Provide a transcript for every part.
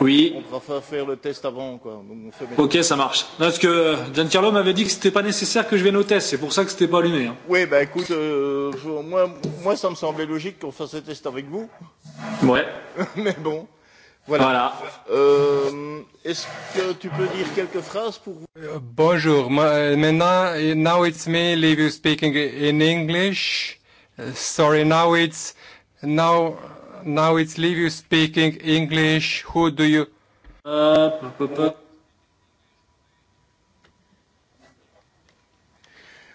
Oui. On va faire le test avant, quoi. Donc on fait... Ok, ça marche. parce que euh, Giancarlo m'avait dit que c'était pas nécessaire que je vienne au test. C'est pour ça que c'était pas allumé. Hein. Oui, bah écoute, euh, je, moi, moi, ça me semblait logique qu'on fasse le test avec vous. Ouais. Mais bon. Voilà. voilà. Euh, Est-ce que tu peux dire quelques phrases pour vous euh, Bonjour. Maintenant, now it's me, Leave you speaking in English. Euh, sorry, now it's now now it's Liviu speaking English. Who do you... Uh,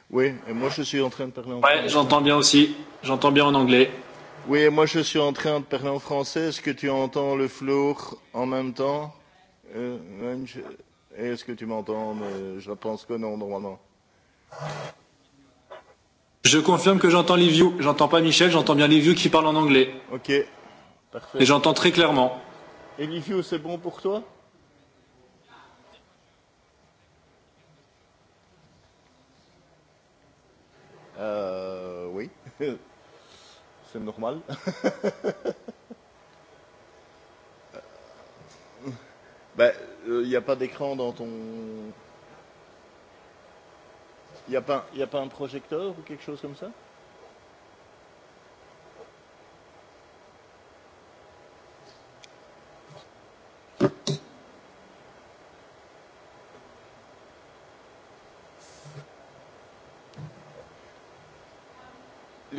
Oui, et moi je suis en train de parler en ouais, français. j'entends bien aussi. J'entends bien en anglais. Oui, et moi je suis en train de parler en français. Est-ce que tu entends le flour en même temps euh, Est-ce que tu m'entends Je pense que non, normalement. Je confirme que j'entends Liviu. J'entends pas Michel, j'entends bien Liviu qui parle en anglais. Ok. Parfait. Et j'entends très clairement. Et Livio, c'est bon pour toi Euh, oui. c'est normal. Euh, ben, il euh, n'y a pas d'écran dans ton. Il n'y a, a pas un projecteur ou quelque chose comme ça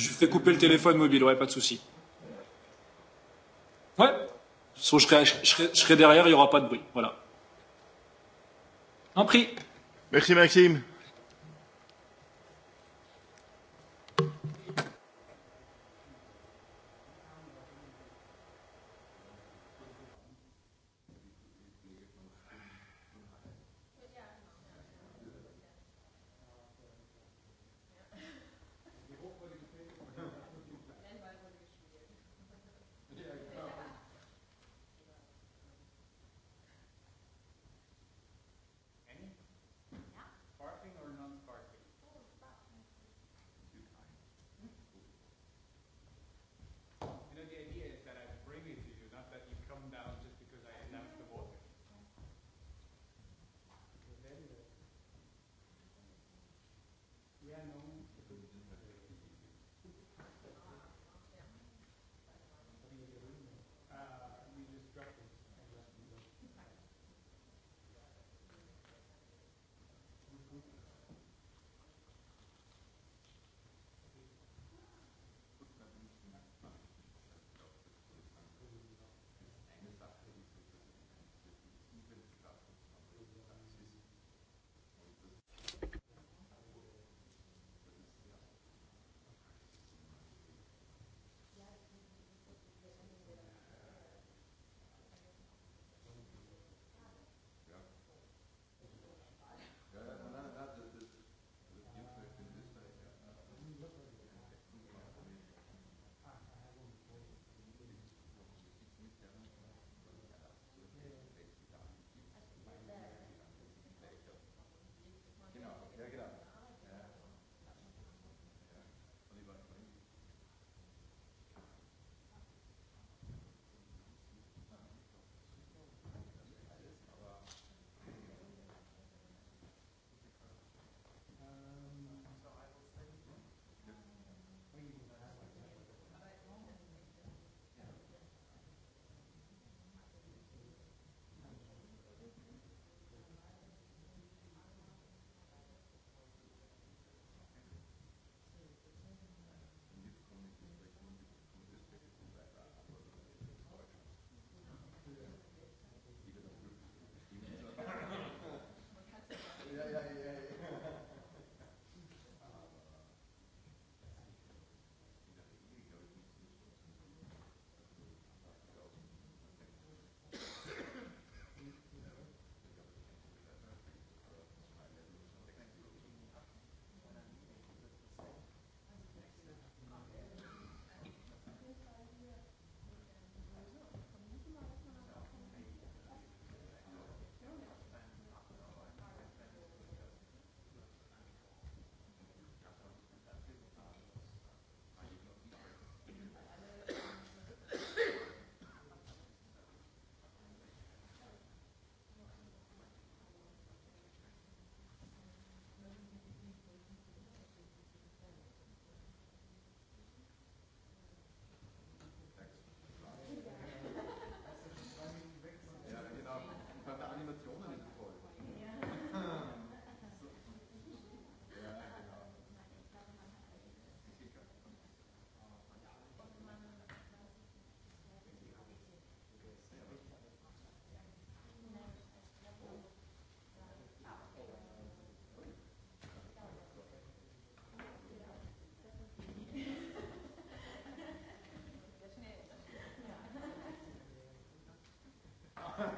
Je fais couper le téléphone mobile, ouais, pas de souci. Ouais. Sauf je serai, je, serai, je serai derrière, il n'y aura pas de bruit. Voilà. En prix. Merci Maxime.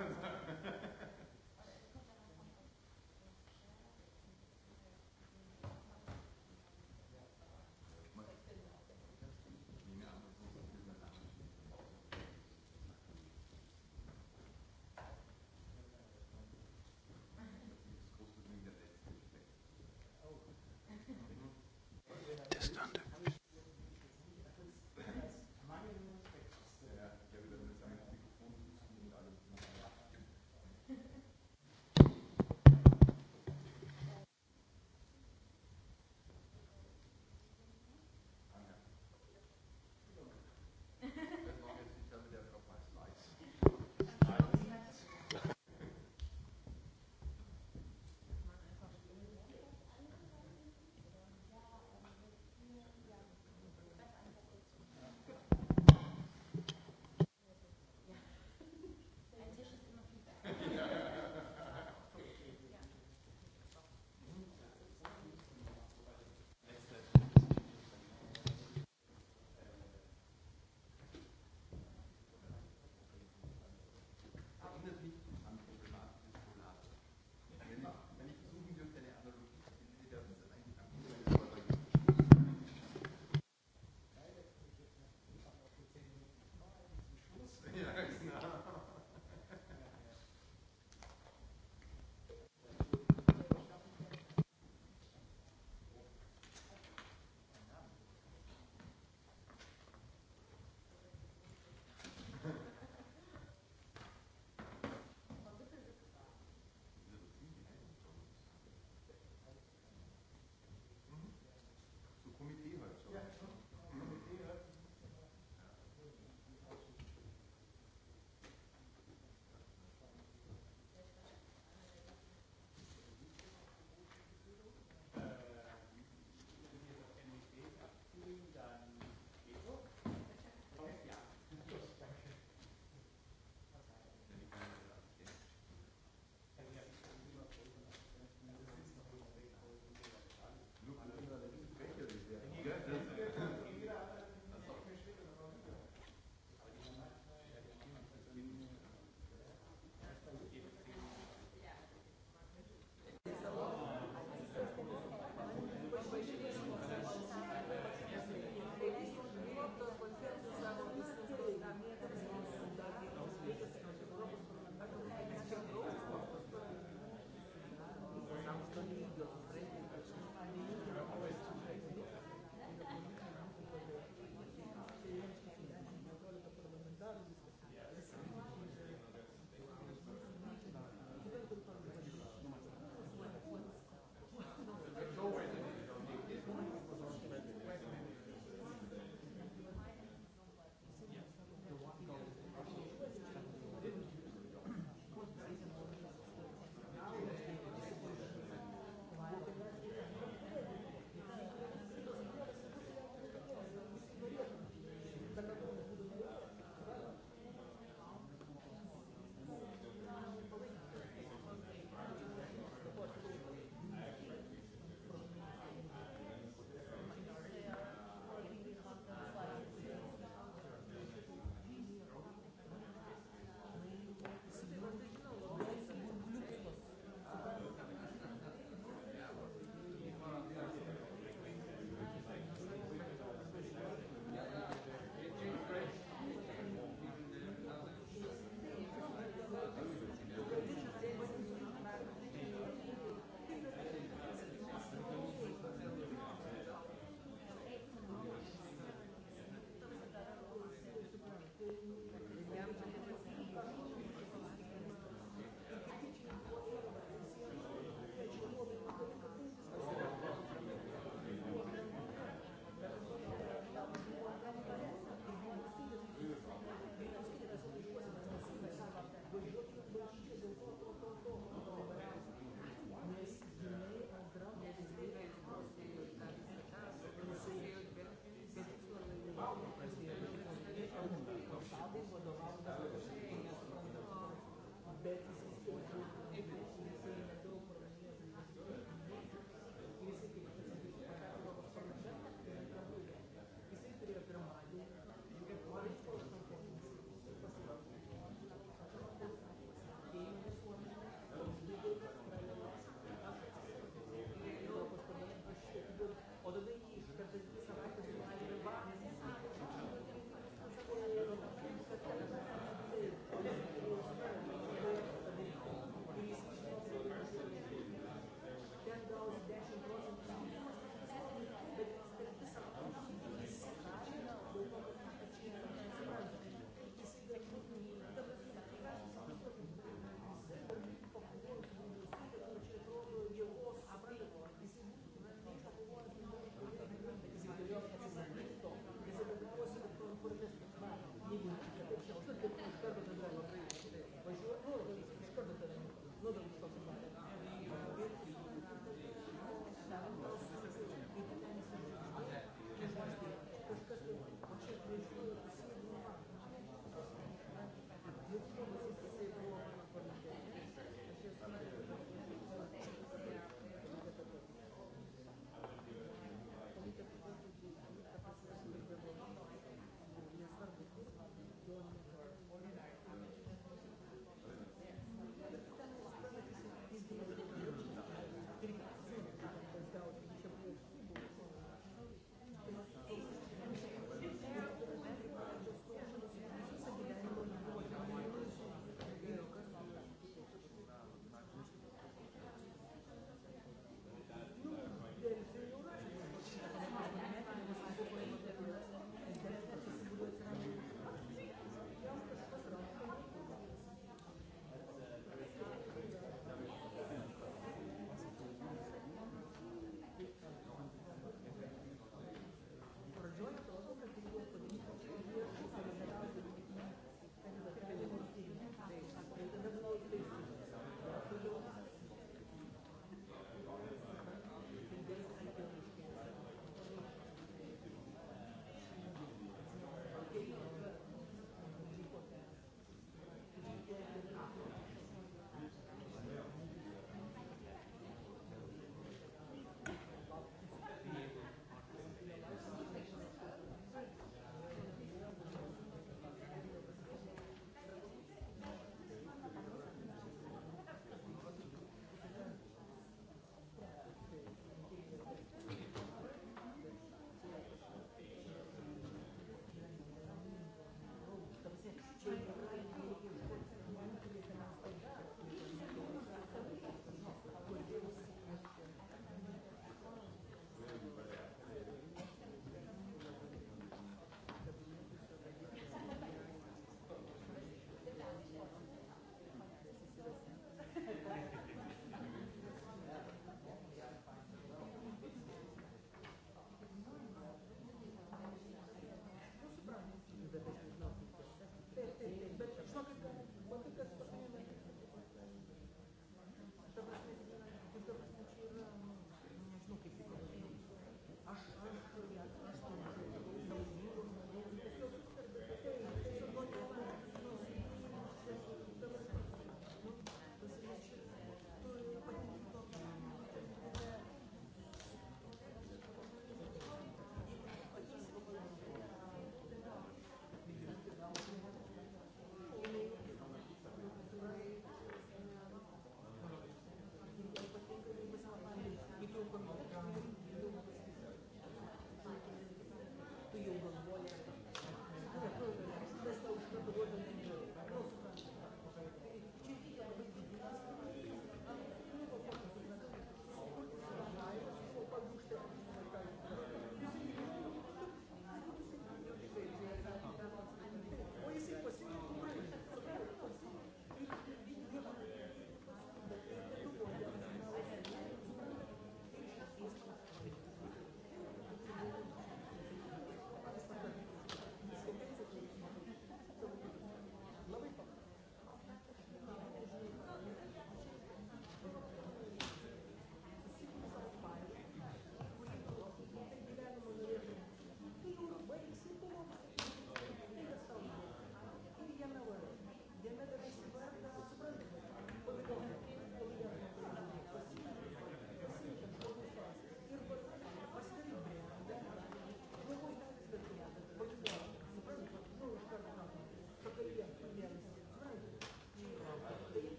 happens now. jeigu iš karto tada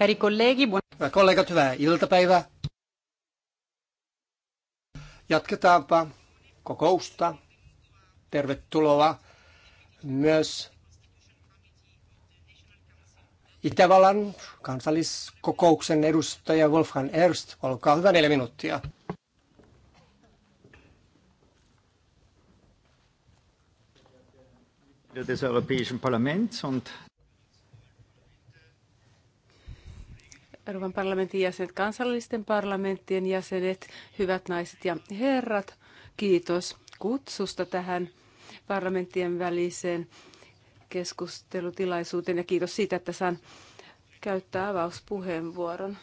Cari colleghi, buon... Hyvä kollegat, hyvää iltapäivää. Jatketaanpa kokousta. Tervetuloa myös Itävallan kansalliskokouksen edustaja Wolfgang Erst. Olkaa hyvä neljä minuuttia. des Europäischen Parlaments und Euroopan parlamentin jäsenet, kansallisten parlamenttien jäsenet, hyvät naiset ja herrat, kiitos kutsusta tähän parlamenttien väliseen keskustelutilaisuuteen ja kiitos siitä, että saan käyttää avauspuheenvuoron.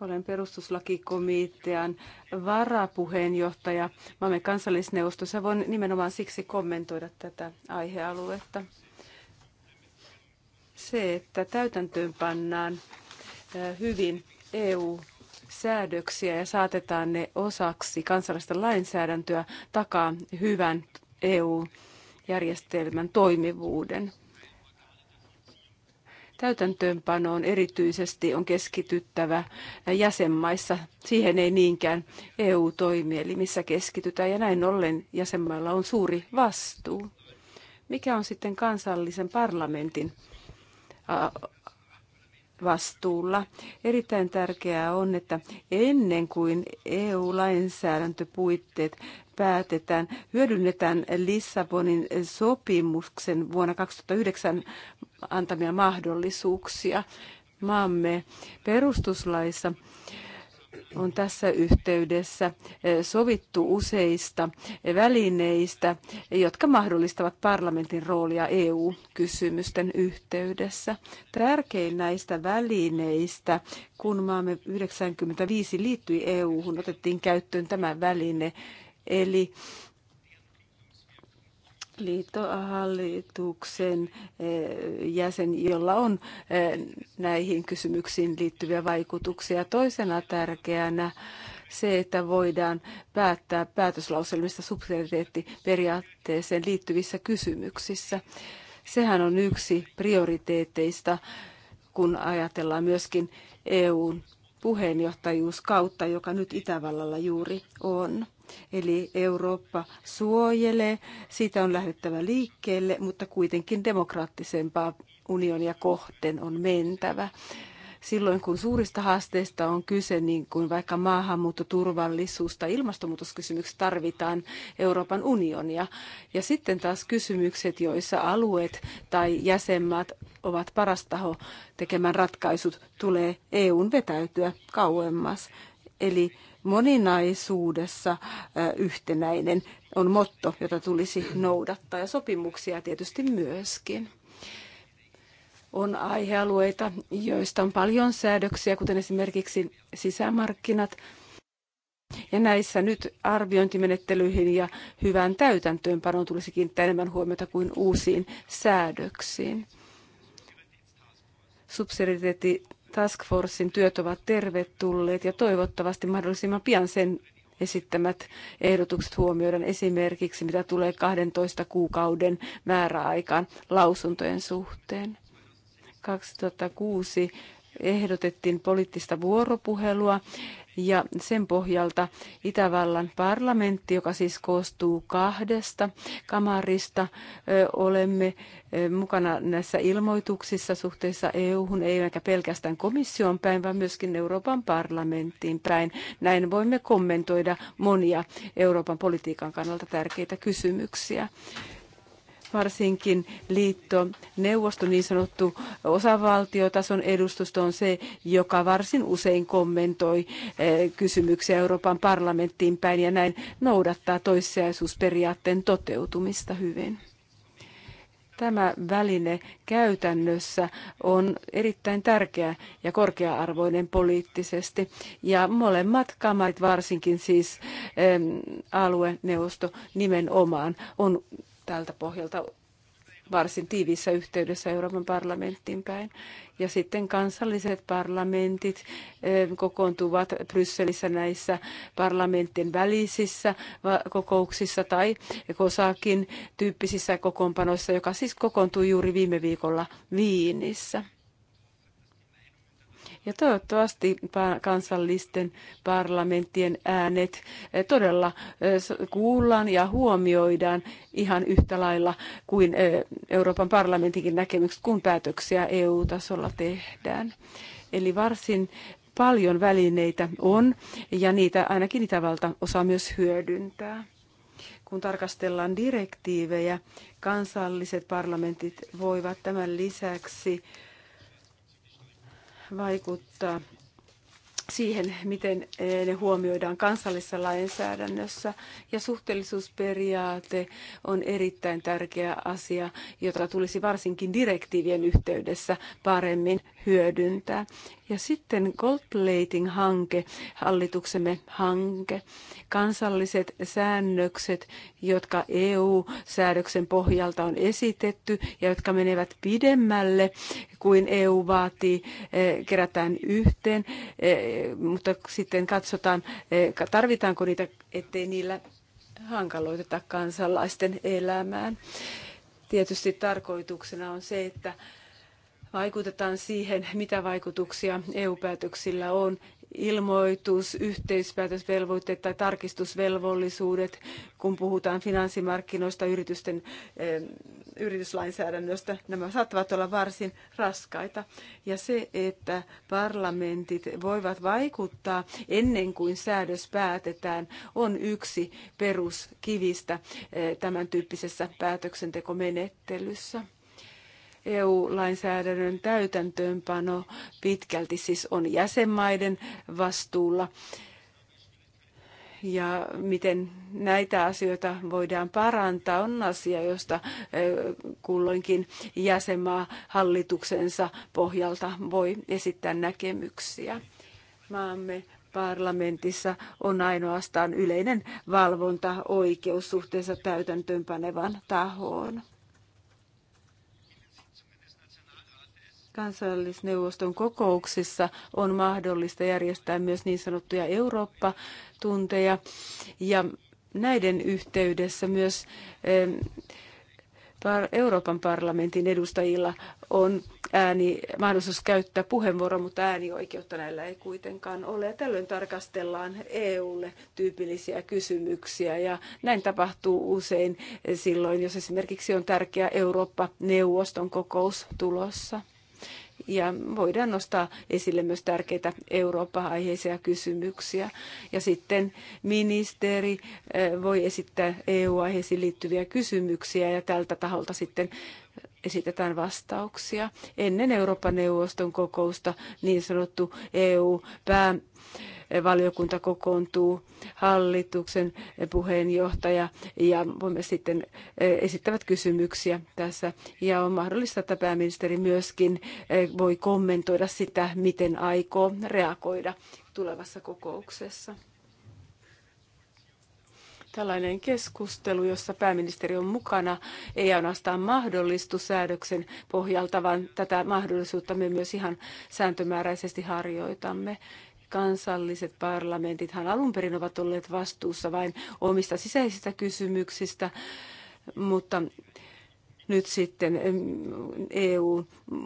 Olen perustuslakikomitean varapuheenjohtaja Maamme kansallisneuvostossa. Voin nimenomaan siksi kommentoida tätä aihealuetta se, että täytäntöön pannaan hyvin EU-säädöksiä ja saatetaan ne osaksi kansallista lainsäädäntöä, takaa hyvän EU-järjestelmän toimivuuden. Täytäntöönpanoon erityisesti on keskityttävä jäsenmaissa. Siihen ei niinkään EU-toimielimissä keskitytä ja näin ollen jäsenmailla on suuri vastuu. Mikä on sitten kansallisen parlamentin vastuulla. Erittäin tärkeää on, että ennen kuin EU-lainsäädäntöpuitteet päätetään, hyödynnetään Lissabonin sopimuksen vuonna 2009 antamia mahdollisuuksia maamme perustuslaissa on tässä yhteydessä eh, sovittu useista välineistä, jotka mahdollistavat parlamentin roolia EU-kysymysten yhteydessä. Tärkein näistä välineistä, kun maamme 95 liittyi EU-hun, otettiin käyttöön tämä väline, eli liittohallituksen eh, jäsen, jolla on eh, näihin kysymyksiin liittyviä vaikutuksia. Toisena tärkeänä se, että voidaan päättää päätöslauselmista subsidiariteettiperiaatteeseen liittyvissä kysymyksissä. Sehän on yksi prioriteetteista, kun ajatellaan myöskin EUn puheenjohtajuuskautta, joka nyt Itävallalla juuri on. Eli Eurooppa suojelee, siitä on lähdettävä liikkeelle, mutta kuitenkin demokraattisempaa unionia kohten on mentävä silloin, kun suurista haasteista on kyse, niin kuin vaikka maahanmuuttoturvallisuus tai ilmastonmuutoskysymykset tarvitaan Euroopan unionia. Ja sitten taas kysymykset, joissa alueet tai jäsenmaat ovat paras taho tekemään ratkaisut, tulee EUn vetäytyä kauemmas. Eli moninaisuudessa yhtenäinen on motto, jota tulisi noudattaa ja sopimuksia tietysti myöskin on aihealueita, joista on paljon säädöksiä, kuten esimerkiksi sisämarkkinat. Ja näissä nyt arviointimenettelyihin ja hyvään täytäntöönpanoon tulisi kiinnittää enemmän huomiota kuin uusiin säädöksiin. Subsidiariteetti Task Forcein työt ovat tervetulleet ja toivottavasti mahdollisimman pian sen esittämät ehdotukset huomioidaan esimerkiksi, mitä tulee 12 kuukauden määräaikaan lausuntojen suhteen. 2006 ehdotettiin poliittista vuoropuhelua ja sen pohjalta Itävallan parlamentti, joka siis koostuu kahdesta kamarista, olemme mukana näissä ilmoituksissa suhteessa EU-hun, ei eikä pelkästään komission päin, vaan myöskin Euroopan parlamenttiin päin. Näin voimme kommentoida monia Euroopan politiikan kannalta tärkeitä kysymyksiä varsinkin liitto-neuvosto niin sanottu osavaltiotason edustusto on se, joka varsin usein kommentoi eh, kysymyksiä Euroopan parlamenttiin päin ja näin noudattaa toissijaisuusperiaatteen toteutumista hyvin tämä väline käytännössä on erittäin tärkeä ja korkea-arvoinen poliittisesti. Ja molemmat kamarit, varsinkin siis äm, alueneuvosto nimenomaan, on tältä pohjalta varsin tiiviissä yhteydessä Euroopan parlamenttiin päin. Ja sitten kansalliset parlamentit eh, kokoontuvat Brysselissä näissä parlamenttien välisissä kokouksissa tai kosakin tyyppisissä kokoonpanoissa, joka siis kokoontui juuri viime viikolla Viinissä. Ja toivottavasti kansallisten parlamenttien äänet eh, todella eh, kuullaan ja huomioidaan ihan yhtä lailla kuin eh, Euroopan parlamentinkin näkemykset, kun päätöksiä EU-tasolla tehdään. Eli varsin paljon välineitä on ja niitä ainakin Itävalta osaa myös hyödyntää kun tarkastellaan direktiivejä, kansalliset parlamentit voivat tämän lisäksi vaikuttaa siihen, miten ne huomioidaan kansallisessa lainsäädännössä. Ja suhteellisuusperiaate on erittäin tärkeä asia, jota tulisi varsinkin direktiivien yhteydessä paremmin hyödyntää. Ja sitten Goldplating-hanke, hallituksemme hanke, kansalliset säännökset, jotka EU-säädöksen pohjalta on esitetty ja jotka menevät pidemmälle kuin EU vaatii, eh, kerätään yhteen, eh, mutta sitten katsotaan, eh, tarvitaanko niitä, ettei niillä hankaloiteta kansalaisten elämään. Tietysti tarkoituksena on se, että vaikutetaan siihen, mitä vaikutuksia EU-päätöksillä on. Ilmoitus, yhteispäätösvelvoitteet tai tarkistusvelvollisuudet, kun puhutaan finanssimarkkinoista, yritysten, eh, yrityslainsäädännöstä, nämä saattavat olla varsin raskaita. Ja se, että parlamentit voivat vaikuttaa ennen kuin säädös päätetään, on yksi peruskivistä eh, tämän tyyppisessä päätöksentekomenettelyssä. EU-lainsäädännön täytäntöönpano pitkälti siis on jäsenmaiden vastuulla ja miten näitä asioita voidaan parantaa on asia, josta e, kulloinkin jäsenmaa hallituksensa pohjalta voi esittää näkemyksiä. Maamme parlamentissa on ainoastaan yleinen valvontaoikeus suhteessa täytäntöönpanevan tahoon. kansallisneuvoston kokouksissa on mahdollista järjestää myös niin sanottuja Eurooppa-tunteja. Ja näiden yhteydessä myös Euroopan parlamentin edustajilla on ääni, mahdollisuus käyttää puheenvuoro, mutta äänioikeutta näillä ei kuitenkaan ole. Ja tällöin tarkastellaan EUlle tyypillisiä kysymyksiä ja näin tapahtuu usein silloin, jos esimerkiksi on tärkeä Eurooppa-neuvoston kokous tulossa. Ja voidaan nostaa esille myös tärkeitä Eurooppa-aiheisia kysymyksiä. Ja sitten ministeri eh, voi esittää EU-aiheisiin liittyviä kysymyksiä ja tältä taholta sitten esitetään vastauksia. Ennen Euroopan neuvoston kokousta niin sanottu EU-pää valiokunta kokoontuu hallituksen puheenjohtaja ja voimme sitten eh, esittävät kysymyksiä tässä. Ja on mahdollista, että pääministeri myöskin eh, voi kommentoida sitä, miten aikoo reagoida tulevassa kokouksessa. Tällainen keskustelu, jossa pääministeri on mukana, ei ainoastaan mahdollistu säädöksen pohjalta, vaan tätä mahdollisuutta me myös ihan sääntömääräisesti harjoitamme kansalliset parlamentithan alun perin ovat olleet vastuussa vain omista sisäisistä kysymyksistä, mutta nyt sitten EU e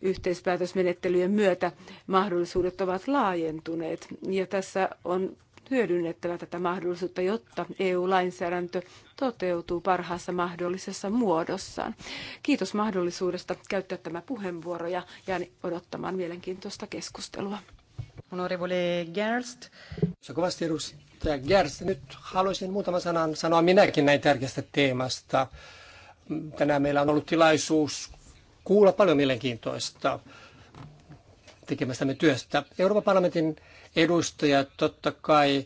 yhteispäätösmenettelyjen myötä mahdollisuudet ovat laajentuneet. Ja tässä on hyödynnettävä tätä mahdollisuutta, jotta EU-lainsäädäntö toteutuu parhaassa mahdollisessa muodossaan. Kiitos mahdollisuudesta käyttää tämä puheenvuoro ja jään odottamaan mielenkiintoista keskustelua. Honorevole Gerst. Se kovasti edustaja Gerst. Nyt haluaisin muutaman sanan sanoa minäkin näin tärkeästä teemasta. Tänään meillä on ollut tilaisuus kuulla paljon mielenkiintoista tekemästämme työstä. Euroopan parlamentin edustajat totta kai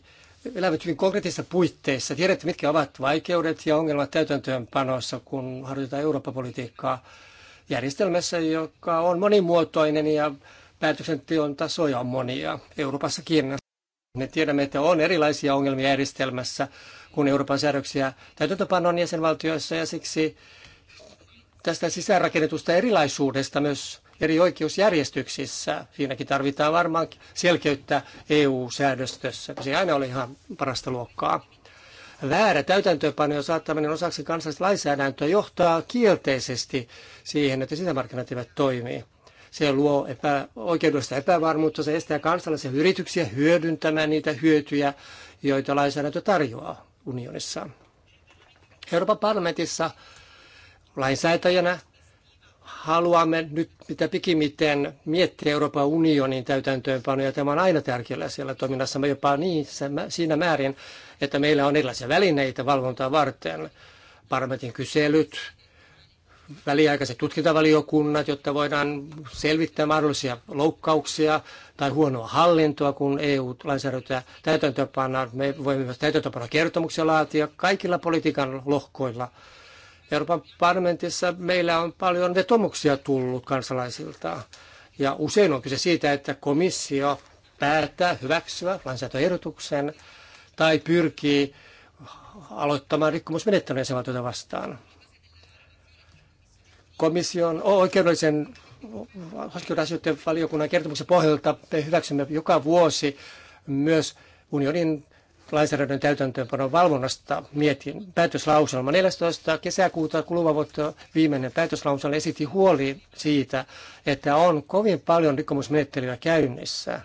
elävät hyvin konkreettisissa puitteissa. Tiedätte, mitkä ovat vaikeudet ja ongelmat täytäntöönpanossa, kun harjoitetaan Eurooppa-politiikkaa järjestelmässä, joka on monimuotoinen ja päätöksenteon tasoja on monia Euroopassakin. Me tiedämme, että on erilaisia ongelmia järjestelmässä, kun Euroopan säädöksiä täytäntöpanon jäsenvaltioissa ja siksi tästä sisäänrakennetusta erilaisuudesta myös eri oikeusjärjestyksissä. Siinäkin tarvitaan varmaan selkeyttä EU-säädöstössä. Se ei aina ole ihan parasta luokkaa. Väärä täytäntöönpano ja saattaminen osaksi kansallista lainsäädäntöä johtaa kielteisesti siihen, että sisämarkkinat eivät toimi. Se luo epä, oikeudellista epävarmuutta, se estää kansallisia yrityksiä hyödyntämään niitä hyötyjä, joita lainsäädäntö tarjoaa unionissa. Euroopan parlamentissa lainsäätäjänä haluamme nyt mitä pikimiten miettiä Euroopan unionin täytäntöönpanoja. Tämä on aina tärkeää siellä me jopa niin, siinä määrin, että meillä on erilaisia välineitä valvontaa varten. Parlamentin kyselyt, väliaikaiset tutkintavaliokunnat, jotta voidaan selvittää mahdollisia loukkauksia tai huonoa hallintoa, kun EU-lainsäädäntöä täytäntöönpannaan. Me voimme myös täytäntöönpanon kertomuksia laatia kaikilla politiikan lohkoilla – Euroopan parlamentissa meillä on paljon vetomuksia tullut kansalaisilta. Ja usein on kyse siitä, että komissio päättää hyväksyä lainsäädäntöehdotuksen tai pyrkii aloittamaan rikkomusmenettelyn jäsenvaltioita vastaan. Komission oikeudellisen asioiden valiokunnan kertomuksen pohjalta me hyväksymme joka vuosi myös unionin lainsäädännön täytäntöönpanon valvonnasta mietin päätöslauselma. 14. kesäkuuta kuluvan vuotta viimeinen päätöslauselma esitti huoli siitä, että on kovin paljon rikkomusmenettelyä käynnissä.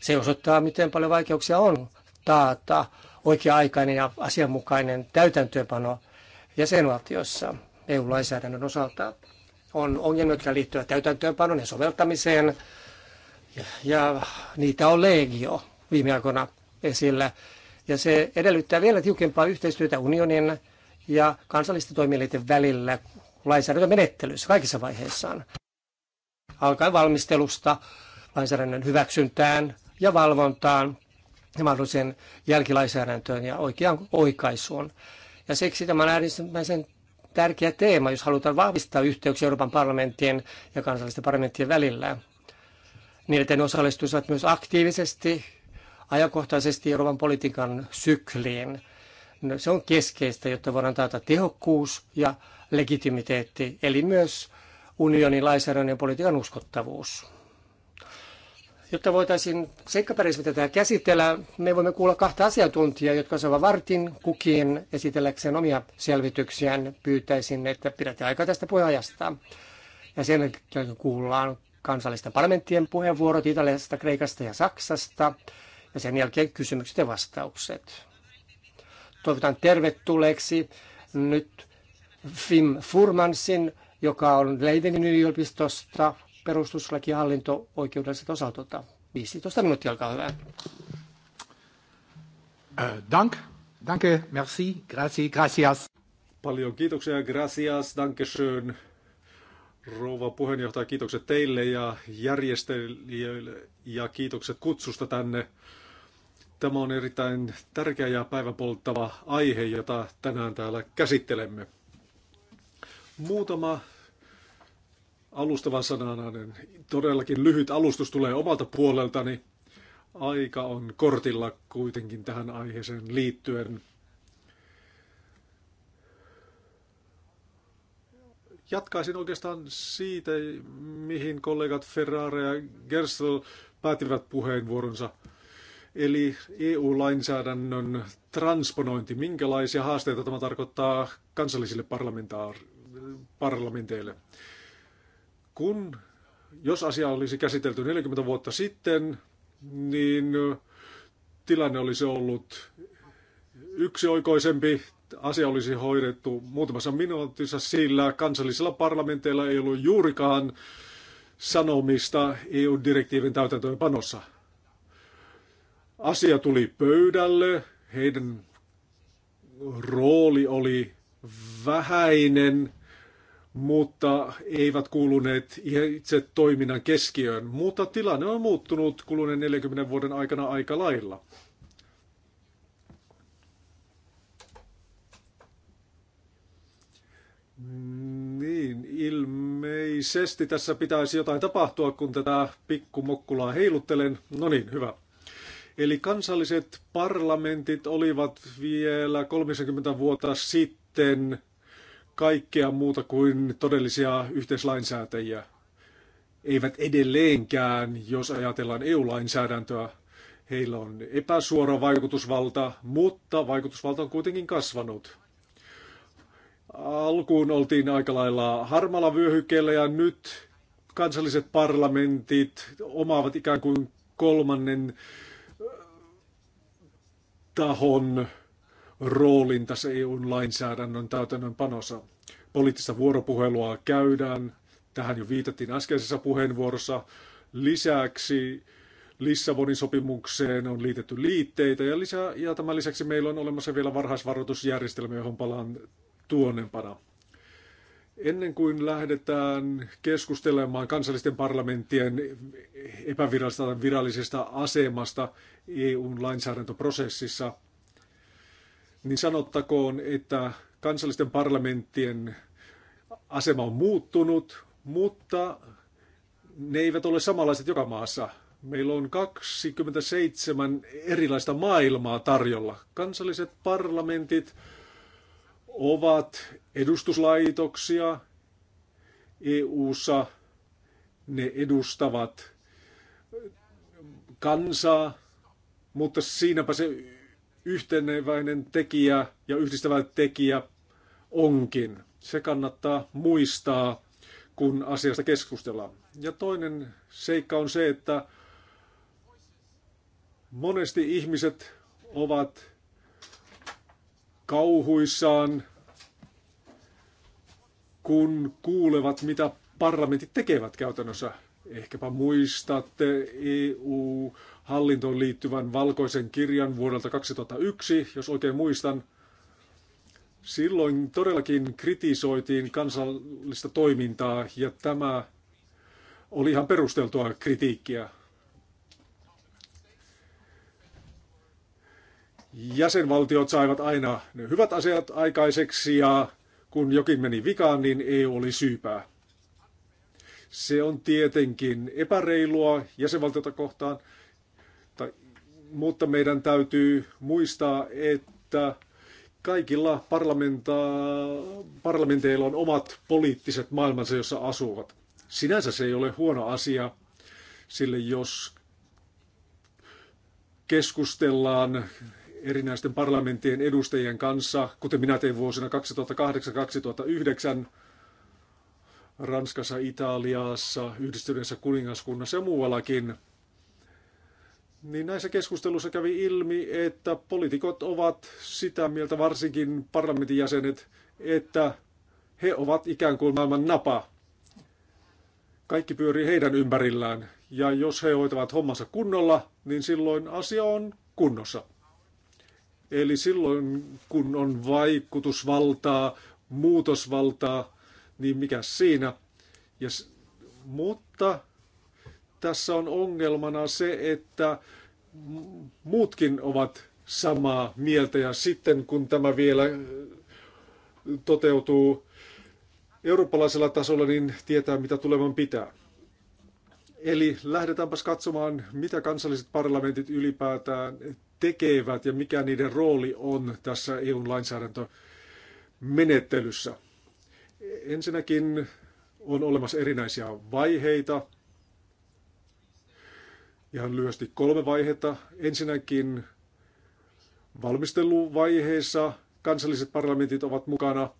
Se osoittaa, miten paljon vaikeuksia on taata oikea-aikainen ja asianmukainen täytäntöönpano jäsenvaltiossa EU-lainsäädännön osalta. On ongelmia, jotka liittyvät täytäntöönpanon ja soveltamiseen, ja, ja niitä on legio viime aikoina esillä. Ja se edellyttää vielä tiukempaa yhteistyötä unionin ja kansallisten toimielinten välillä lainsäädäntömenettelyssä kaikissa vaiheissaan. Alkaen valmistelusta, lainsäädännön hyväksyntään ja valvontaan ja mahdolliseen jälkilainsäädäntöön ja oikeaan oikaisuun. Ja siksi tämä on äärimmäisen tärkeä teema, jos halutaan vahvistaa yhteyksiä Euroopan parlamenttien ja kansallisten parlamenttien välillä. niiden osallistuisivat myös aktiivisesti ajankohtaisesti Euroopan politiikan sykliin. No, se on keskeistä, jotta voidaan taata tehokkuus ja legitimiteetti, eli myös unionin lainsäädännön ja politiikan uskottavuus. Jotta voitaisiin seikkaperäisesti tätä käsitellä, me voimme kuulla kahta asiantuntijaa, jotka saavat vartin kukin esitelläkseen omia selvityksiään. Pyytäisin, että pidätte aikaa tästä puheenajasta. Ja sen jälkeen kuullaan kansallisten parlamenttien puheenvuorot Italiasta, Kreikasta ja Saksasta ja sen jälkeen kysymykset ja vastaukset. Toivotan tervetulleeksi nyt Fim Furmansin, joka on Leidenin yliopistosta perustuslaki- ja hallinto-oikeudelliset osaltota. 15 minuuttia, olkaa hyvä. Äh, dank, danke, merci, grazie, gracias. Paljon kiitoksia, gracias, danke schön. Rouva puheenjohtaja, kiitokset teille ja järjestäjille ja kiitokset kutsusta tänne. Tämä on erittäin tärkeä ja päiväpolttava aihe, jota tänään täällä käsittelemme. Muutama alustava sananainen, todellakin lyhyt alustus tulee omalta puoleltani. Aika on kortilla kuitenkin tähän aiheeseen liittyen. Jatkaisin oikeastaan siitä, mihin kollegat Ferrara ja Gersel päättivät puheenvuoronsa – Eli EU-lainsäädännön transponointi, minkälaisia haasteita tämä tarkoittaa kansallisille parlamenteille? Kun, jos asia olisi käsitelty 40 vuotta sitten, niin tilanne olisi ollut yksioikoisempi, asia olisi hoidettu muutamassa minuutissa, sillä kansallisilla parlamenteilla ei ollut juurikaan sanomista EU-direktiivin täytäntöönpanossa. panossa. Asia tuli pöydälle, heidän rooli oli vähäinen, mutta eivät kuuluneet itse toiminnan keskiöön. Mutta tilanne on muuttunut kuluneen 40 vuoden aikana aika lailla. Niin, ilmeisesti tässä pitäisi jotain tapahtua, kun tätä pikkumokkulaa heiluttelen. No niin, hyvä. Eli kansalliset parlamentit olivat vielä 30 vuotta sitten kaikkea muuta kuin todellisia yhteislainsäätäjiä. Eivät edelleenkään, jos ajatellaan EU-lainsäädäntöä, heillä on epäsuora vaikutusvalta, mutta vaikutusvalta on kuitenkin kasvanut. Alkuun oltiin aika lailla harmalla vyöhykkeellä ja nyt kansalliset parlamentit omaavat ikään kuin kolmannen tahon roolin tässä EU-lainsäädännön täytännönpanossa. Poliittista vuoropuhelua käydään, tähän jo viitattiin äskeisessä puheenvuorossa. Lisäksi Lissabonin sopimukseen on liitetty liitteitä ja, lisä ja tämän lisäksi meillä on olemassa vielä varhaisvaroitusjärjestelmä, johon palaan tuonnempana. Ennen kuin lähdetään keskustelemaan kansallisten parlamenttien epävirallisesta virallisesta asemasta eu lainsäädäntöprosessissa, niin sanottakoon, että kansallisten parlamenttien asema on muuttunut, mutta ne eivät ole samanlaiset joka maassa. Meillä on 27 erilaista maailmaa tarjolla. Kansalliset parlamentit ovat edustuslaitoksia EU:ssa. Ne edustavat kansaa, mutta siinäpä se yhteneväinen tekijä ja yhdistävä tekijä onkin. Se kannattaa muistaa, kun asiasta keskustellaan. Ja toinen seikka on se, että monesti ihmiset ovat kauhuissaan, kun kuulevat, mitä parlamentit tekevät käytännössä. Ehkäpä muistatte EU-hallintoon liittyvän valkoisen kirjan vuodelta 2001, jos oikein muistan. Silloin todellakin kritisoitiin kansallista toimintaa ja tämä oli ihan perusteltua kritiikkiä. jäsenvaltiot saivat aina ne hyvät asiat aikaiseksi ja kun jokin meni vikaan, niin EU oli syypää. Se on tietenkin epäreilua jäsenvaltiota kohtaan, tai, mutta meidän täytyy muistaa, että kaikilla parlamenteilla on omat poliittiset maailmansa, jossa asuvat. Sinänsä se ei ole huono asia, sille jos keskustellaan erinäisten parlamenttien edustajien kanssa, kuten minä tein vuosina 2008-2009 Ranskassa, Italiassa, Yhdistyneessä kuningaskunnassa ja muuallakin. Niin näissä keskusteluissa kävi ilmi, että poliitikot ovat sitä mieltä, varsinkin parlamentin jäsenet, että he ovat ikään kuin maailman napa. Kaikki pyörii heidän ympärillään. Ja jos he hoitavat hommansa kunnolla, niin silloin asia on kunnossa. Eli silloin, kun on vaikutusvaltaa, muutosvaltaa, niin mikä siinä? Ja, mutta tässä on ongelmana se, että muutkin ovat samaa mieltä ja sitten kun tämä vielä äh, toteutuu eurooppalaisella tasolla, niin tietää mitä tuleman pitää. Eli lähdetäänpäs katsomaan, mitä kansalliset parlamentit ylipäätään tekevät ja mikä niiden rooli on tässä EU-lainsäädäntömenettelyssä. Ensinnäkin on olemassa erinäisiä vaiheita. Ihan lyhyesti kolme vaihetta. Ensinnäkin valmisteluvaiheessa kansalliset parlamentit ovat mukana –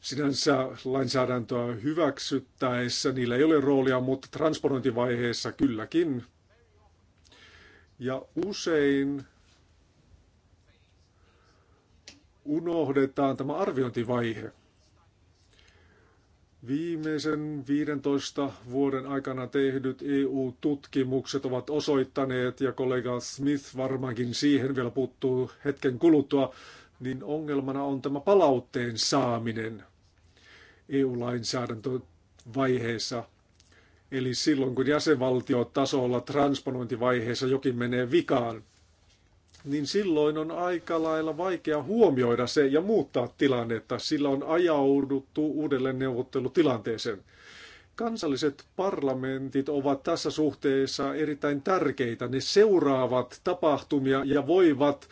Sinänsä lainsäädäntöä hyväksyttäessä niillä ei ole roolia, mutta transponointivaiheessa kylläkin. Ja usein unohdetaan tämä arviointivaihe. Viimeisen 15 vuoden aikana tehdyt EU-tutkimukset ovat osoittaneet, ja kollega Smith varmaankin siihen vielä puuttuu hetken kuluttua, niin ongelmana on tämä palautteen saaminen. EU-lainsäädäntövaiheessa. Eli silloin, kun jäsenvaltiotasolla transponointivaiheessa jokin menee vikaan, niin silloin on aika lailla vaikea huomioida se ja muuttaa tilannetta, sillä on ajauduttu uudelleen neuvottelutilanteeseen. Kansalliset parlamentit ovat tässä suhteessa erittäin tärkeitä. Ne seuraavat tapahtumia ja voivat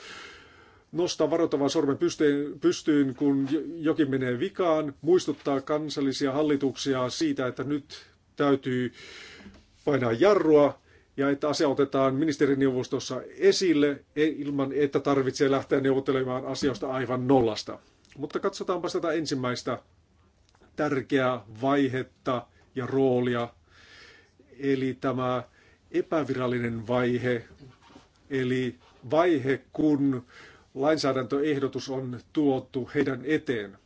nostaa varoittavan sormen pystyyn, kun jokin menee vikaan, muistuttaa kansallisia hallituksia siitä, että nyt täytyy painaa jarrua ja että asia otetaan ministerineuvostossa esille e- ilman, että tarvitsee lähteä neuvottelemaan asioista aivan nollasta. Mutta katsotaanpa tätä ensimmäistä tärkeää vaihetta ja roolia, eli tämä epävirallinen vaihe, eli vaihe, kun lainsäädäntöehdotus on tuotu heidän eteen.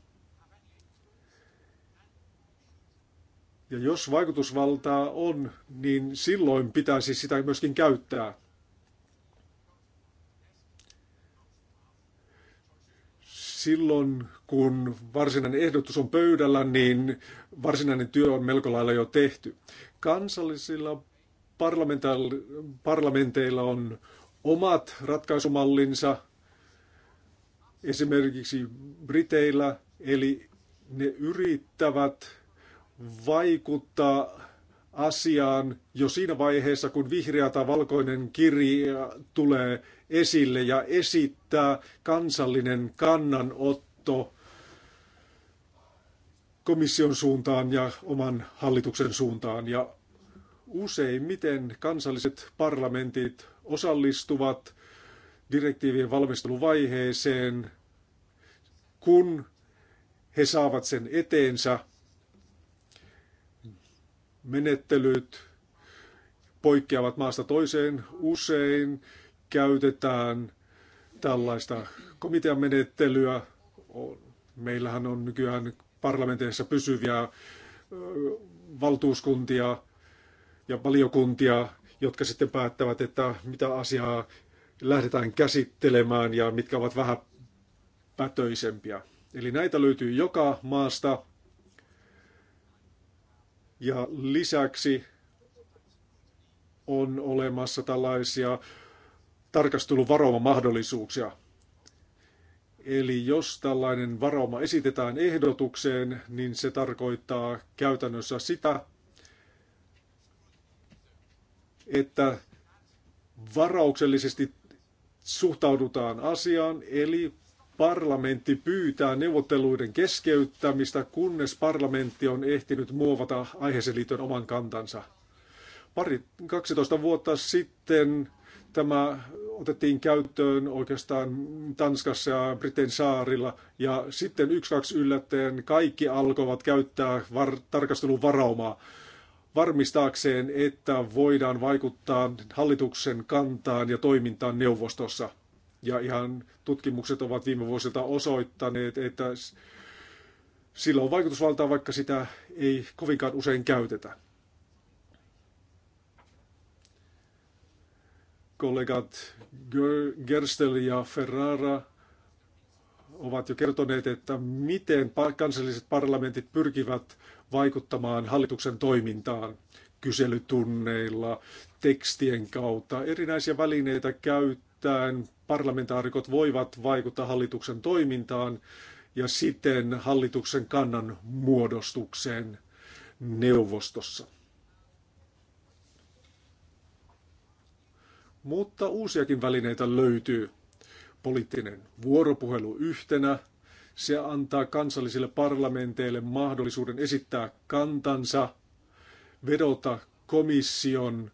Ja jos vaikutusvaltaa on, niin silloin pitäisi sitä myöskin käyttää. Silloin kun varsinainen ehdotus on pöydällä, niin varsinainen työ on melko lailla jo tehty. Kansallisilla parlamenteilla on omat ratkaisumallinsa, esimerkiksi Briteillä, eli ne yrittävät vaikuttaa asiaan jo siinä vaiheessa, kun vihreä tai valkoinen kirja tulee esille ja esittää kansallinen kannanotto komission suuntaan ja oman hallituksen suuntaan. Ja useimmiten kansalliset parlamentit osallistuvat direktiivien valmisteluvaiheeseen, kun he saavat sen eteensä, menettelyt poikkeavat maasta toiseen. Usein käytetään tällaista komitean menettelyä. Meillähän on nykyään parlamenteissa pysyviä valtuuskuntia ja valiokuntia, jotka sitten päättävät, että mitä asiaa lähdetään käsittelemään ja mitkä ovat vähän pätöisempiä. Eli näitä löytyy joka maasta. Ja lisäksi on olemassa tällaisia mahdollisuuksia. Eli jos tällainen varoma esitetään ehdotukseen, niin se tarkoittaa käytännössä sitä, että varauksellisesti suhtaudutaan asiaan, eli parlamentti pyytää neuvotteluiden keskeyttämistä, kunnes parlamentti on ehtinyt muovata aiheeseen liittyen oman kantansa. Pari, 12 vuotta sitten tämä otettiin käyttöön oikeastaan Tanskassa ja Britin saarilla. Ja sitten yksi kaksi yllättäen kaikki alkoivat käyttää var- tarkastelun varaumaa varmistaakseen, että voidaan vaikuttaa hallituksen kantaan ja toimintaan neuvostossa. Ja ihan tutkimukset ovat viime vuosilta osoittaneet, että sillä on vaikutusvaltaa, vaikka sitä ei kovinkaan usein käytetä. Kollegat Gerstel ja Ferrara ovat jo kertoneet, että miten kansalliset parlamentit pyrkivät vaikuttamaan hallituksen toimintaan kyselytunneilla, tekstien kautta, erinäisiä välineitä käyttäen parlamentaarikot voivat vaikuttaa hallituksen toimintaan ja siten hallituksen kannan muodostukseen neuvostossa. Mutta uusiakin välineitä löytyy poliittinen vuoropuhelu yhtenä. Se antaa kansallisille parlamenteille mahdollisuuden esittää kantansa, vedota komission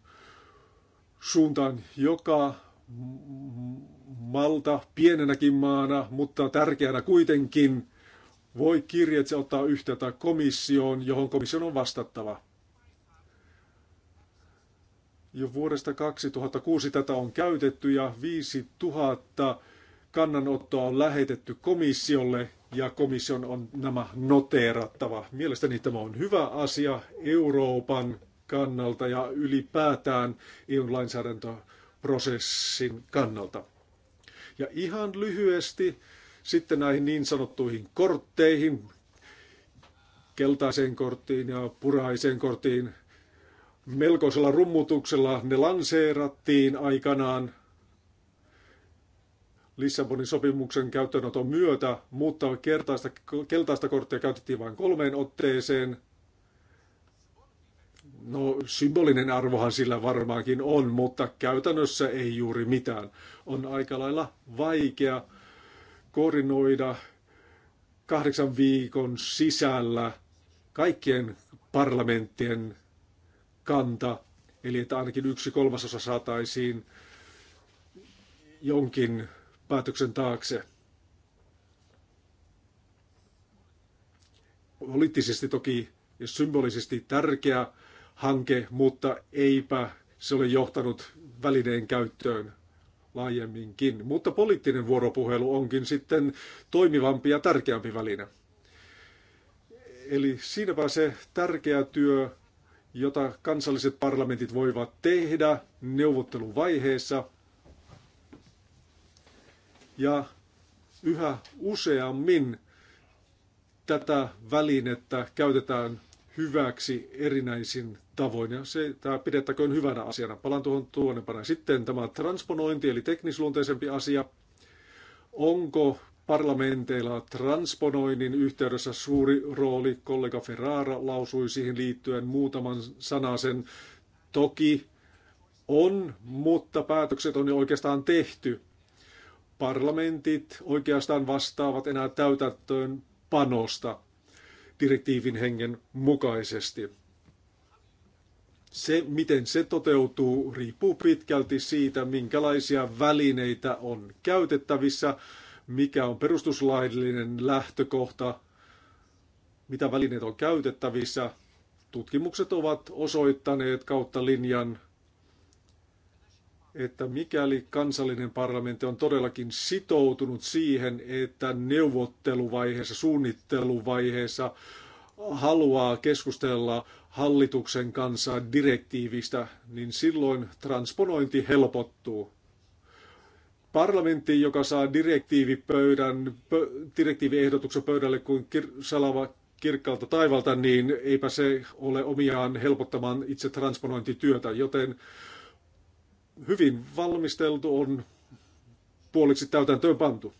suuntaan, joka malta pienenäkin maana, mutta tärkeänä kuitenkin voi kirjeitse ottaa yhteyttä komissioon, johon komission on vastattava. Jo vuodesta 2006 tätä on käytetty ja 5000 kannanottoa on lähetetty komissiolle ja komission on nämä noteerattava. Mielestäni tämä on hyvä asia Euroopan kannalta ja ylipäätään EU-lainsäädäntöprosessin kannalta. Ja ihan lyhyesti sitten näihin niin sanottuihin kortteihin, keltaiseen korttiin ja puraiseen korttiin. Melkoisella rummutuksella ne lanseerattiin aikanaan Lissabonin sopimuksen käyttöönoton myötä, mutta kertaista, keltaista korttia käytettiin vain kolmeen otteeseen. No, symbolinen arvohan sillä varmaankin on, mutta käytännössä ei juuri mitään. On aika lailla vaikea koordinoida kahdeksan viikon sisällä kaikkien parlamenttien kanta, eli että ainakin yksi kolmasosa saataisiin jonkin päätöksen taakse. Poliittisesti toki ja symbolisesti tärkeä hanke, mutta eipä se ole johtanut välineen käyttöön laajemminkin. Mutta poliittinen vuoropuhelu onkin sitten toimivampi ja tärkeämpi väline. Eli siinäpä se tärkeä työ, jota kansalliset parlamentit voivat tehdä neuvotteluvaiheessa – ja yhä useammin tätä välinettä käytetään hyväksi erinäisin tavoin, ja se tämä pidettäköön hyvänä asiana. Palaan tuohon tuonnepana. Sitten tämä transponointi, eli teknisluonteisempi asia. Onko parlamenteilla transponoinnin yhteydessä suuri rooli? Kollega Ferrara lausui siihen liittyen muutaman sanasen. Toki on, mutta päätökset on jo oikeastaan tehty parlamentit oikeastaan vastaavat enää täytäntöön panosta direktiivin hengen mukaisesti. Se, miten se toteutuu, riippuu pitkälti siitä, minkälaisia välineitä on käytettävissä, mikä on perustuslaillinen lähtökohta, mitä välineitä on käytettävissä. Tutkimukset ovat osoittaneet kautta linjan, että mikäli kansallinen parlamentti on todellakin sitoutunut siihen, että neuvotteluvaiheessa, suunnitteluvaiheessa haluaa keskustella hallituksen kanssa direktiivistä, niin silloin transponointi helpottuu. Parlamentti, joka saa direktiivipöydän, pö, direktiiviehdotuksen pöydälle kuin kir, salava kirkkaalta taivalta, niin eipä se ole omiaan helpottamaan itse transponointityötä, joten hyvin valmisteltu, on puoliksi täytäntöön pantu.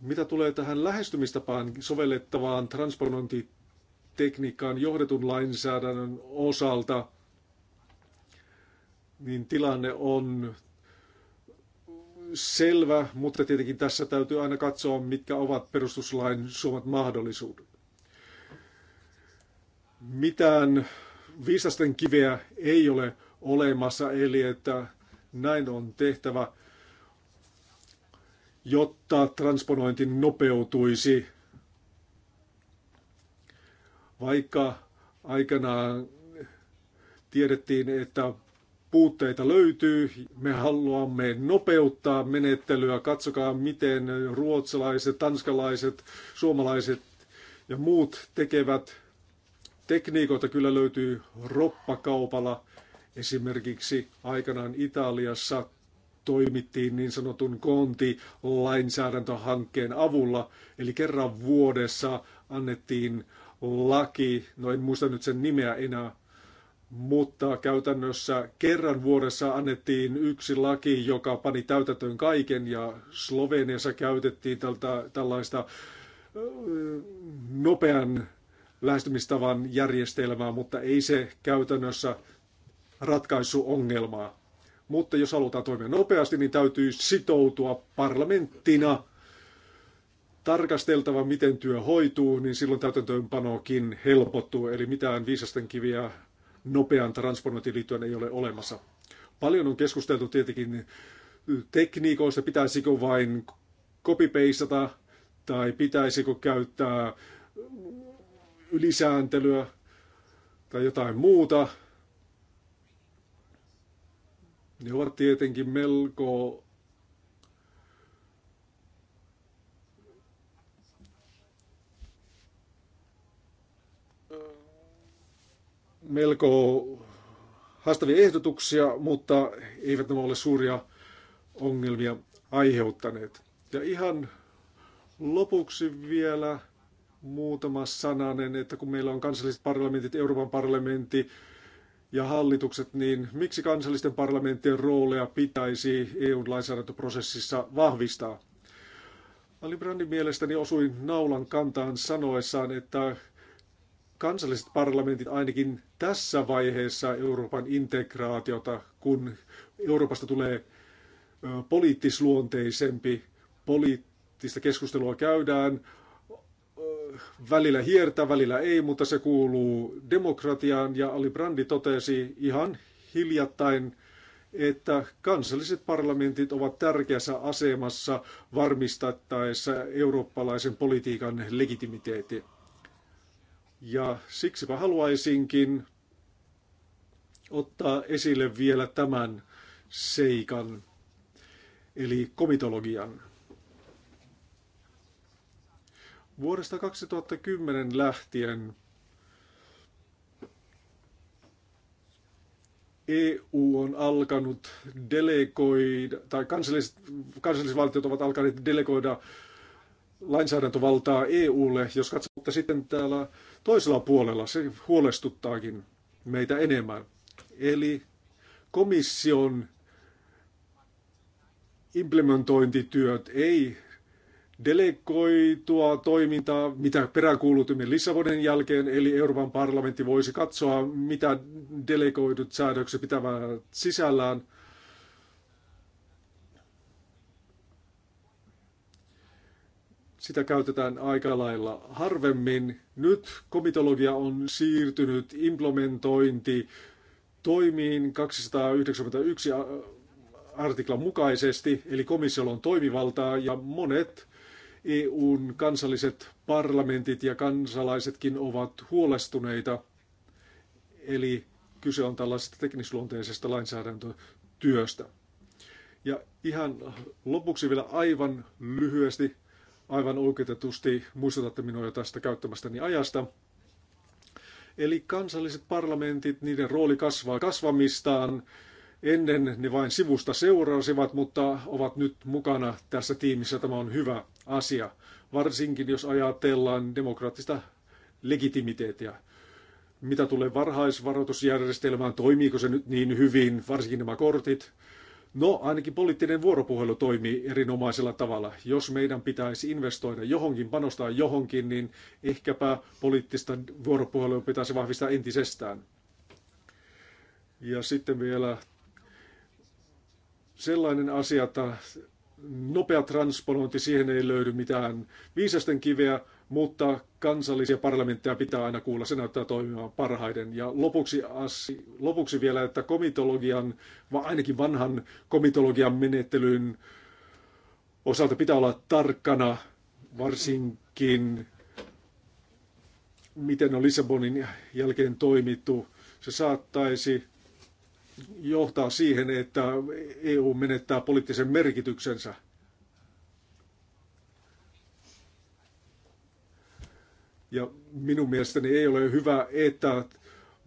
Mitä tulee tähän lähestymistapaan sovellettavaan transponointitekniikkaan johdetun lainsäädännön osalta, niin tilanne on selvä, mutta tietenkin tässä täytyy aina katsoa, mitkä ovat perustuslain suomat mahdollisuudet. Mitään viisasten kiveä ei ole olemassa, eli että näin on tehtävä, jotta transponointi nopeutuisi, vaikka aikanaan tiedettiin, että puutteita löytyy. Me haluamme nopeuttaa menettelyä. Katsokaa, miten ruotsalaiset, tanskalaiset, suomalaiset ja muut tekevät. Tekniikoita kyllä löytyy roppakaupalla. Esimerkiksi aikanaan Italiassa toimittiin niin sanotun konti-lainsäädäntöhankkeen avulla, eli kerran vuodessa annettiin laki, no en muista nyt sen nimeä enää, mutta käytännössä kerran vuodessa annettiin yksi laki, joka pani täytäntöön kaiken ja Sloveniassa käytettiin tältä, tällaista nopean lähestymistavan järjestelmää, mutta ei se käytännössä ratkaisu ongelmaa. Mutta jos halutaan toimia nopeasti, niin täytyy sitoutua parlamenttina tarkasteltava, miten työ hoituu, niin silloin täytäntöönpanokin helpottuu. Eli mitään viisasten kiviä nopean transponointiin liittyen ei ole olemassa. Paljon on keskusteltu tietenkin tekniikoista, pitäisikö vain kopipeistata tai pitäisikö käyttää ylisääntelyä tai jotain muuta. Ne ovat tietenkin melko melko haastavia ehdotuksia, mutta eivät nämä ole suuria ongelmia aiheuttaneet. Ja ihan lopuksi vielä muutama sananen, että kun meillä on kansalliset parlamentit, Euroopan parlamentti, ja hallitukset, niin miksi kansallisten parlamenttien rooleja pitäisi EU-lainsäädäntöprosessissa vahvistaa? Ali Brandin mielestäni osui naulan kantaan sanoessaan, että kansalliset parlamentit ainakin tässä vaiheessa Euroopan integraatiota, kun Euroopasta tulee poliittisluonteisempi, poliittista keskustelua käydään, välillä hiertää, välillä ei, mutta se kuuluu demokratiaan. Ja Ali Brandi totesi ihan hiljattain, että kansalliset parlamentit ovat tärkeässä asemassa varmistettaessa eurooppalaisen politiikan legitimiteetti. Ja siksipä haluaisinkin ottaa esille vielä tämän seikan, eli komitologian. Vuodesta 2010 lähtien EU on alkanut delegoida, tai kansallis, kansallisvaltiot ovat alkaneet delegoida lainsäädäntövaltaa EUlle. Jos katsotte sitten täällä toisella puolella, se huolestuttaakin meitä enemmän. Eli komission implementointityöt ei delegoitua toimintaa, mitä peräkuulutimme Lissabonin jälkeen, eli Euroopan parlamentti voisi katsoa, mitä delegoidut säädökset pitävät sisällään. Sitä käytetään aika lailla harvemmin. Nyt komitologia on siirtynyt implementointi toimiin 291 artiklan mukaisesti, eli komissiolla on toimivaltaa ja monet EUn kansalliset parlamentit ja kansalaisetkin ovat huolestuneita. Eli kyse on tällaisesta teknisluonteisesta lainsäädäntötyöstä. Ja ihan lopuksi vielä aivan lyhyesti, aivan oikeutetusti muistutatte minua jo tästä käyttämästäni ajasta. Eli kansalliset parlamentit, niiden rooli kasvaa kasvamistaan Ennen ne vain sivusta seurasivat, mutta ovat nyt mukana tässä tiimissä. Tämä on hyvä asia, varsinkin jos ajatellaan demokraattista legitimiteettiä. Mitä tulee varhaisvaroitusjärjestelmään, toimiiko se nyt niin hyvin, varsinkin nämä kortit? No, ainakin poliittinen vuoropuhelu toimii erinomaisella tavalla. Jos meidän pitäisi investoida johonkin, panostaa johonkin, niin ehkäpä poliittista vuoropuhelua pitäisi vahvistaa entisestään. Ja sitten vielä sellainen asia, että nopea transponointi, siihen ei löydy mitään viisasten kiveä, mutta kansallisia parlamentteja pitää aina kuulla, se näyttää toimimaan parhaiden. Ja lopuksi, asi, lopuksi vielä, että komitologian, vai ainakin vanhan komitologian menettelyn osalta pitää olla tarkkana, varsinkin miten on Lissabonin jälkeen toimittu. Se saattaisi johtaa siihen, että EU menettää poliittisen merkityksensä. Ja minun mielestäni ei ole hyvä, että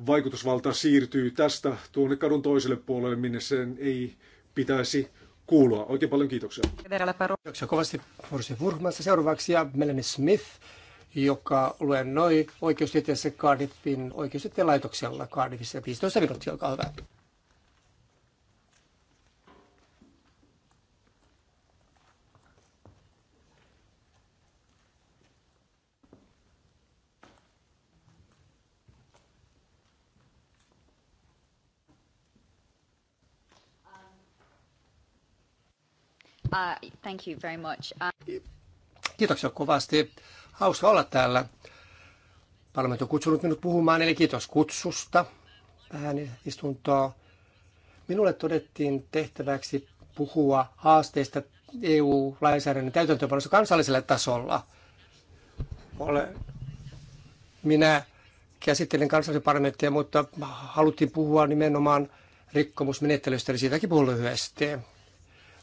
vaikutusvalta siirtyy tästä tuonne kadun toiselle puolelle, minne sen ei pitäisi kuulua. Oikein paljon kiitoksia. Kiitoksia kovasti Forse Furhmassa. Seuraavaksi ja Melanie Smith, joka luennoi oikeustieteessä Cardiffin oikeustieteen laitoksella Cardiffissa 15 minuuttia. Olkaa hyvä. Uh, thank you very much. Uh, Kiitoksia kovasti. Hauska olla täällä. Parlamentti on kutsunut minut puhumaan, eli kiitos kutsusta tähän istuntoon. Minulle todettiin tehtäväksi puhua haasteista EU-lainsäädännön täytäntöönpanossa kansallisella tasolla. Minä käsittelen kansallisen parlamenttia, mutta haluttiin puhua nimenomaan rikkomusmenettelystä, eli siitäkin puhun lyhyesti.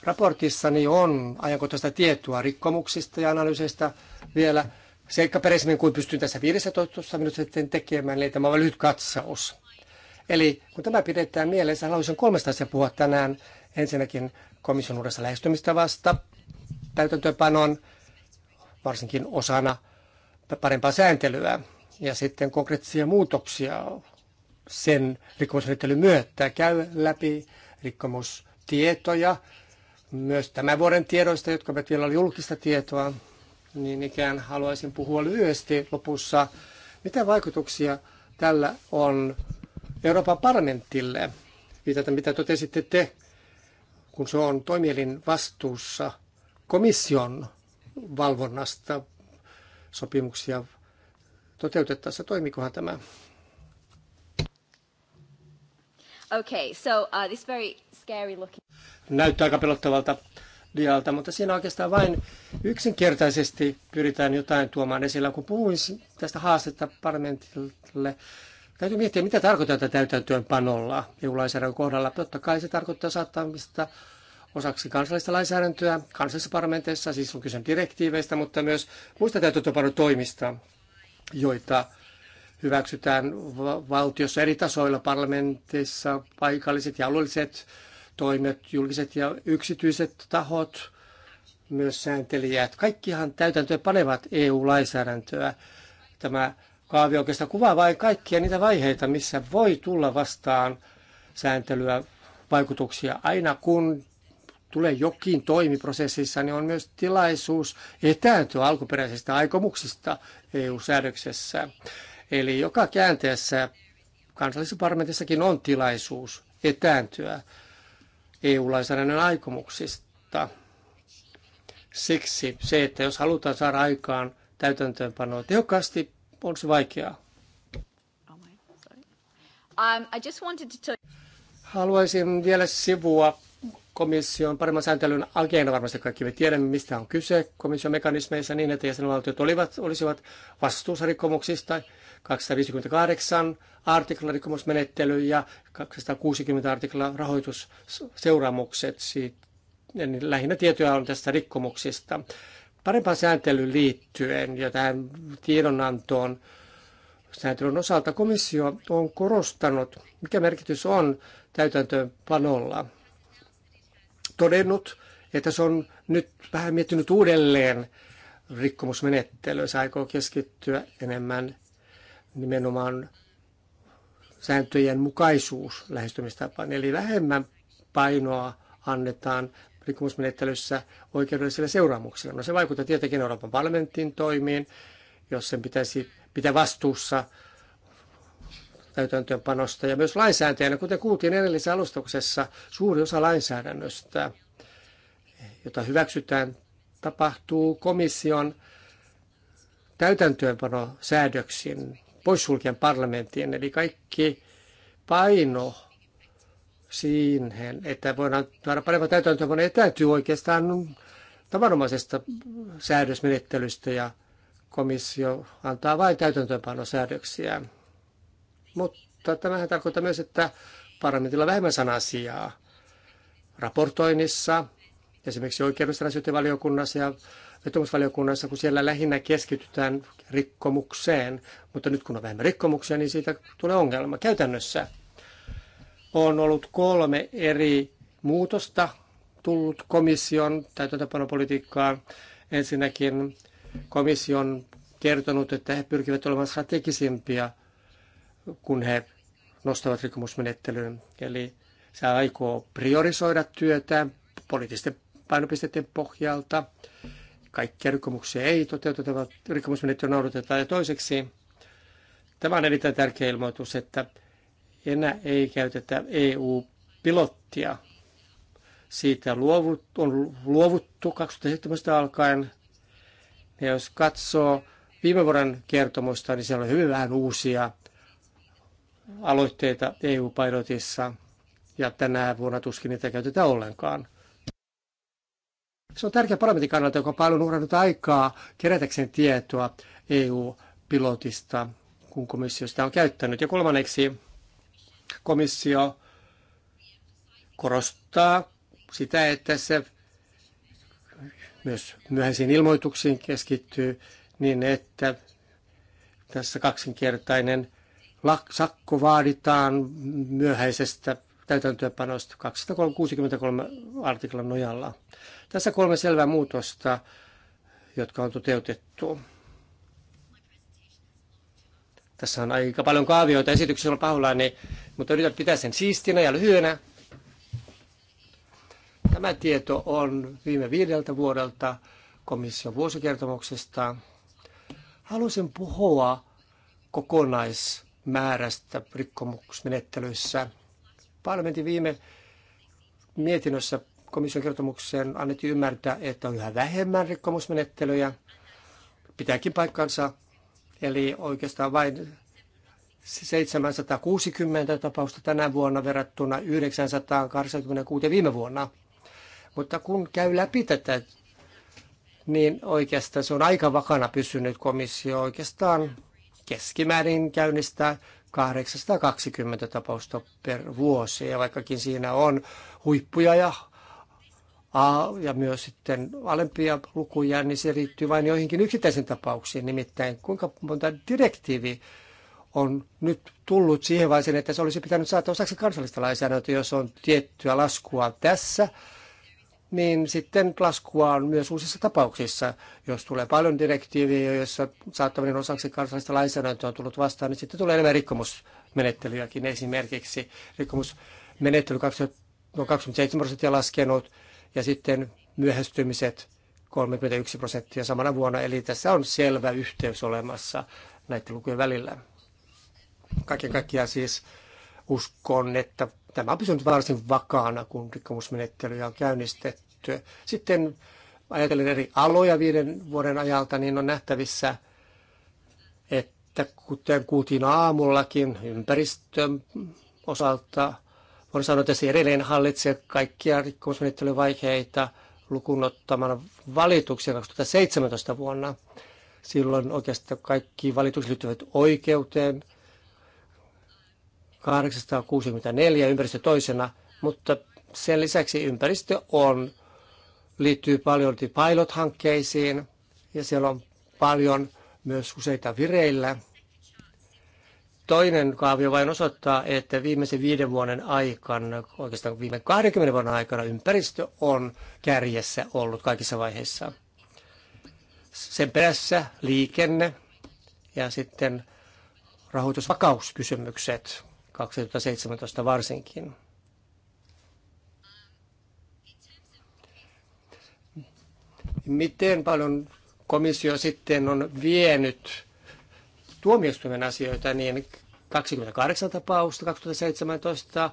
Raportissani on ajankohtaista tietoa rikkomuksista ja analyyseista vielä seikkaperäisemmin kuin pystyn tässä 15 minuutissa sitten tekemään, eli tämä on lyhyt katsaus. Eli kun tämä pidetään mielessä, haluaisin kolmesta asiaa puhua tänään. Ensinnäkin komission uudessa lähestymistavasta, täytäntöönpanon, varsinkin osana parempaa sääntelyä, ja sitten konkreettisia muutoksia sen rikkomusmenettelyn myötä. Käy läpi rikkomustietoja, myös tämän vuoden tiedoista, jotka ovat vielä julkista tietoa, niin ikään haluaisin puhua lyhyesti lopussa, mitä vaikutuksia tällä on Euroopan parlamentille, mitä, mitä totesitte te, kun se on toimielin vastuussa komission valvonnasta sopimuksia toteutettaessa. Toimikohan tämä? Okay, so uh, this very scary looking. Näyttää aika pelottavalta dialta, mutta siinä oikeastaan vain yksinkertaisesti pyritään jotain tuomaan esillä. Kun puhuin tästä haastetta parlamentille, täytyy miettiä, mitä täytäntöön täytäntöönpanolla EU-lainsäädännön kohdalla. Totta kai se tarkoittaa saattamista osaksi kansallista lainsäädäntöä kansallisissa parlamenteissa, siis on kyse direktiiveistä, mutta myös muista toimista, joita hyväksytään valtiossa eri tasoilla, parlamentissa, paikalliset ja alueelliset toimet, julkiset ja yksityiset tahot, myös sääntelijät. Kaikkihan täytäntöön panevat EU-lainsäädäntöä. Tämä kaavi oikeastaan kuvaa vain kaikkia niitä vaiheita, missä voi tulla vastaan sääntelyä vaikutuksia. Aina kun tulee jokin toimiprosessissa, niin on myös tilaisuus etääntyä alkuperäisistä aikomuksista EU-säädöksessä. Eli joka käänteessä kansallisessa parlamentissakin on tilaisuus etääntyä EU-lainsäädännön aikomuksista. Siksi se, että jos halutaan saada aikaan täytäntöönpanoa tehokkaasti, on se vaikeaa. Oh, um, Haluaisin vielä sivua komission paremman sääntelyn agenda. Varmasti kaikki me tiedämme, mistä on kyse komission mekanismeissa niin, että jäsenvaltiot olivat, olisivat vastuussa rikkomuksista 258 artikla rikkomusmenettely ja 260 artikla rahoitusseuraamukset. Niin lähinnä tietoja on tästä rikkomuksista. Parempaan sääntelyyn liittyen ja tähän tiedonantoon sääntelyn osalta komissio on korostanut, mikä merkitys on täytäntöönpanolla. Todennut, että se on nyt vähän miettinyt uudelleen rikkomusmenettelyä. Se aikoo keskittyä enemmän nimenomaan sääntöjen mukaisuus lähestymistapaan, eli vähemmän painoa annetaan rikkomusmenettelyssä oikeudellisille seuraamuksille. No se vaikuttaa tietenkin Euroopan parlamentin toimiin, jos sen pitäisi pitää vastuussa täytäntöönpanosta ja myös lainsäätäjänä, kuten kuultiin edellisessä alustuksessa, suuri osa lainsäädännöstä, jota hyväksytään, tapahtuu komission täytäntöönpanosäädöksin poissulkien parlamentin, eli kaikki paino siihen, että voidaan saada paremmin täytäntöönpanoja, niin täytyy oikeastaan tavanomaisesta säädösmenettelystä ja komissio antaa vain täytäntöönpanosäädöksiä. Mutta tämähän tarkoittaa myös, että parlamentilla on vähemmän sanasiaa raportoinnissa, esimerkiksi oikeudellisten asioiden valiokunnassa ja vetomusvaliokunnassa, kun siellä lähinnä keskitytään rikkomukseen, mutta nyt kun on vähemmän rikkomuksia, niin siitä tulee ongelma. Käytännössä on ollut kolme eri muutosta tullut komission täytäntöpanopolitiikkaan. Ensinnäkin komission kertonut, että he pyrkivät olemaan strategisimpia, kun he nostavat rikkomusmenettelyyn. Eli se aikoo priorisoida työtä poliittisten painopisteiden pohjalta. Kaikkia rikkomuksia ei toteuteta, vaan rikkomusmenettelyä noudatetaan. Ja toiseksi, tämä on erittäin tärkeä ilmoitus, että enää ei käytetä EU-pilottia. Siitä luovut, on luovuttu 2017 alkaen. Ja jos katsoo viime vuoden kertomusta, niin siellä on hyvin vähän uusia aloitteita eu pilotissa Ja tänä vuonna tuskin niitä käytetään ollenkaan. Se on tärkeä parlamentin kannalta, joka on paljon uhrannut aikaa kerätäkseen tietoa EU-pilotista, kun komissio sitä on käyttänyt. Ja kolmanneksi komissio korostaa sitä, että se myös myöhäisiin ilmoituksiin keskittyy niin, että tässä kaksinkertainen sakko vaaditaan myöhäisestä täytäntöönpanosta 263 artiklan nojalla. Tässä kolme selvää muutosta, jotka on toteutettu. Tässä on aika paljon kaavioita esityksellä on niin, mutta yritän pitää sen siistinä ja lyhyenä. Tämä tieto on viime viideltä vuodelta komission vuosikertomuksesta. Haluaisin puhua kokonaismäärästä rikkomuksmenettelyissä. Parlamentin viime mietinnössä komission kertomukseen annettiin ymmärtää, että on yhä vähemmän rikkomusmenettelyjä. Pitääkin paikkansa. Eli oikeastaan vain 760 tapausta tänä vuonna verrattuna 986 viime vuonna. Mutta kun käy läpi tätä, niin oikeastaan se on aika vakana pysynyt komissio oikeastaan keskimäärin käynnistää 820 tapausta per vuosi. Ja vaikkakin siinä on huippuja ja, ja myös sitten alempia lukuja, niin se liittyy vain joihinkin yksittäisiin tapauksiin. Nimittäin kuinka monta direktiivi on nyt tullut siihen vaiheeseen, että se olisi pitänyt saada osaksi kansallista lainsäädäntöä, jos on tiettyä laskua tässä – niin sitten laskua on myös uusissa tapauksissa. Jos tulee paljon direktiiviä, joissa saattaminen osaksi kansallista lainsäädäntöä on tullut vastaan, niin sitten tulee enemmän rikkomusmenettelyäkin. Esimerkiksi rikkomusmenettely 27 prosenttia laskenut ja sitten myöhästymiset 31 prosenttia samana vuonna. Eli tässä on selvä yhteys olemassa näiden lukujen välillä. Kaiken kaikkiaan siis uskon, että tämä on pysynyt varsin vakaana, kun rikkomusmenettelyjä on käynnistetty. Sitten ajatellen eri aloja viiden vuoden ajalta, niin on nähtävissä, että kuten kuultiin aamullakin ympäristön osalta, on sanoa, että se edelleen hallitsee kaikkia rikkomusmenettelyvaiheita lukunottamana valituksia 2017 vuonna. Silloin oikeastaan kaikki valitukset liittyvät oikeuteen, 1864 ympäristö toisena, mutta sen lisäksi ympäristö on, liittyy paljon pilot-hankkeisiin ja siellä on paljon myös useita vireillä. Toinen kaavio vain osoittaa, että viimeisen viiden vuoden aikana, oikeastaan viime 20 vuoden aikana ympäristö on kärjessä ollut kaikissa vaiheissa. Sen perässä liikenne ja sitten rahoitusvakauskysymykset 2017 varsinkin. Miten paljon komissio sitten on vienyt tuomioistuimen asioita, niin 28 tapausta 2017,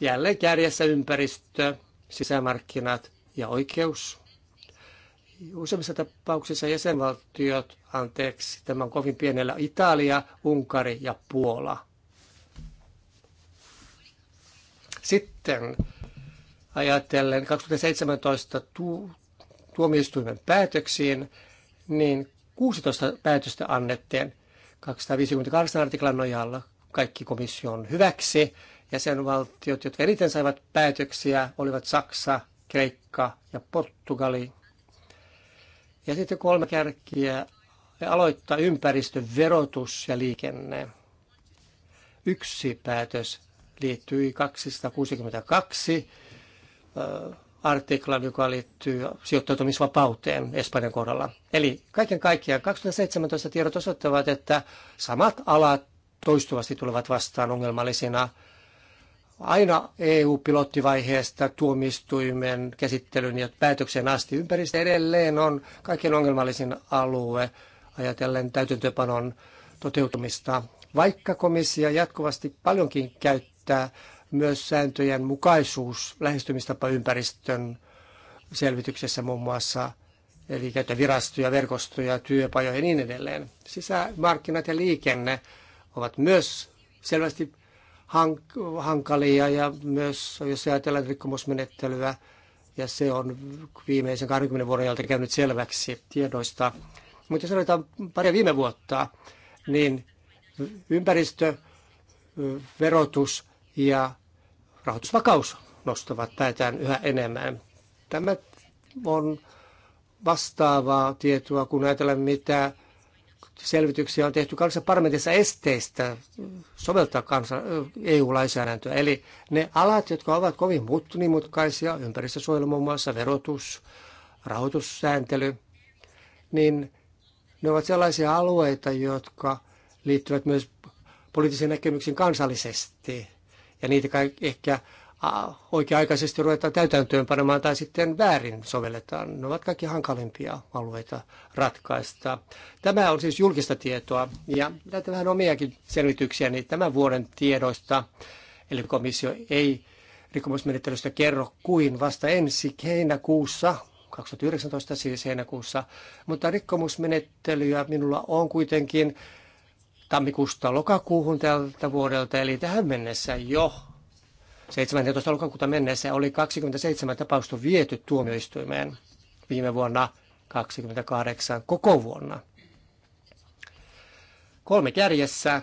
jälleen kärjessä ympäristö, sisämarkkinat ja oikeus. Useimmissa tapauksissa jäsenvaltiot, anteeksi, tämä on kovin pienellä, Italia, Unkari ja Puola. Sitten ajatellen 2017 tu- tuomioistuimen päätöksiin, niin 16 päätöstä annettiin 258 artiklan nojalla kaikki komission hyväksi. Jäsenvaltiot, jotka eniten saivat päätöksiä, olivat Saksa, Kreikka ja Portugali. Ja sitten kolme kärkiä aloittaa ympäristöverotus ja liikenne. Yksi päätös liittyi 262 äh, artiklan, joka liittyy sijoittautumisvapauteen Espanjan kohdalla. Eli kaiken kaikkiaan 2017 tiedot osoittavat, että samat alat toistuvasti tulevat vastaan ongelmallisina aina EU-pilottivaiheesta tuomistuimen käsittelyn ja päätöksen asti. Ympäristö edelleen on kaiken ongelmallisin alue ajatellen täytäntöpanon toteutumista. Vaikka komissio jatkuvasti paljonkin käyttää että myös sääntöjen mukaisuus lähestymistapa ympäristön selvityksessä muun muassa, eli käyttövirastoja, verkostoja, työpajoja ja niin edelleen. Sisämarkkinat ja liikenne ovat myös selvästi hank- hankalia ja myös, jos ajatellaan rikkomusmenettelyä, ja se on viimeisen 20 vuoden jälkeen käynyt selväksi tiedoista. Mutta jos sanotaan pari viime vuotta, niin ympäristöverotus ja rahoitusvakaus nostavat päätään yhä enemmän. Tämä on vastaavaa tietoa, kun ajatellaan, mitä selvityksiä on tehty kanssa parlamentissa esteistä soveltaa kansan, EU-lainsäädäntöä. Eli ne alat, jotka ovat kovin muuttunimutkaisia, ympäristösuojelu muun muassa, verotus, rahoitussääntely, niin ne ovat sellaisia alueita, jotka liittyvät myös poliittisiin näkemyksiin kansallisesti ja niitä kaikki ehkä oikea-aikaisesti ruvetaan täytäntöön panemaan tai sitten väärin sovelletaan. Ne ovat kaikki hankalimpia alueita ratkaista. Tämä on siis julkista tietoa ja näitä vähän omiakin selvityksiä niin tämän vuoden tiedoista. Eli komissio ei rikkomusmenettelystä kerro kuin vasta ensi heinäkuussa 2019 siis heinäkuussa, mutta rikkomusmenettelyä minulla on kuitenkin tammikuusta lokakuuhun tältä vuodelta, eli tähän mennessä jo 17. lokakuuta mennessä oli 27 tapausta viety tuomioistuimeen viime vuonna 28 koko vuonna. Kolme kärjessä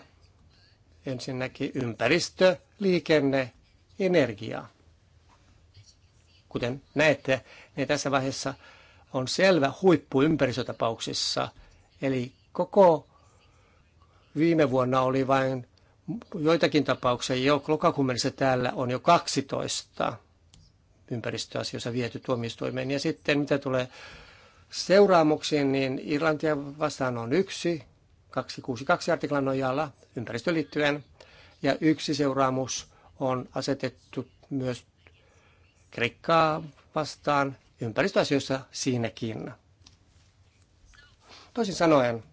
ensinnäkin ympäristö, liikenne, energia. Kuten näette, niin tässä vaiheessa on selvä huippu ympäristötapauksissa, eli koko Viime vuonna oli vain joitakin tapauksia, jo lokakuun mennessä täällä on jo 12 ympäristöasioissa viety tuomioistuimeen. Ja sitten mitä tulee seuraamuksiin, niin Irlantia vastaan on yksi, 262 artiklan nojalla ympäristöön liittyen, ja yksi seuraamus on asetettu myös Kreikkaa vastaan ympäristöasioissa siinäkin. Toisin sanoen,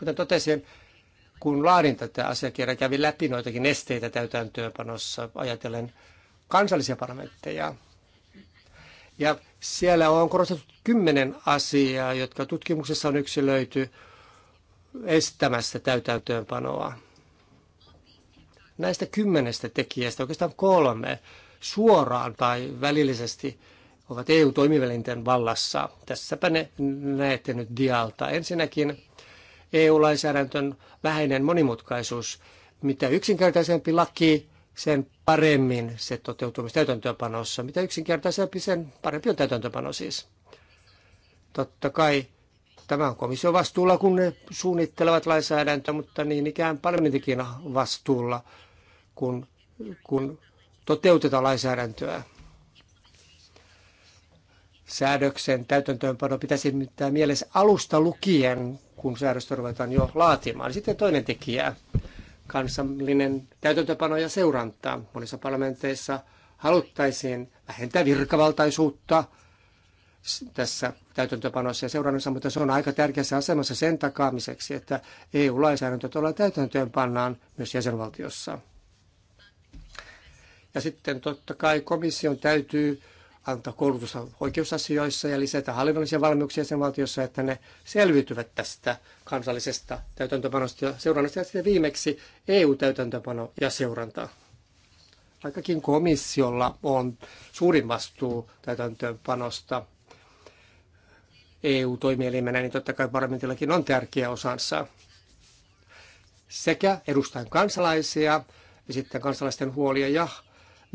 Kuten totesin, kun laadin tätä asiakirjaa, kävin läpi noitakin esteitä täytäntöönpanossa ajatellen kansallisia parlamentteja. Ja siellä on korostettu kymmenen asiaa, jotka tutkimuksessa on yksilöity estämässä täytäntöönpanoa. Näistä kymmenestä tekijästä oikeastaan kolme suoraan tai välillisesti ovat EU-toimivälinten vallassa. Tässäpä ne näette nyt dialta. Ensinnäkin EU-lainsäädäntön vähäinen monimutkaisuus. Mitä yksinkertaisempi laki, sen paremmin se toteutuu myös täytäntöönpanossa. Mitä yksinkertaisempi, sen parempi on täytäntöönpano siis. Totta kai tämä on komission vastuulla, kun ne suunnittelevat lainsäädäntöä, mutta niin ikään parlamentikin vastuulla, kun, kun toteutetaan lainsäädäntöä säädöksen täytäntöönpano pitäisi mitään mielessä alusta lukien, kun säädöstä ruvetaan jo laatimaan. Sitten toinen tekijä, kansallinen täytäntöönpano ja seuranta. Monissa parlamenteissa haluttaisiin vähentää virkavaltaisuutta tässä täytäntöönpanossa ja seurannassa, mutta se on aika tärkeässä asemassa sen takaamiseksi, että EU-lainsäädäntö tuolla täytäntöönpannaan myös jäsenvaltiossa. Ja sitten totta kai komission täytyy antaa koulutusta oikeusasioissa ja lisätä hallinnollisia valmiuksia sen valtiossa, että ne selviytyvät tästä kansallisesta täytäntöpanosta ja seurannasta ja sitten viimeksi EU-täytäntöpano ja seurantaa. Vaikkakin komissiolla on suurin vastuu täytäntöönpanosta EU-toimielimenä, niin totta kai parlamentillakin on tärkeä osansa. Sekä edustajan kansalaisia ja sitten kansalaisten huolia ja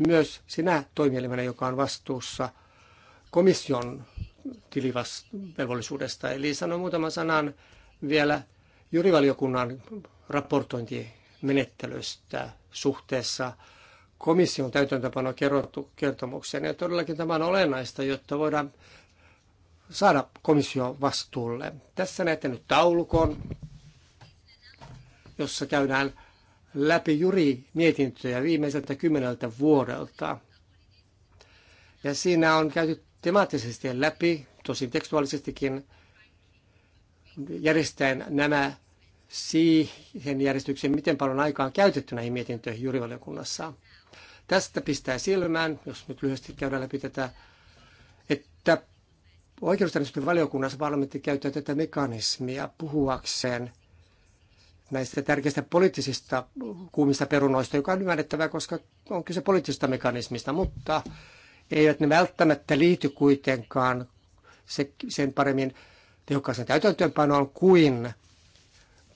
myös sinä toimielimenä, joka on vastuussa komission tilivelvollisuudesta. Eli sanon muutaman sanan vielä jurivaliokunnan raportointimenettelystä suhteessa komission täytäntöpano kertomukseen. Ja todellakin tämä on olennaista, jotta voidaan saada komissio vastuulle. Tässä näette nyt taulukon, jossa käydään läpi juri mietintöjä viimeiseltä kymmeneltä vuodelta. Ja siinä on käyty temaattisesti läpi, tosin tekstuaalisestikin, järjestäen nämä siihen järjestykseen, miten paljon aikaa on käytetty näihin mietintöihin jurivaliokunnassa. Tästä pistää silmään, jos nyt lyhyesti käydään läpi tätä, että oikeusjärjestön valiokunnassa parlamentti käyttää tätä mekanismia puhuakseen – näistä tärkeistä poliittisista kuumista perunoista, joka on ymmärrettävää, koska on kyse poliittisista mekanismista, mutta eivät ne välttämättä liity kuitenkaan se, sen paremmin tehokkaaseen täytäntöönpanoon kuin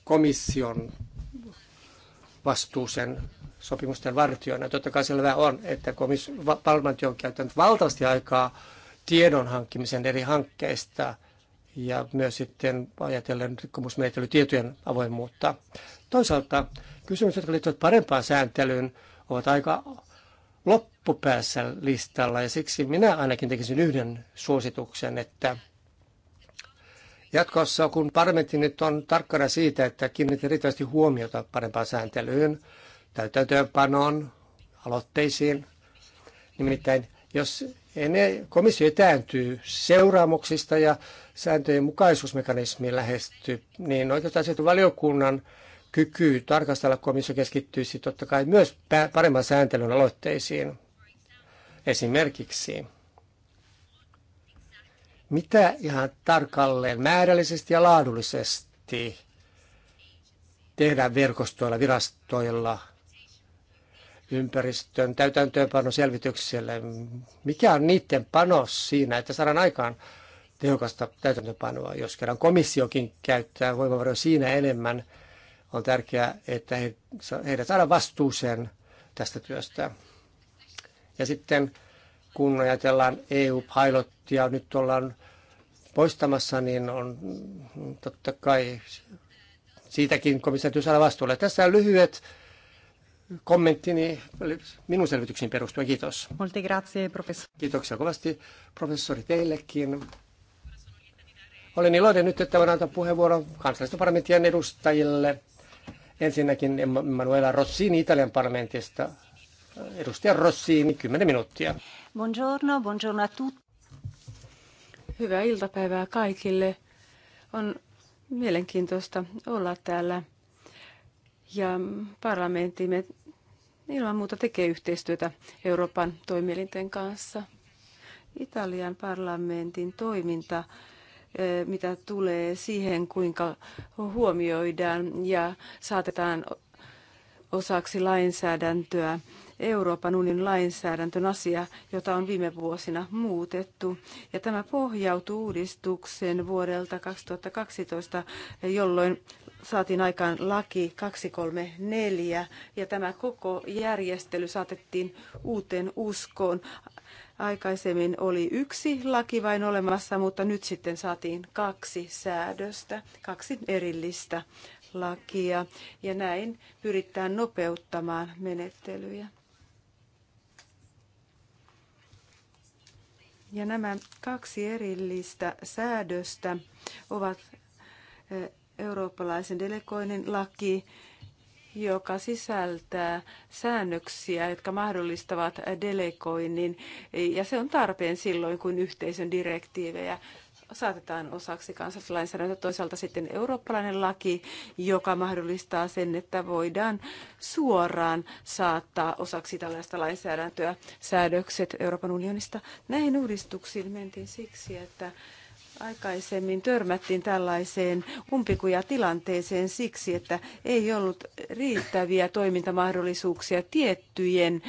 komission vastuusen sopimusten vartijoina. Totta kai selvää on, että komissio on käyttänyt valtavasti aikaa tiedon hankkimisen eri hankkeista – ja myös sitten ajatellen rikkomusmenettelytietojen avoimuutta. Toisaalta kysymykset, jotka liittyvät parempaan sääntelyyn, ovat aika loppupäässä listalla ja siksi minä ainakin tekisin yhden suosituksen, että jatkossa kun parlamentti nyt on tarkkana siitä, että kiinnitetään riittävästi huomiota parempaan sääntelyyn, täytäntöönpanoon, aloitteisiin, nimittäin jos ne, komissio etääntyy seuraamuksista ja sääntöjen mukaisuusmekanismi lähestyy, niin oikeastaan se, valiokunnan kyky tarkastella komissio keskittyisi totta kai myös paremman sääntelyn aloitteisiin. Esimerkiksi, mitä ihan tarkalleen määrällisesti ja laadullisesti tehdään verkostoilla, virastoilla – ympäristön täytäntöönpanoselvitykselle. Mikä on niiden panos siinä, että saadaan aikaan tehokasta täytäntöönpanoa, jos kerran komissiokin käyttää voimavaroja siinä enemmän, on tärkeää, että heidät saadaan vastuuseen tästä työstä. Ja sitten kun ajatellaan EU-pilottia, nyt ollaan poistamassa, niin on totta kai siitäkin komissio saada vastuulle. Tässä on lyhyet kommenttini oli minun selvityksiin perustuen. Kiitos. Molte grazie, professori. Kiitoksia kovasti professori teillekin. Olen iloinen nyt, että voin antaa puheenvuoron kansallisten parlamenttien edustajille. Ensinnäkin Emanuela Rossini Italian parlamentista. Edustaja Rossini, 10 minuuttia. Buongiorno, buongiorno a tutti. Hyvää iltapäivää kaikille. On mielenkiintoista olla täällä ja parlamenttimme ilman muuta tekee yhteistyötä Euroopan toimielinten kanssa. Italian parlamentin toiminta, eh, mitä tulee siihen, kuinka huomioidaan ja saatetaan osaksi lainsäädäntöä. Euroopan unionin lainsäädäntön asia, jota on viime vuosina muutettu. Ja tämä pohjautuu uudistukseen vuodelta 2012, jolloin saatiin aikaan laki 234 ja tämä koko järjestely saatettiin uuteen uskoon. Aikaisemmin oli yksi laki vain olemassa, mutta nyt sitten saatiin kaksi säädöstä, kaksi erillistä lakia ja näin pyritään nopeuttamaan menettelyjä. Ja nämä kaksi erillistä säädöstä ovat eurooppalaisen delegoinnin laki, joka sisältää säännöksiä, jotka mahdollistavat delegoinnin, ja se on tarpeen silloin, kun yhteisön direktiivejä saatetaan osaksi kansallislainsäädäntöä. Toisaalta sitten eurooppalainen laki, joka mahdollistaa sen, että voidaan suoraan saattaa osaksi tällaista lainsäädäntöä säädökset Euroopan unionista. Näihin uudistuksiin mentiin siksi, että aikaisemmin törmättiin tällaiseen umpikujatilanteeseen siksi, että ei ollut riittäviä toimintamahdollisuuksia tiettyjen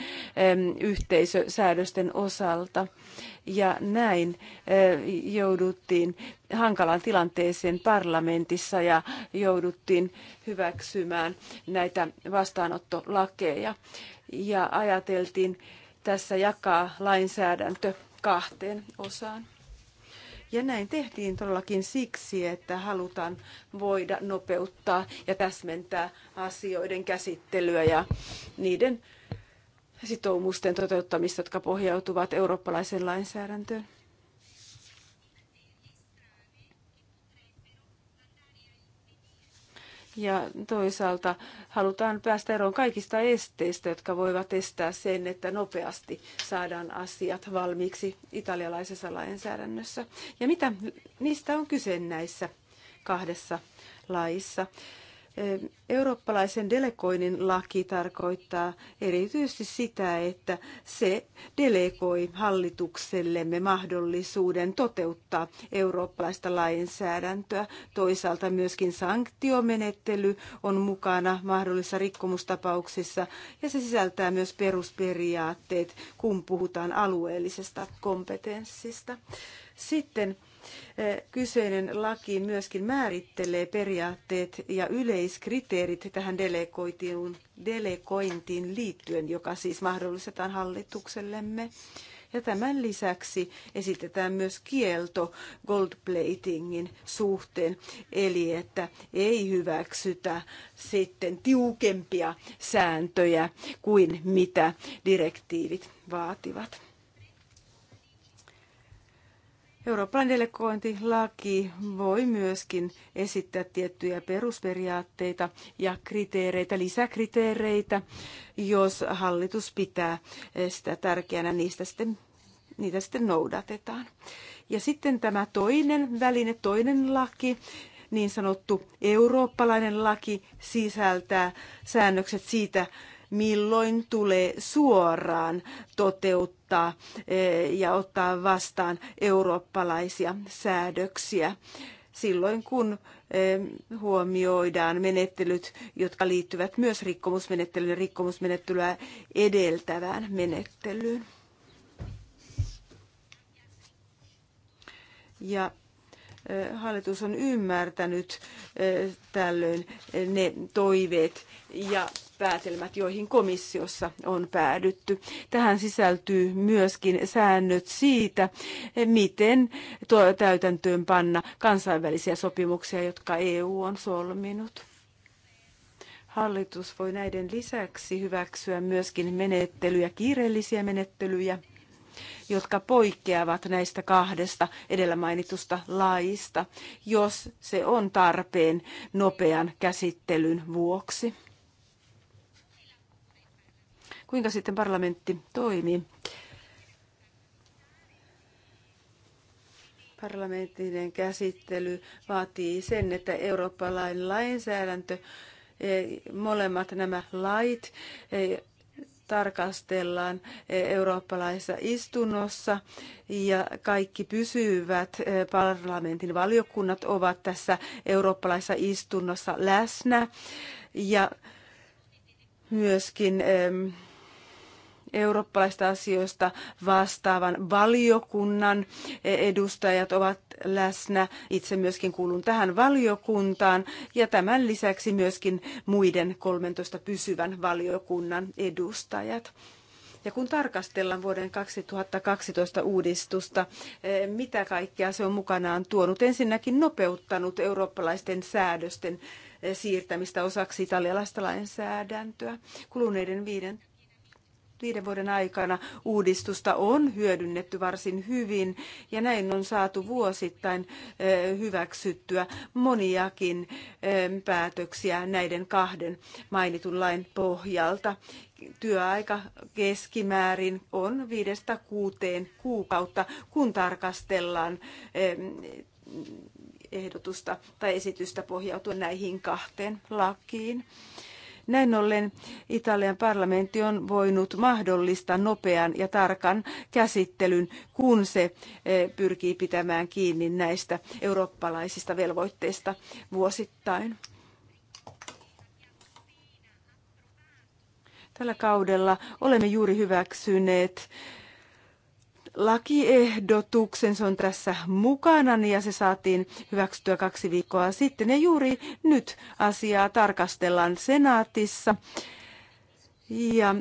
yhteisösäädösten osalta. Ja näin e, jouduttiin hankalaan tilanteeseen parlamentissa ja jouduttiin hyväksymään näitä vastaanottolakeja. Ja ajateltiin tässä jakaa lainsäädäntö kahteen osaan. Ja näin tehtiin todellakin siksi, että halutaan voida nopeuttaa ja täsmentää asioiden käsittelyä ja niiden sitoumusten toteuttamista, jotka pohjautuvat eurooppalaiseen lainsäädäntöön. Ja toisaalta halutaan päästä eroon kaikista esteistä, jotka voivat estää sen, että nopeasti saadaan asiat valmiiksi italialaisessa lainsäädännössä. Ja mitä niistä on kyse näissä kahdessa laissa? Eurooppalaisen delegoinnin laki tarkoittaa erityisesti sitä, että se delegoi hallituksellemme mahdollisuuden toteuttaa eurooppalaista lainsäädäntöä. Toisaalta myöskin sanktiomenettely on mukana mahdollisissa rikkomustapauksissa ja se sisältää myös perusperiaatteet, kun puhutaan alueellisesta kompetenssista. Sitten Kyseinen laki myöskin määrittelee periaatteet ja yleiskriteerit tähän delegointiin liittyen, joka siis mahdollistetaan hallituksellemme. Ja tämän lisäksi esitetään myös kielto goldplatingin suhteen, eli että ei hyväksytä sitten tiukempia sääntöjä kuin mitä direktiivit vaativat. Euroopan delegointilaki voi myöskin esittää tiettyjä perusperiaatteita ja kriteereitä, lisäkriteereitä, jos hallitus pitää sitä tärkeänä, niistä sitten, niitä sitten noudatetaan. Ja sitten tämä toinen väline, toinen laki, niin sanottu eurooppalainen laki sisältää säännökset siitä, milloin tulee suoraan toteuttaa eh, ja ottaa vastaan eurooppalaisia säädöksiä silloin, kun eh, huomioidaan menettelyt, jotka liittyvät myös rikkomusmenettelyyn ja rikkomusmenettelyä edeltävään menettelyyn. Ja eh, hallitus on ymmärtänyt tällöin ne toiveet ja päätelmät, joihin komissiossa on päädytty. Tähän sisältyy myöskin säännöt siitä, miten täytäntöön panna kansainvälisiä sopimuksia, jotka EU on solminut. Hallitus voi näiden lisäksi hyväksyä myöskin menettelyjä, kiireellisiä menettelyjä, jotka poikkeavat näistä kahdesta edellä mainitusta laista, jos se on tarpeen nopean käsittelyn vuoksi. Kuinka sitten parlamentti toimii? Parlamenttinen käsittely vaatii sen, että eurooppalainen lainsäädäntö, e, molemmat nämä lait, e, tarkastellaan e, eurooppalaisessa istunnossa ja kaikki pysyvät parlamentin valiokunnat ovat tässä eurooppalaisessa istunnossa läsnä ja myöskin eurooppalaista asioista vastaavan valiokunnan edustajat ovat läsnä. Itse myöskin kuulun tähän valiokuntaan ja tämän lisäksi myöskin muiden 13 pysyvän valiokunnan edustajat. Ja kun tarkastellaan vuoden 2012 uudistusta, eh, mitä kaikkea se on mukanaan tuonut? Ensinnäkin nopeuttanut eurooppalaisten säädösten eh, siirtämistä osaksi italialaista lainsäädäntöä kuluneiden viiden viiden vuoden aikana uudistusta on hyödynnetty varsin hyvin ja näin on saatu vuosittain eh, hyväksyttyä moniakin eh, päätöksiä näiden kahden mainitun lain pohjalta. Työaika keskimäärin on viidestä kuuteen kuukautta, kun tarkastellaan eh, ehdotusta tai esitystä pohjautuen näihin kahteen lakiin. Näin ollen Italian parlamentti on voinut mahdollistaa nopean ja tarkan käsittelyn, kun se eh, pyrkii pitämään kiinni näistä eurooppalaisista velvoitteista vuosittain. Tällä kaudella olemme juuri hyväksyneet lakiehdotuksen. Se on tässä mukana niin ja se saatiin hyväksyttyä kaksi viikkoa sitten. Ja juuri nyt asiaa tarkastellaan senaatissa. Ja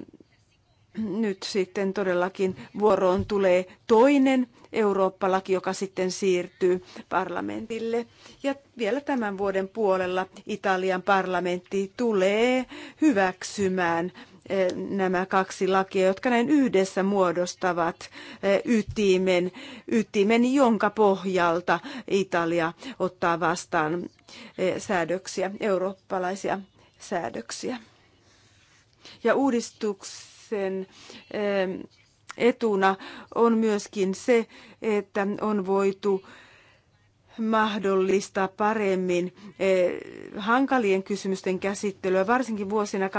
nyt sitten todellakin vuoroon tulee toinen Eurooppa-laki, joka sitten siirtyy parlamentille. Ja vielä tämän vuoden puolella Italian parlamentti tulee hyväksymään Eh, nämä kaksi lakia, jotka näin yhdessä muodostavat eh, ytimen, ytimen jonka pohjalta Italia ottaa vastaan eh, säädöksiä, eurooppalaisia säädöksiä. Ja uudistuksen etuna on myöskin se, että on voitu mahdollistaa paremmin eh, hankalien kysymysten käsittelyä, varsinkin vuosina 2014-2018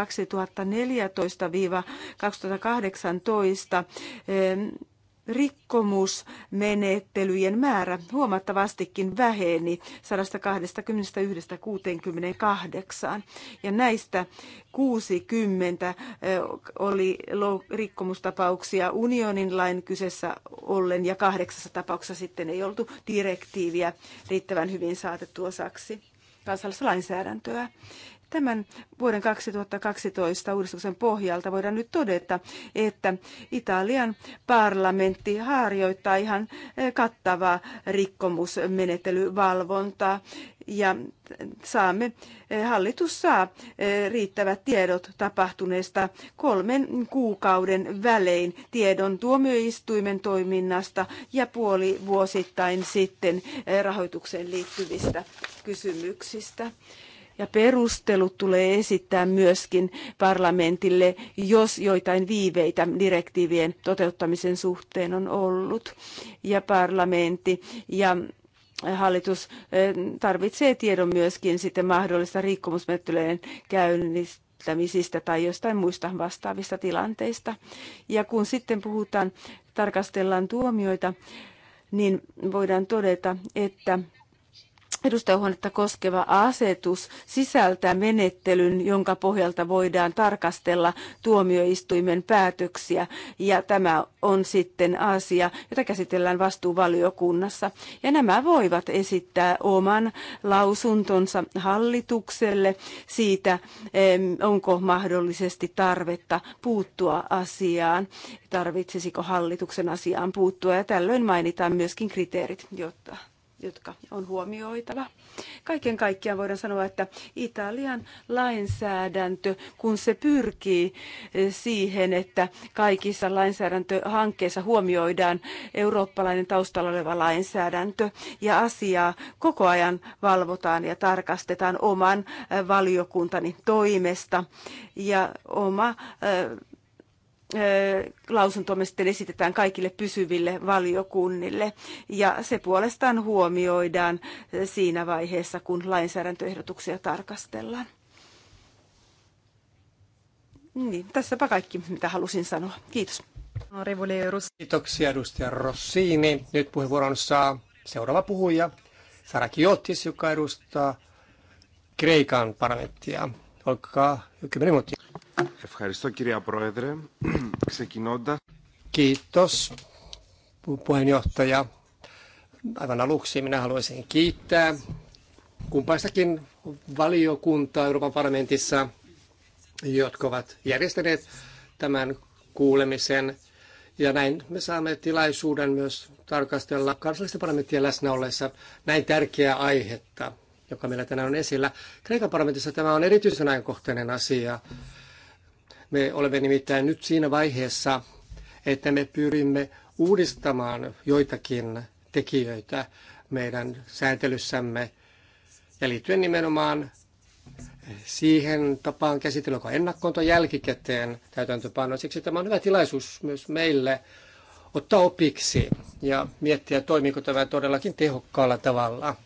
rikkomusmenettelyjen määrä huomattavastikin väheni 121-68. Ja näistä 60 oli rikkomustapauksia unionin lain kyseessä ollen ja kahdeksassa tapauksessa sitten ei oltu direktiiviä riittävän hyvin saatettu osaksi kansallista lainsäädäntöä. Tämän vuoden 2012 uudistuksen pohjalta voidaan nyt todeta, että Italian parlamentti harjoittaa ihan eh, kattavaa rikkomusmenettelyvalvontaa ja saamme, eh, hallitus saa eh, riittävät tiedot tapahtuneesta kolmen kuukauden välein tiedon tuomioistuimen toiminnasta ja puoli vuosittain sitten rahoitukseen liittyvistä kysymyksistä. Ja perustelut tulee esittää myöskin parlamentille, jos joitain viiveitä direktiivien toteuttamisen suhteen on ollut. Ja parlamentti ja hallitus eh, tarvitsee tiedon myöskin sitten mahdollista rikkomusmenettelyjen käynnistä tai jostain muista vastaavista tilanteista. Ja kun sitten puhutaan, tarkastellaan tuomioita, niin voidaan todeta, että edustajahuonetta koskeva asetus sisältää menettelyn, jonka pohjalta voidaan tarkastella tuomioistuimen päätöksiä, ja tämä on sitten asia, jota käsitellään vastuuvaliokunnassa. Ja nämä voivat esittää oman lausuntonsa hallitukselle siitä, onko mahdollisesti tarvetta puuttua asiaan, tarvitsisiko hallituksen asiaan puuttua, ja tällöin mainitaan myöskin kriteerit, jotta jotka on huomioitava. Kaiken kaikkiaan voidaan sanoa, että Italian lainsäädäntö, kun se pyrkii eh, siihen, että kaikissa lainsäädäntöhankkeissa huomioidaan eurooppalainen taustalla oleva lainsäädäntö ja asiaa koko ajan valvotaan ja tarkastetaan oman eh, valiokuntani toimesta ja oma eh, lausuntomme sitten esitetään kaikille pysyville valiokunnille ja se puolestaan huomioidaan siinä vaiheessa, kun lainsäädäntöehdotuksia tarkastellaan. Niin, tässäpä kaikki, mitä halusin sanoa. Kiitos. Kiitoksia edustaja Rossini. Nyt puheenvuoron saa seuraava puhuja, Sara Kiotis, joka edustaa Kreikan parlamenttia. Olkaa 10 minuuttia. Ευχαριστώ κυρία Πρόεδρε. Ξεκινώντα. Kiitos puheenjohtaja. Aivan aluksi minä haluaisin kiittää kumpaistakin valiokuntaa Euroopan parlamentissa, jotka ovat järjestäneet tämän kuulemisen. Ja näin me saamme tilaisuuden myös tarkastella kansallisten parlamenttien läsnä ollessa näin tärkeää aihetta, joka meillä tänään on esillä. Kreikan parlamentissa tämä on erityisen ajankohtainen asia, me olemme nimittäin nyt siinä vaiheessa, että me pyrimme uudistamaan joitakin tekijöitä meidän sääntelyssämme ja liittyen nimenomaan siihen tapaan käsitellä, joka ennakkoon tai jälkikäteen täytäntöpano. Siksi tämä on hyvä tilaisuus myös meille ottaa opiksi ja miettiä, toimiiko tämä todellakin tehokkaalla tavalla,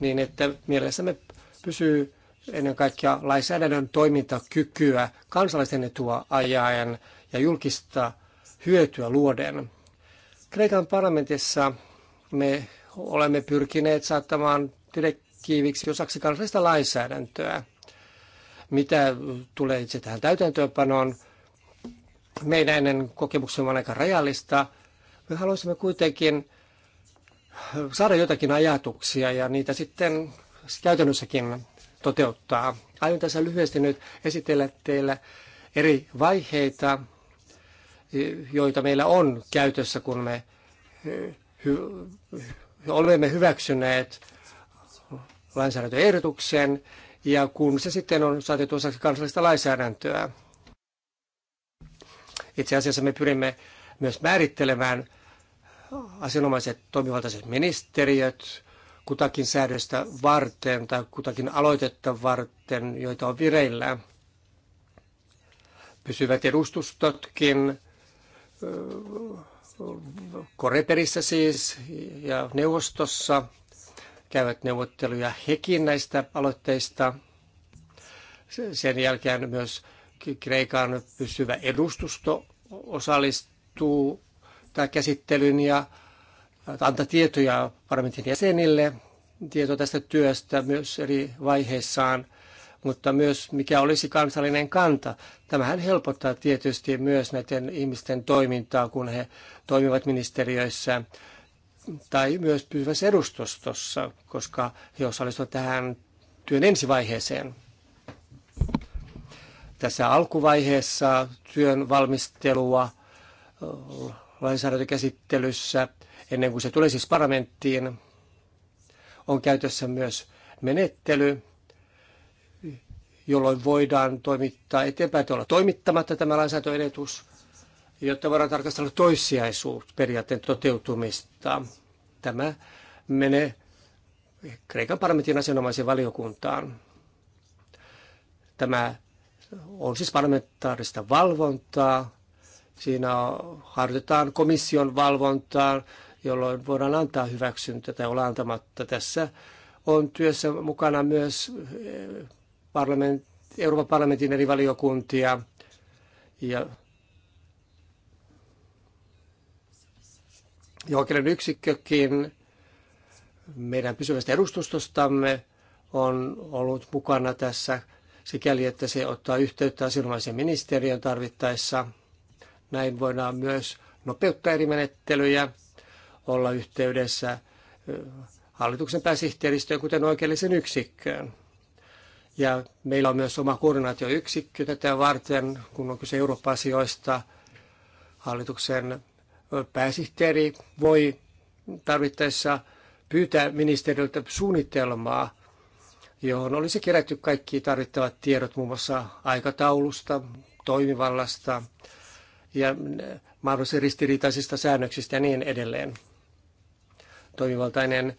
niin että mielessämme pysyy ennen kaikkea lainsäädännön toimintakykyä kansallisten etua ajaen ja julkista hyötyä luoden. Kreikan parlamentissa me olemme pyrkineet saattamaan direktiiviksi osaksi kansallista lainsäädäntöä. Mitä tulee itse tähän täytäntöönpanoon, meidän kokemuksemme on aika rajallista. Me haluaisimme kuitenkin saada jotakin ajatuksia ja niitä sitten käytännössäkin toteuttaa. Aion tässä lyhyesti nyt esitellä teillä eri vaiheita, joita meillä on käytössä, kun me olemme hyväksyneet lainsäädäntöehdotuksen ja kun se sitten on saatettu osaksi kansallista lainsäädäntöä. Itse asiassa me pyrimme myös määrittelemään asianomaiset toimivaltaiset ministeriöt, kutakin säädöstä varten tai kutakin aloitetta varten, joita on vireillä. Pysyvät edustustotkin Koreperissä siis ja neuvostossa käyvät neuvotteluja hekin näistä aloitteista. Sen jälkeen myös Kreikan pysyvä edustusto osallistuu tämä käsittelyyn ja Äh, antaa tietoja parlamentin jäsenille, tietoa tästä työstä myös eri vaiheissaan, mutta myös mikä olisi kansallinen kanta. Tämähän helpottaa tietysti myös näiden ihmisten toimintaa, kun he toimivat ministeriöissä tai myös pysyvässä edustustossa, koska he osallistuvat tähän työn ensivaiheeseen. Tässä alkuvaiheessa työn valmistelua äh, lainsäädäntökäsittelyssä – ennen kuin se tulee siis parlamenttiin, on käytössä myös menettely, jolloin voidaan toimittaa eteenpäin olla toimittamatta tämä lainsäädäntöedetus, jotta voidaan tarkastella toissijaisuusperiaatteen toteutumista. Tämä menee Kreikan parlamentin asianomaisen valiokuntaan. Tämä on siis parlamentaarista valvontaa. Siinä harjoitetaan komission valvontaa, jolloin voidaan antaa hyväksyntä tai olla antamatta. Tässä on työssä mukana myös eh, parlament, Euroopan parlamentin eri valiokuntia ja, ja oikeuden yksikkökin meidän pysyvästä edustustostamme on ollut mukana tässä sikäli, että se ottaa yhteyttä asianomaisen ministeriön tarvittaessa. Näin voidaan myös nopeuttaa eri menettelyjä olla yhteydessä hallituksen pääsihteeristöön, kuten oikeellisen yksikköön. Ja meillä on myös oma koordinaatioyksikkö tätä varten, kun on kyse Eurooppa-asioista. Hallituksen pääsihteeri voi tarvittaessa pyytää ministeriöltä suunnitelmaa, johon olisi kerätty kaikki tarvittavat tiedot muun muassa aikataulusta, toimivallasta ja mahdollisesti ristiriitaisista säännöksistä ja niin edelleen toimivaltainen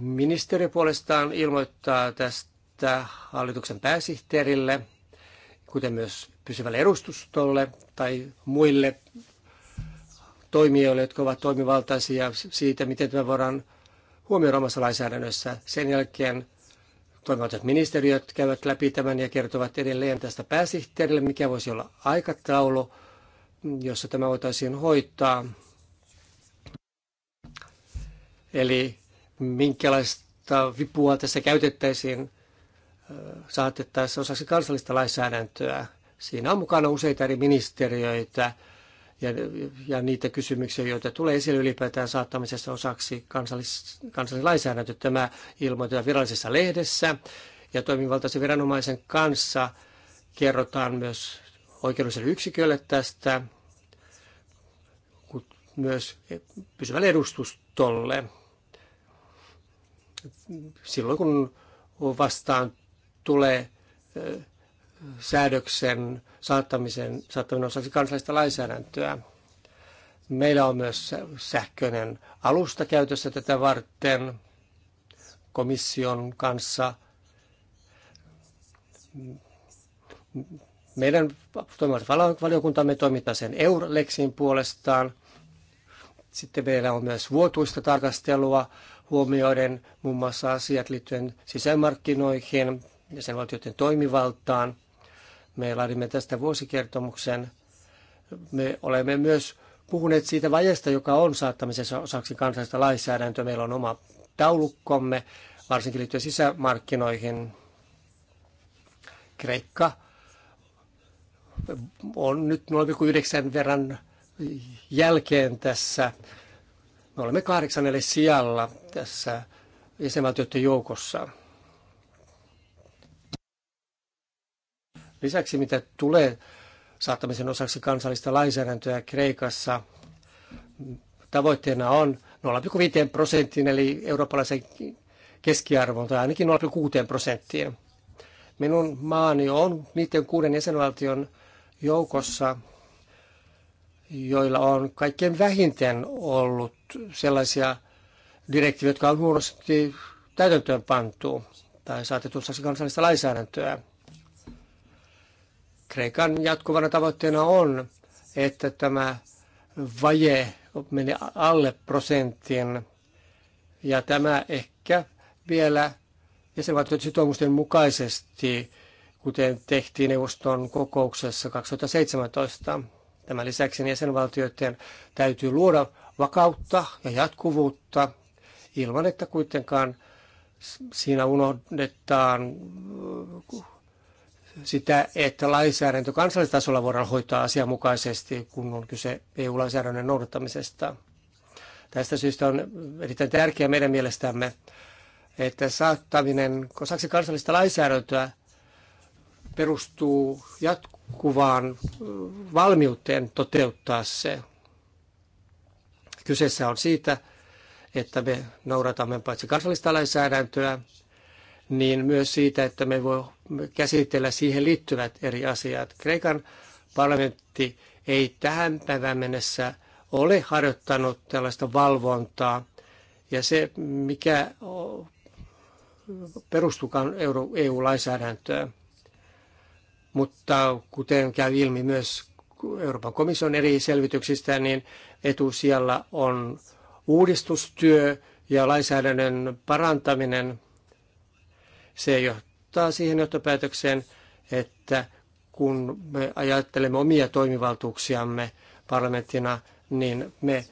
ministeri puolestaan ilmoittaa tästä hallituksen pääsihteerille, kuten myös pysyvälle edustustolle tai muille toimijoille, jotka ovat toimivaltaisia siitä, miten tämä voidaan huomioida omassa lainsäädännössä. Sen jälkeen toimivaltaiset ministeriöt käyvät läpi tämän ja kertovat edelleen tästä pääsihteerille, mikä voisi olla aikataulu, jossa tämä voitaisiin hoitaa Eli minkälaista vipua tässä käytettäisiin saatettaessa osaksi kansallista lainsäädäntöä. Siinä on mukana useita eri ministeriöitä ja, ja niitä kysymyksiä, joita tulee esille ylipäätään saattamisessa osaksi kansallis, kansallislainsäädäntö. Tämä ilmoitetaan virallisessa lehdessä ja toimivaltaisen viranomaisen kanssa kerrotaan myös oikeudelliselle yksikölle tästä, myös pysyvälle edustustolle silloin kun vastaan tulee säädöksen saattamisen, saattaminen osaksi kansallista lainsäädäntöä. Meillä on myös sähköinen alusta käytössä tätä varten komission kanssa. Meidän valiokuntamme toimittaa sen Eurlexin puolestaan. Sitten meillä on myös vuotuista tarkastelua huomioiden muun muassa asiat liittyen sisämarkkinoihin, valtioiden toimivaltaan. Me laadimme tästä vuosikertomuksen. Me olemme myös puhuneet siitä vajesta, joka on saattamisessa osaksi kansallista lainsäädäntöä. Meillä on oma taulukkomme, varsinkin liittyen sisämarkkinoihin. Kreikka on nyt 0,9 verran jälkeen tässä me olemme kahdeksannelle sijalla tässä jäsenvaltioiden joukossa. Lisäksi mitä tulee saattamisen osaksi kansallista lainsäädäntöä Kreikassa, tavoitteena on 0,5 prosenttiin eli eurooppalaisen keskiarvon tai ainakin 0,6 prosenttiin. Minun maani on niiden kuuden jäsenvaltion joukossa, joilla on kaikkein vähiten ollut sellaisia direktiivejä, jotka on huonosti täytäntöön pantu tai saatettu osaksi kansallista lainsäädäntöä. Kreikan jatkuvana tavoitteena on, että tämä vaje meni alle prosentin. Ja tämä ehkä vielä jäsenvaltioiden sitoumusten mukaisesti, kuten tehtiin neuvoston kokouksessa 2017. Tämän lisäksi jäsenvaltioiden täytyy luoda vakautta ja jatkuvuutta ilman, että kuitenkaan siinä unohdetaan äh, sitä, että lainsäädäntö kansallistasolla voidaan hoitaa asianmukaisesti, kun on kyse EU-lainsäädännön noudattamisesta. Tästä syystä on erittäin tärkeää meidän mielestämme, että saattaminen osaksi kansallista lainsäädäntöä perustuu jatkuvaan valmiuteen toteuttaa se. Kyseessä on siitä, että me noudatamme paitsi kansallista lainsäädäntöä, niin myös siitä, että me voi käsitellä siihen liittyvät eri asiat. Kreikan parlamentti ei tähän päivään mennessä ole harjoittanut tällaista valvontaa, ja se, mikä perustukaan EU-lainsäädäntöön mutta kuten käy ilmi myös Euroopan komission eri selvityksistä, niin etusijalla on uudistustyö ja lainsäädännön parantaminen. Se johtaa siihen johtopäätökseen, että kun me ajattelemme omia toimivaltuuksiamme parlamenttina, niin me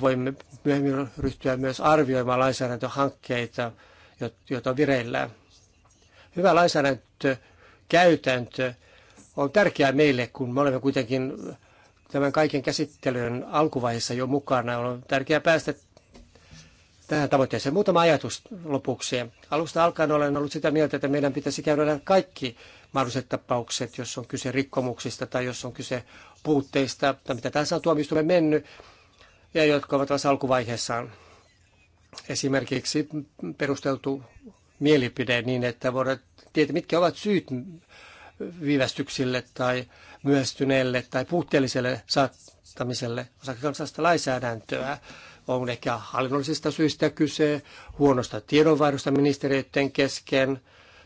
voimme myöhemmin ryhtyä myös arvioimaan lainsäädäntöhankkeita, joita on vireillään. Hyvä lainsäädäntö käytäntö on tärkeää meille, kun me olemme kuitenkin tämän kaiken käsittelyn alkuvaiheessa jo mukana. On tärkeää päästä tähän tavoitteeseen. Muutama ajatus lopuksi. Alusta alkaen olen ollut sitä mieltä, että meidän pitäisi käydä kaikki mahdolliset tapaukset, jos on kyse rikkomuksista tai jos on kyse puutteista tai mitä tässä on tuomistumme mennyt ja jotka ovat vasta alkuvaiheessaan. Esimerkiksi perusteltu mielipide niin, että voidaan tietää, mitkä ovat syyt viivästyksille tai myöstyneelle tai puutteelliselle saattamiselle osaksi kansallista lainsäädäntöä. On ehkä hallinnollisista syistä kyse, huonosta tiedonvaihdosta ministeriöiden kesken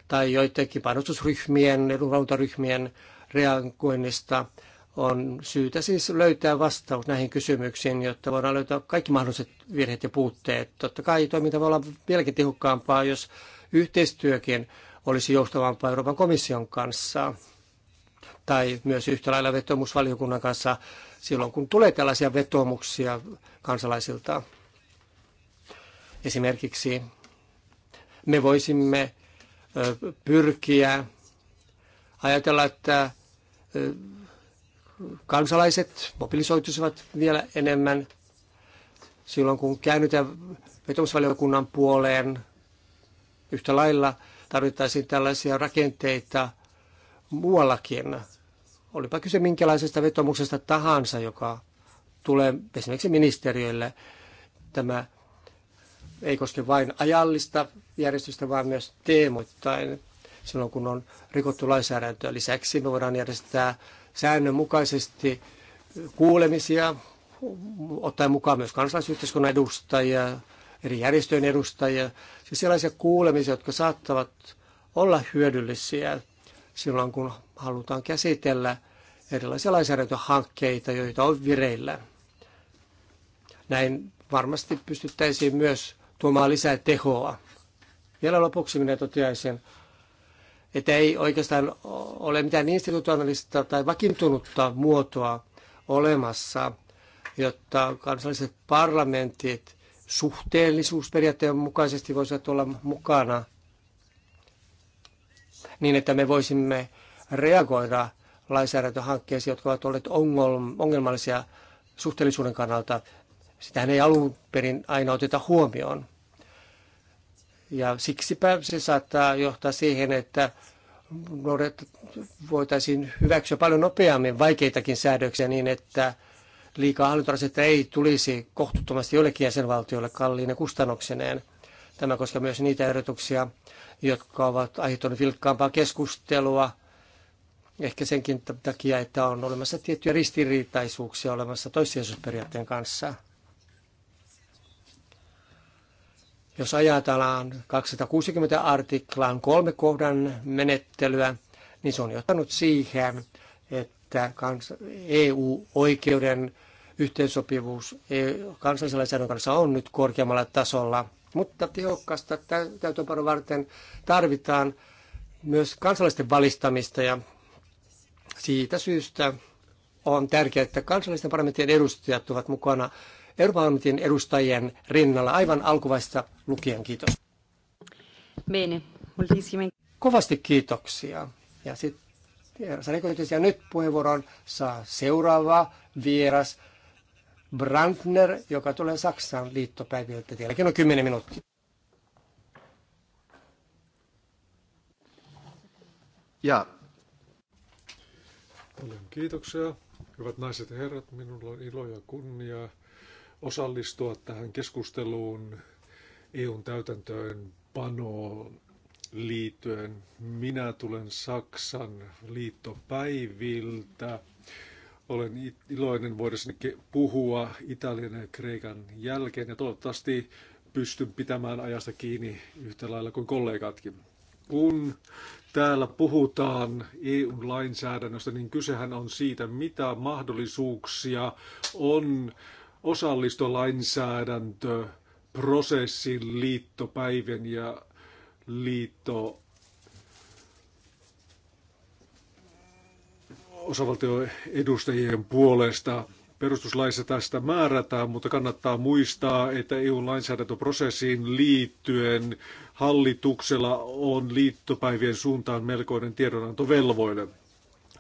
tai joidenkin panostusryhmien, edunvalvontaryhmien reagoinnista. On syytä siis löytää vastaus näihin kysymyksiin, jotta voidaan löytää kaikki mahdolliset virheet ja puutteet. Totta kai toiminta voi olla vieläkin tehokkaampaa, jos yhteistyökin olisi joustavampaa Euroopan komission kanssa tai myös yhtä lailla vetomusvaliokunnan kanssa silloin, kun tulee tällaisia vetomuksia kansalaisilta. Esimerkiksi me voisimme pyrkiä ajatella, että kansalaiset mobilisoituisivat vielä enemmän silloin, kun käännytään vetomusvaliokunnan puoleen yhtä lailla – tarvittaisiin tällaisia rakenteita muuallakin. Olipa kyse minkälaisesta vetomuksesta tahansa, joka tulee esimerkiksi ministeriöille, Tämä ei koske vain ajallista järjestystä, vaan myös teemoittain silloin, kun on rikottu lainsäädäntöä. Lisäksi me voidaan järjestää säännönmukaisesti kuulemisia, ottaen mukaan myös kansalaisyhteiskunnan edustajia, eri järjestöjen edustajia, siis sellaisia kuulemisia, jotka saattavat olla hyödyllisiä silloin, kun halutaan käsitellä erilaisia lainsäädäntöhankkeita, joita on vireillä. Näin varmasti pystyttäisiin myös tuomaan lisää tehoa. Vielä lopuksi minä toteaisin, että ei oikeastaan ole mitään institutionaalista tai vakiintunutta muotoa olemassa, jotta kansalliset parlamentit suhteellisuusperiaatteen mukaisesti voisivat olla mukana niin, että me voisimme reagoida lainsäädäntöhankkeisiin, jotka ovat olleet ongelmallisia suhteellisuuden kannalta. Sitähän ei alun perin aina oteta huomioon. Ja siksipä se saattaa johtaa siihen, että nuoret voitaisiin hyväksyä paljon nopeammin vaikeitakin säädöksiä niin, että liikaa hallintorasitetta ei tulisi kohtuuttomasti joillekin jäsenvaltioille kalliine kustannuksineen. Tämä koskee myös niitä ehdotuksia, jotka ovat aiheuttaneet vilkkaampaa keskustelua, ehkä senkin takia, että on olemassa tiettyjä ristiriitaisuuksia olemassa toissijaisuusperiaatteen kanssa. Jos ajatellaan 260 artiklaan kolme kohdan menettelyä, niin se on johtanut siihen, että EU-oikeuden yhteensopivuus e- kansallisen kanssa on nyt korkeammalla tasolla, mutta tehokkaasta täytäntöönpanon varten tarvitaan myös kansallisten valistamista ja siitä syystä on tärkeää, että kansallisten parlamenttien edustajat ovat mukana Euroopan parlamentin edustajien rinnalla aivan alkuvaista lukien. Kiitos. Kovasti kiitoksia. Ja sitten ja nyt puheenvuoron saa seuraava vieras Brandner, joka tulee Saksan liittopäiviltä. Tielläkin on 10 minuuttia. Ja. Paljon kiitoksia. Hyvät naiset ja herrat, minulla on ilo ja kunnia osallistua tähän keskusteluun EUn täytäntöön panoon liittyen. Minä tulen Saksan liittopäiviltä olen iloinen voidessani puhua Italian ja Kreikan jälkeen ja toivottavasti pystyn pitämään ajasta kiinni yhtä lailla kuin kollegatkin. Kun täällä puhutaan EU-lainsäädännöstä, niin kysehän on siitä, mitä mahdollisuuksia on osallistolainsäädäntö prosessin liittopäivien ja liitto osavaltioedustajien puolesta. Perustuslaissa tästä määrätään, mutta kannattaa muistaa, että EU-lainsäädäntöprosessiin liittyen hallituksella on liittopäivien suuntaan melkoinen tiedonantovelvoite.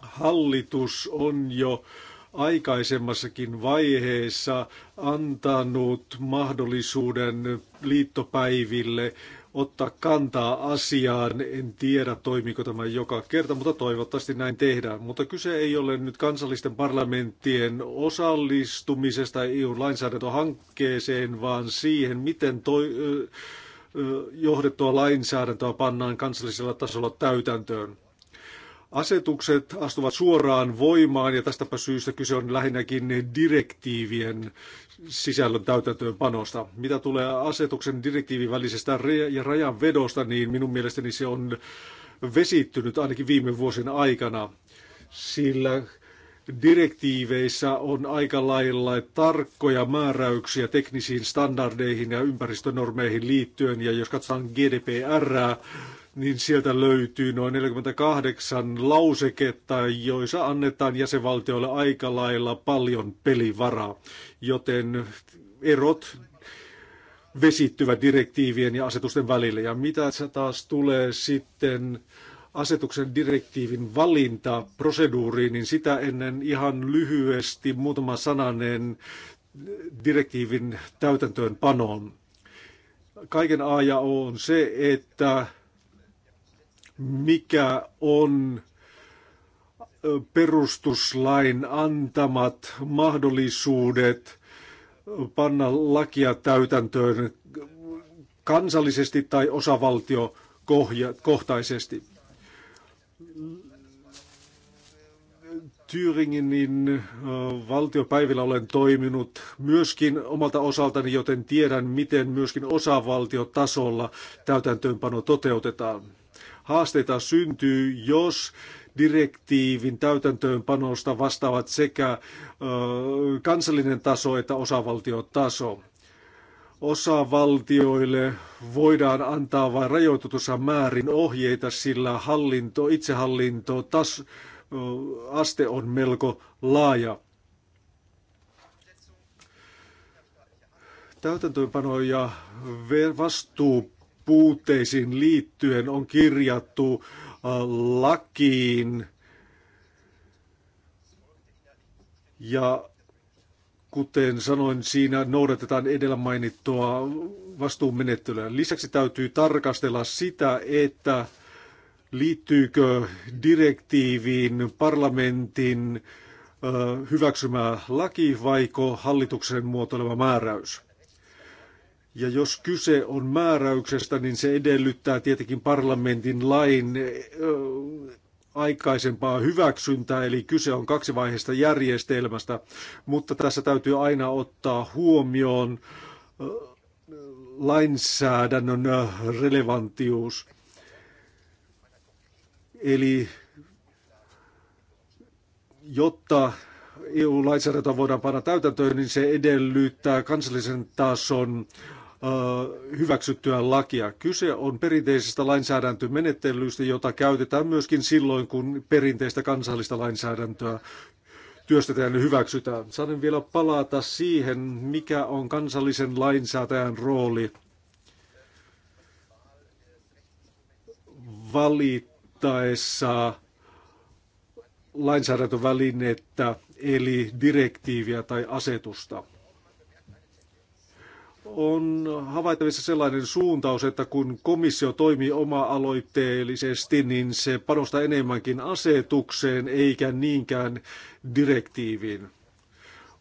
Hallitus on jo aikaisemmassakin vaiheessa antanut mahdollisuuden liittopäiville ottaa kantaa asiaan. En tiedä, toimiko tämä joka kerta, mutta toivottavasti näin tehdään. Mutta kyse ei ole nyt kansallisten parlamenttien osallistumisesta EU-lainsäädäntöhankkeeseen, vaan siihen, miten toi, johdettua lainsäädäntöä pannaan kansallisella tasolla täytäntöön. Asetukset astuvat suoraan voimaan ja tästäpä syystä kyse on lähinnäkin direktiivien sisällön täytäntöönpanosta. Mitä tulee asetuksen direktiivin välisestä ja rajan vedosta, niin minun mielestäni se on vesittynyt ainakin viime vuosien aikana, sillä direktiiveissä on aika lailla tarkkoja määräyksiä teknisiin standardeihin ja ympäristönormeihin liittyen, ja jos katsotaan GDPR, niin sieltä löytyy noin 48 lauseketta, joissa annetaan jäsenvaltioille aika lailla paljon pelivaraa, joten erot vesittyvät direktiivien ja asetusten välillä. Ja mitä se taas tulee sitten asetuksen direktiivin valinta proseduuriin, niin sitä ennen ihan lyhyesti muutama sananen direktiivin täytäntöön panoon. Kaiken A ja O on se, että mikä on perustuslain antamat mahdollisuudet panna lakia täytäntöön kansallisesti tai osavaltiokohtaisesti. Thüringenin valtiopäivillä olen toiminut myöskin omalta osaltani, joten tiedän, miten myöskin osavaltiotasolla täytäntöönpano toteutetaan haasteita syntyy, jos direktiivin täytäntöönpanosta vastaavat sekä kansallinen taso että osavaltiotaso. Osavaltioille voidaan antaa vain rajoitetussa määrin ohjeita, sillä hallinto, itsehallinto, tas, aste on melko laaja. Täytäntöönpano ja vastuu puutteisiin liittyen on kirjattu äh, lakiin. Ja kuten sanoin, siinä noudatetaan edellä mainittua vastuumenettelyä. Lisäksi täytyy tarkastella sitä, että liittyykö direktiiviin parlamentin äh, hyväksymä laki vaiko hallituksen muotoilema määräys. Ja jos kyse on määräyksestä, niin se edellyttää tietenkin parlamentin lain aikaisempaa hyväksyntää, eli kyse on kaksivaiheista järjestelmästä, mutta tässä täytyy aina ottaa huomioon lainsäädännön relevantius. Eli jotta eu lainsäädäntö voidaan panna täytäntöön, niin se edellyttää kansallisen tason hyväksyttyä lakia. Kyse on perinteisestä lainsäädäntömenettelystä, jota käytetään myöskin silloin, kun perinteistä kansallista lainsäädäntöä työstetään ja hyväksytään. Saan vielä palata siihen, mikä on kansallisen lainsäätäjän rooli valittaessa lainsäädäntövälinettä eli direktiiviä tai asetusta on havaittavissa sellainen suuntaus, että kun komissio toimii oma-aloitteellisesti, niin se panostaa enemmänkin asetukseen eikä niinkään direktiiviin.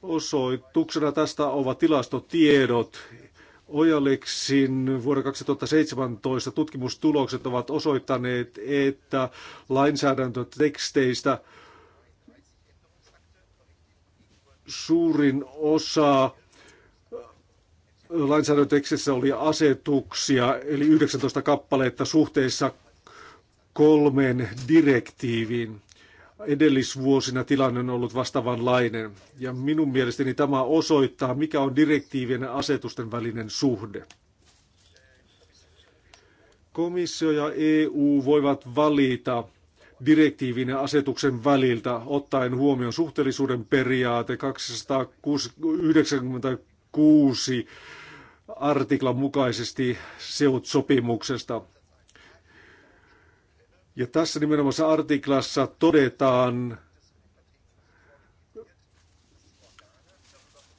Osoituksena tästä ovat tilastotiedot. Ojaleksin vuoden 2017 tutkimustulokset ovat osoittaneet, että lainsäädäntöteksteistä suurin osa lainsäädäntöteksissä oli asetuksia, eli 19 kappaletta suhteessa kolmeen direktiiviin. Edellisvuosina tilanne on ollut vastaavanlainen, ja minun mielestäni tämä osoittaa, mikä on direktiivien ja asetusten välinen suhde. Komissio ja EU voivat valita direktiivin ja asetuksen väliltä, ottaen huomioon suhteellisuuden periaate 296 6 artiklan mukaisesti SEUT-sopimuksesta. Ja tässä nimenomaisessa artiklassa todetaan,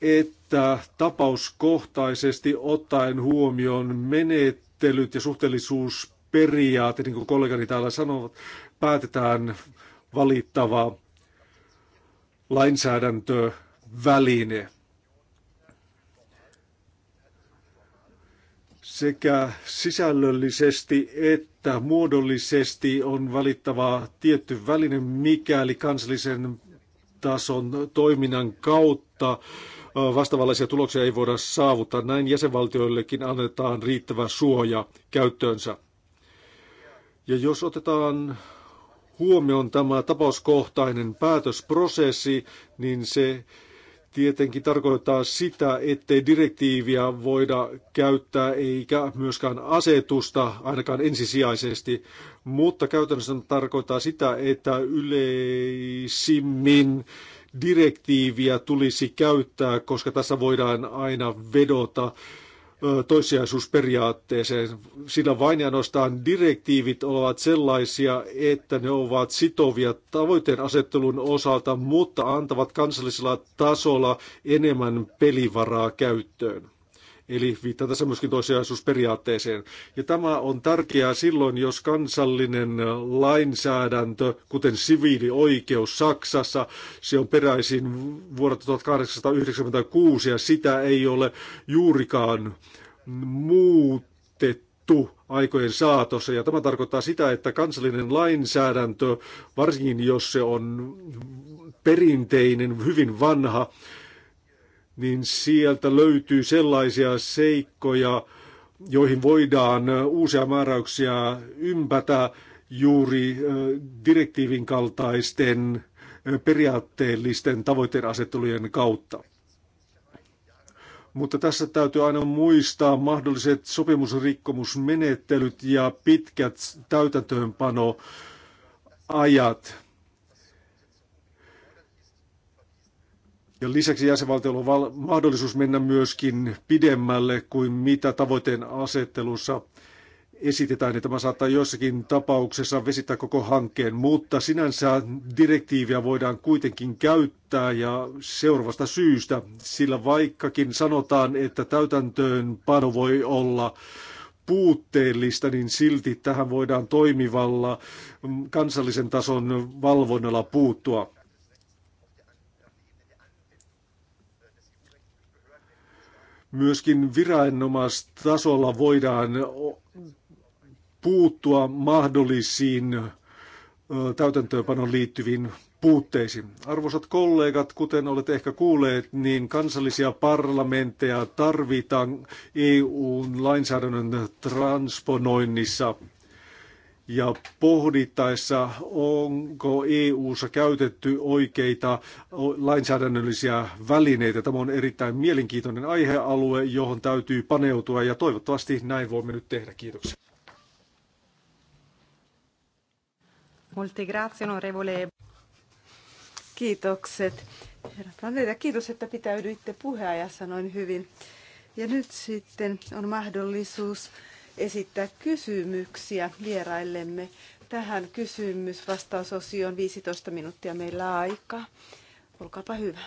että tapauskohtaisesti ottaen huomioon menettelyt ja suhteellisuusperiaate, niin kuin kollegani täällä sanovat, päätetään valittava lainsäädäntöväline. sekä sisällöllisesti että muodollisesti on valittava tietty väline, mikäli kansallisen tason toiminnan kautta vastaavanlaisia tuloksia ei voida saavuttaa. Näin jäsenvaltioillekin annetaan riittävä suoja käyttöönsä. Ja jos otetaan huomioon tämä tapauskohtainen päätösprosessi, niin se tietenkin tarkoittaa sitä, ettei direktiiviä voida käyttää eikä myöskään asetusta, ainakaan ensisijaisesti, mutta käytännössä tarkoittaa sitä, että yleisimmin direktiiviä tulisi käyttää, koska tässä voidaan aina vedota toissijaisuusperiaatteeseen. Sillä vain ja nostaan direktiivit ovat sellaisia, että ne ovat sitovia tavoitteen asettelun osalta, mutta antavat kansallisella tasolla enemmän pelivaraa käyttöön. Eli viittaa tässä myöskin toisiaisuusperiaatteeseen. Ja tämä on tärkeää silloin, jos kansallinen lainsäädäntö, kuten siviilioikeus Saksassa, se on peräisin vuodelta 1896 ja sitä ei ole juurikaan muutettu aikojen saatossa. Ja tämä tarkoittaa sitä, että kansallinen lainsäädäntö, varsinkin jos se on perinteinen, hyvin vanha, niin sieltä löytyy sellaisia seikkoja, joihin voidaan uusia määräyksiä ympätä juuri direktiivin kaltaisten periaatteellisten tavoitteiden asettelujen kautta. Mutta tässä täytyy aina muistaa mahdolliset sopimusrikkomusmenettelyt ja pitkät täytäntöönpanoajat. Ja lisäksi jäsenvaltiolla on val- mahdollisuus mennä myöskin pidemmälle kuin mitä tavoitteen asettelussa esitetään, niin tämä saattaa joissakin tapauksessa vesittää koko hankkeen, mutta sinänsä direktiiviä voidaan kuitenkin käyttää ja seuraavasta syystä, sillä vaikkakin sanotaan, että pano voi olla puutteellista, niin silti tähän voidaan toimivalla mm, kansallisen tason valvonnalla puuttua. myöskin viranomaistasolla voidaan puuttua mahdollisiin täytäntöönpanon liittyviin puutteisiin. Arvoisat kollegat, kuten olette ehkä kuulleet, niin kansallisia parlamentteja tarvitaan eu lainsäädännön transponoinnissa – ja pohdittaessa, onko EU-ssa käytetty oikeita lainsäädännöllisiä välineitä. Tämä on erittäin mielenkiintoinen aihealue, johon täytyy paneutua ja toivottavasti näin voimme nyt tehdä. Kiitoksia. Molte grazie, Kiitokset. Herra Planeita, kiitos, että pitäydyitte puheajassa noin hyvin. Ja nyt sitten on mahdollisuus esittää kysymyksiä vieraillemme. Tähän kysymysvastausosioon 15 minuuttia meillä aikaa. Olkaapa hyvä.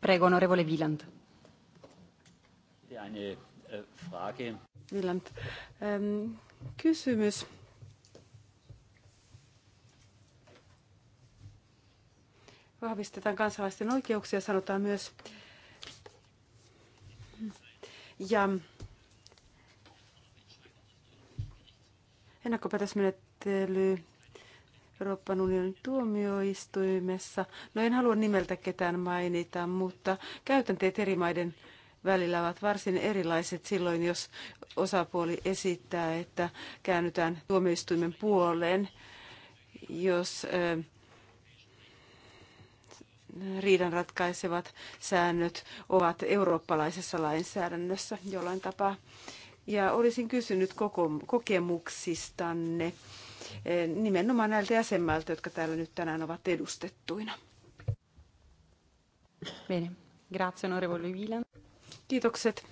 Prego, onorevole Wieland. Äh, Wieland, ähm, kysymys vahvistetaan kansalaisten oikeuksia, sanotaan myös. Ja ennakkopäätösmenettely Euroopan unionin tuomioistuimessa. No en halua nimeltä ketään mainita, mutta käytänteet eri maiden välillä ovat varsin erilaiset silloin, jos osapuoli esittää, että käännytään tuomioistuimen puoleen, jos riidan ratkaisevat säännöt ovat eurooppalaisessa lainsäädännössä jollain tapaa. Ja olisin kysynyt koko, kokemuksistanne eh, nimenomaan näiltä jäsenmailta, jotka täällä nyt tänään ovat edustettuina. Bene. Grazie, onorevole Kiitokset.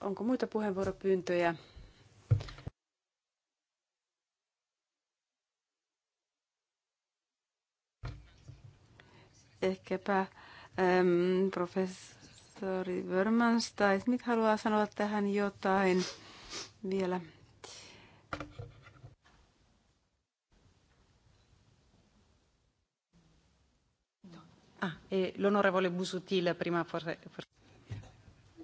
Onko muita puheenvuoropyyntöjä? Ehkäpä äm, professori Wörmans tai Smith haluaa sanoa tähän jotain vielä. Ah, e l'onorevole Busutil prima forse...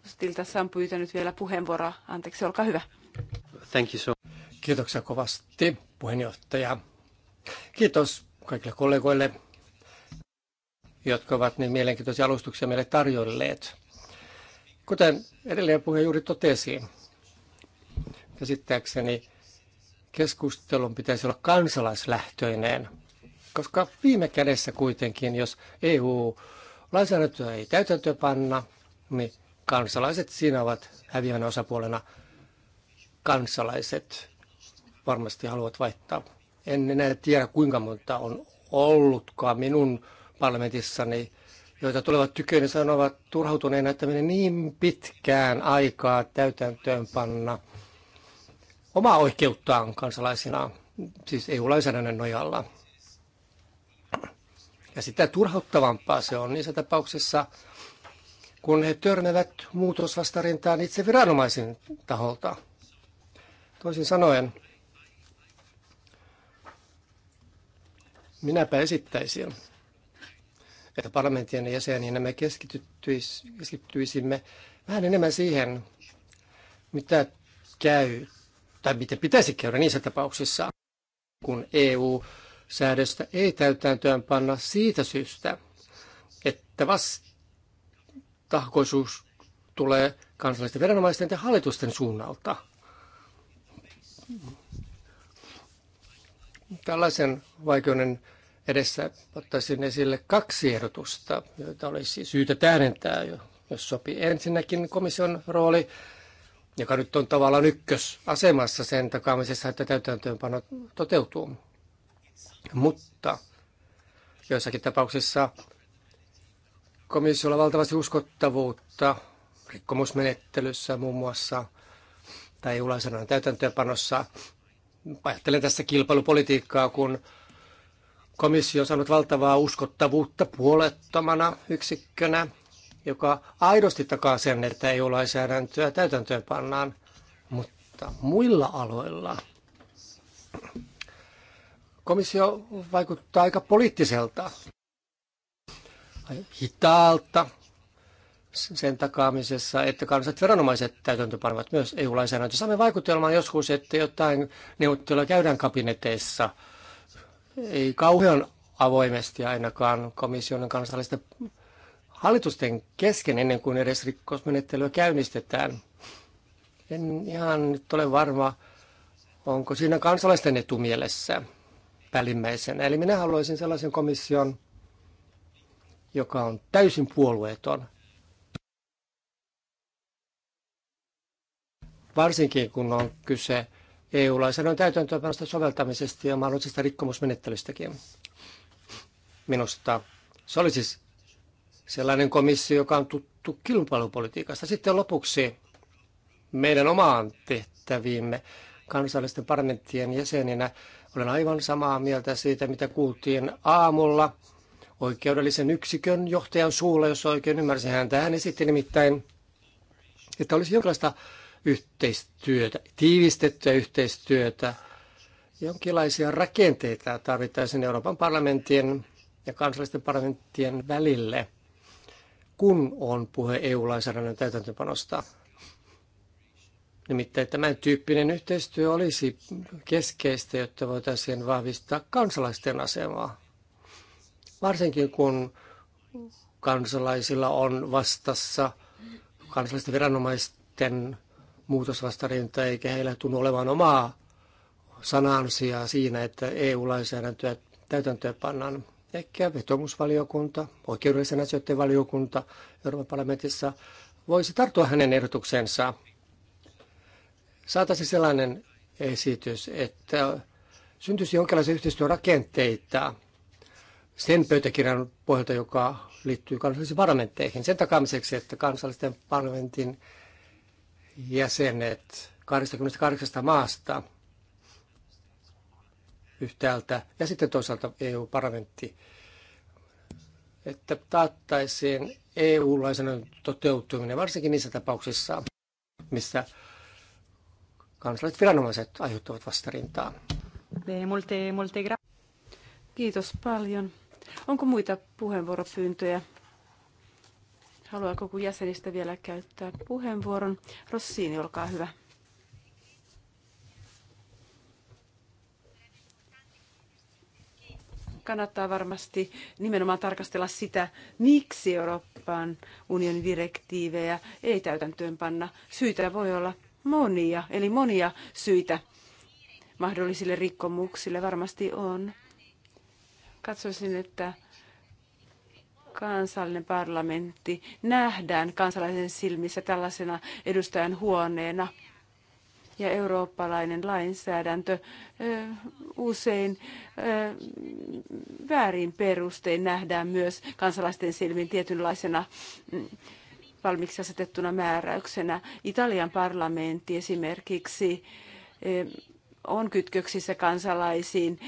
Busutil tässä on pyytänyt vielä puheenvuoroa. Anteeksi, olkaa hyvä. Thank you so Kiitoksia kovasti puheenjohtaja. Kiitos kaikille kollegoille jotka ovat niin mielenkiintoisia alustuksia meille tarjoilleet. Kuten edelleen puhe juuri totesi, käsittääkseni keskustelun pitäisi olla kansalaislähtöinen, koska viime kädessä kuitenkin, jos EU-lainsäädäntöä ei panna, niin kansalaiset siinä ovat häviön osapuolena. Kansalaiset varmasti haluavat vaihtaa. En enää tiedä, kuinka monta on ollutkaan minun Parlamentissa niin joita tulevat niin sanovat turhautuneena, että menee niin pitkään aikaa täytäntöön panna omaa oikeuttaan kansalaisina, siis EU-lainsäädännön nojalla. Ja sitä turhauttavampaa se on niissä tapauksissa, kun he törmävät muutosvastarintaan itse viranomaisen taholta. Toisin sanoen, minäpä esittäisin, että parlamenttien jäseninä me keskittyisimme vähän enemmän siihen, mitä käy tai miten pitäisi käydä niissä tapauksissa, kun EU-säädöstä ei täytäntöön panna siitä syystä, että vastahkoisuus tulee kansallisten viranomaisten ja hallitusten suunnalta. Tällaisen vaikeuden edessä ottaisin esille kaksi ehdotusta, joita olisi syytä tähdentää, jos sopii. Ensinnäkin komission rooli, joka nyt on tavallaan ykkösasemassa sen takaamisessa, että täytäntöönpano toteutuu. Mutta joissakin tapauksissa komissiolla on valtavasti uskottavuutta rikkomusmenettelyssä muun muassa tai eu täytäntöönpanossa. Ajattelen tässä kilpailupolitiikkaa, kun Komissio on saanut valtavaa uskottavuutta puolettomana yksikkönä, joka aidosti takaa sen, että EU-lainsäädäntöä täytäntöön pannaan, mutta muilla aloilla komissio vaikuttaa aika poliittiselta, hitaalta sen takaamisessa, että kansalliset veronomaiset täytäntöönpanevat myös EU-lainsäädäntöä. Saamme vaikutelman joskus, että jotain neuvotteluja käydään kabineteissa – ei kauhean avoimesti ainakaan komission kansallisten hallitusten kesken ennen kuin edes rikosmenettelyä käynnistetään. En ihan nyt ole varma, onko siinä kansalaisten etu mielessä välimmäisenä. Eli minä haluaisin sellaisen komission, joka on täysin puolueeton. Varsinkin kun on kyse EU-lainsäädännön täytäntöönpanosta soveltamisesta ja mahdollisesta rikkomusmenettelystäkin. Minusta se oli siis sellainen komissio, joka on tuttu kilpailupolitiikasta. Sitten lopuksi meidän omaan tehtäviimme kansallisten parlamenttien jäseninä olen aivan samaa mieltä siitä, mitä kuultiin aamulla oikeudellisen yksikön johtajan suulla, jos oikein ymmärsin häntä. Hän esitti nimittäin, että olisi jonkinlaista yhteistyötä, tiivistettyä yhteistyötä. Jonkinlaisia rakenteita tarvittaisiin Euroopan parlamenttien ja kansallisten parlamenttien välille, kun on puhe EU-lainsäädännön täytäntöpanosta. Nimittäin tämän tyyppinen yhteistyö olisi keskeistä, jotta voitaisiin vahvistaa kansalaisten asemaa. Varsinkin kun kansalaisilla on vastassa kansallisten viranomaisten muutosvastarinta, eikä heillä tunnu olevan omaa sanansia siinä, että EU-lainsäädäntöä täytäntöä pannaan. Ehkä vetomusvaliokunta, oikeudellisen asioiden valiokunta Euroopan parlamentissa voisi tarttua hänen ehdotuksensa. Saataisiin sellainen esitys, että syntyisi jonkinlaisia yhteistyörakenteita sen pöytäkirjan pohjalta, joka liittyy kansallisiin parlamentteihin, sen takaamiseksi, että kansallisten parlamentin jäsenet 28 maasta yhtäältä ja sitten toisaalta EU-parlamentti, että taattaisiin EU-lainsäädännön toteutuminen, varsinkin niissä tapauksissa, missä kansalliset viranomaiset aiheuttavat vastarintaa. Kiitos paljon. Onko muita puheenvuoropyyntöjä? Haluaako joku jäsenistä vielä käyttää puheenvuoron? Rossiini, olkaa hyvä. kannattaa varmasti nimenomaan tarkastella sitä, miksi Euroopan unionin direktiivejä ei täytäntöönpanna. Syitä voi olla monia, eli monia syitä mahdollisille rikkomuksille varmasti on. Katsoisin, että kansallinen parlamentti nähdään kansalaisen silmissä tällaisena edustajan huoneena. Ja eurooppalainen lainsäädäntö usein väärin perustein nähdään myös kansalaisten silmin tietynlaisena mm, valmiiksi asetettuna määräyksenä. Italian parlamentti esimerkiksi on kytköksissä kansalaisiin,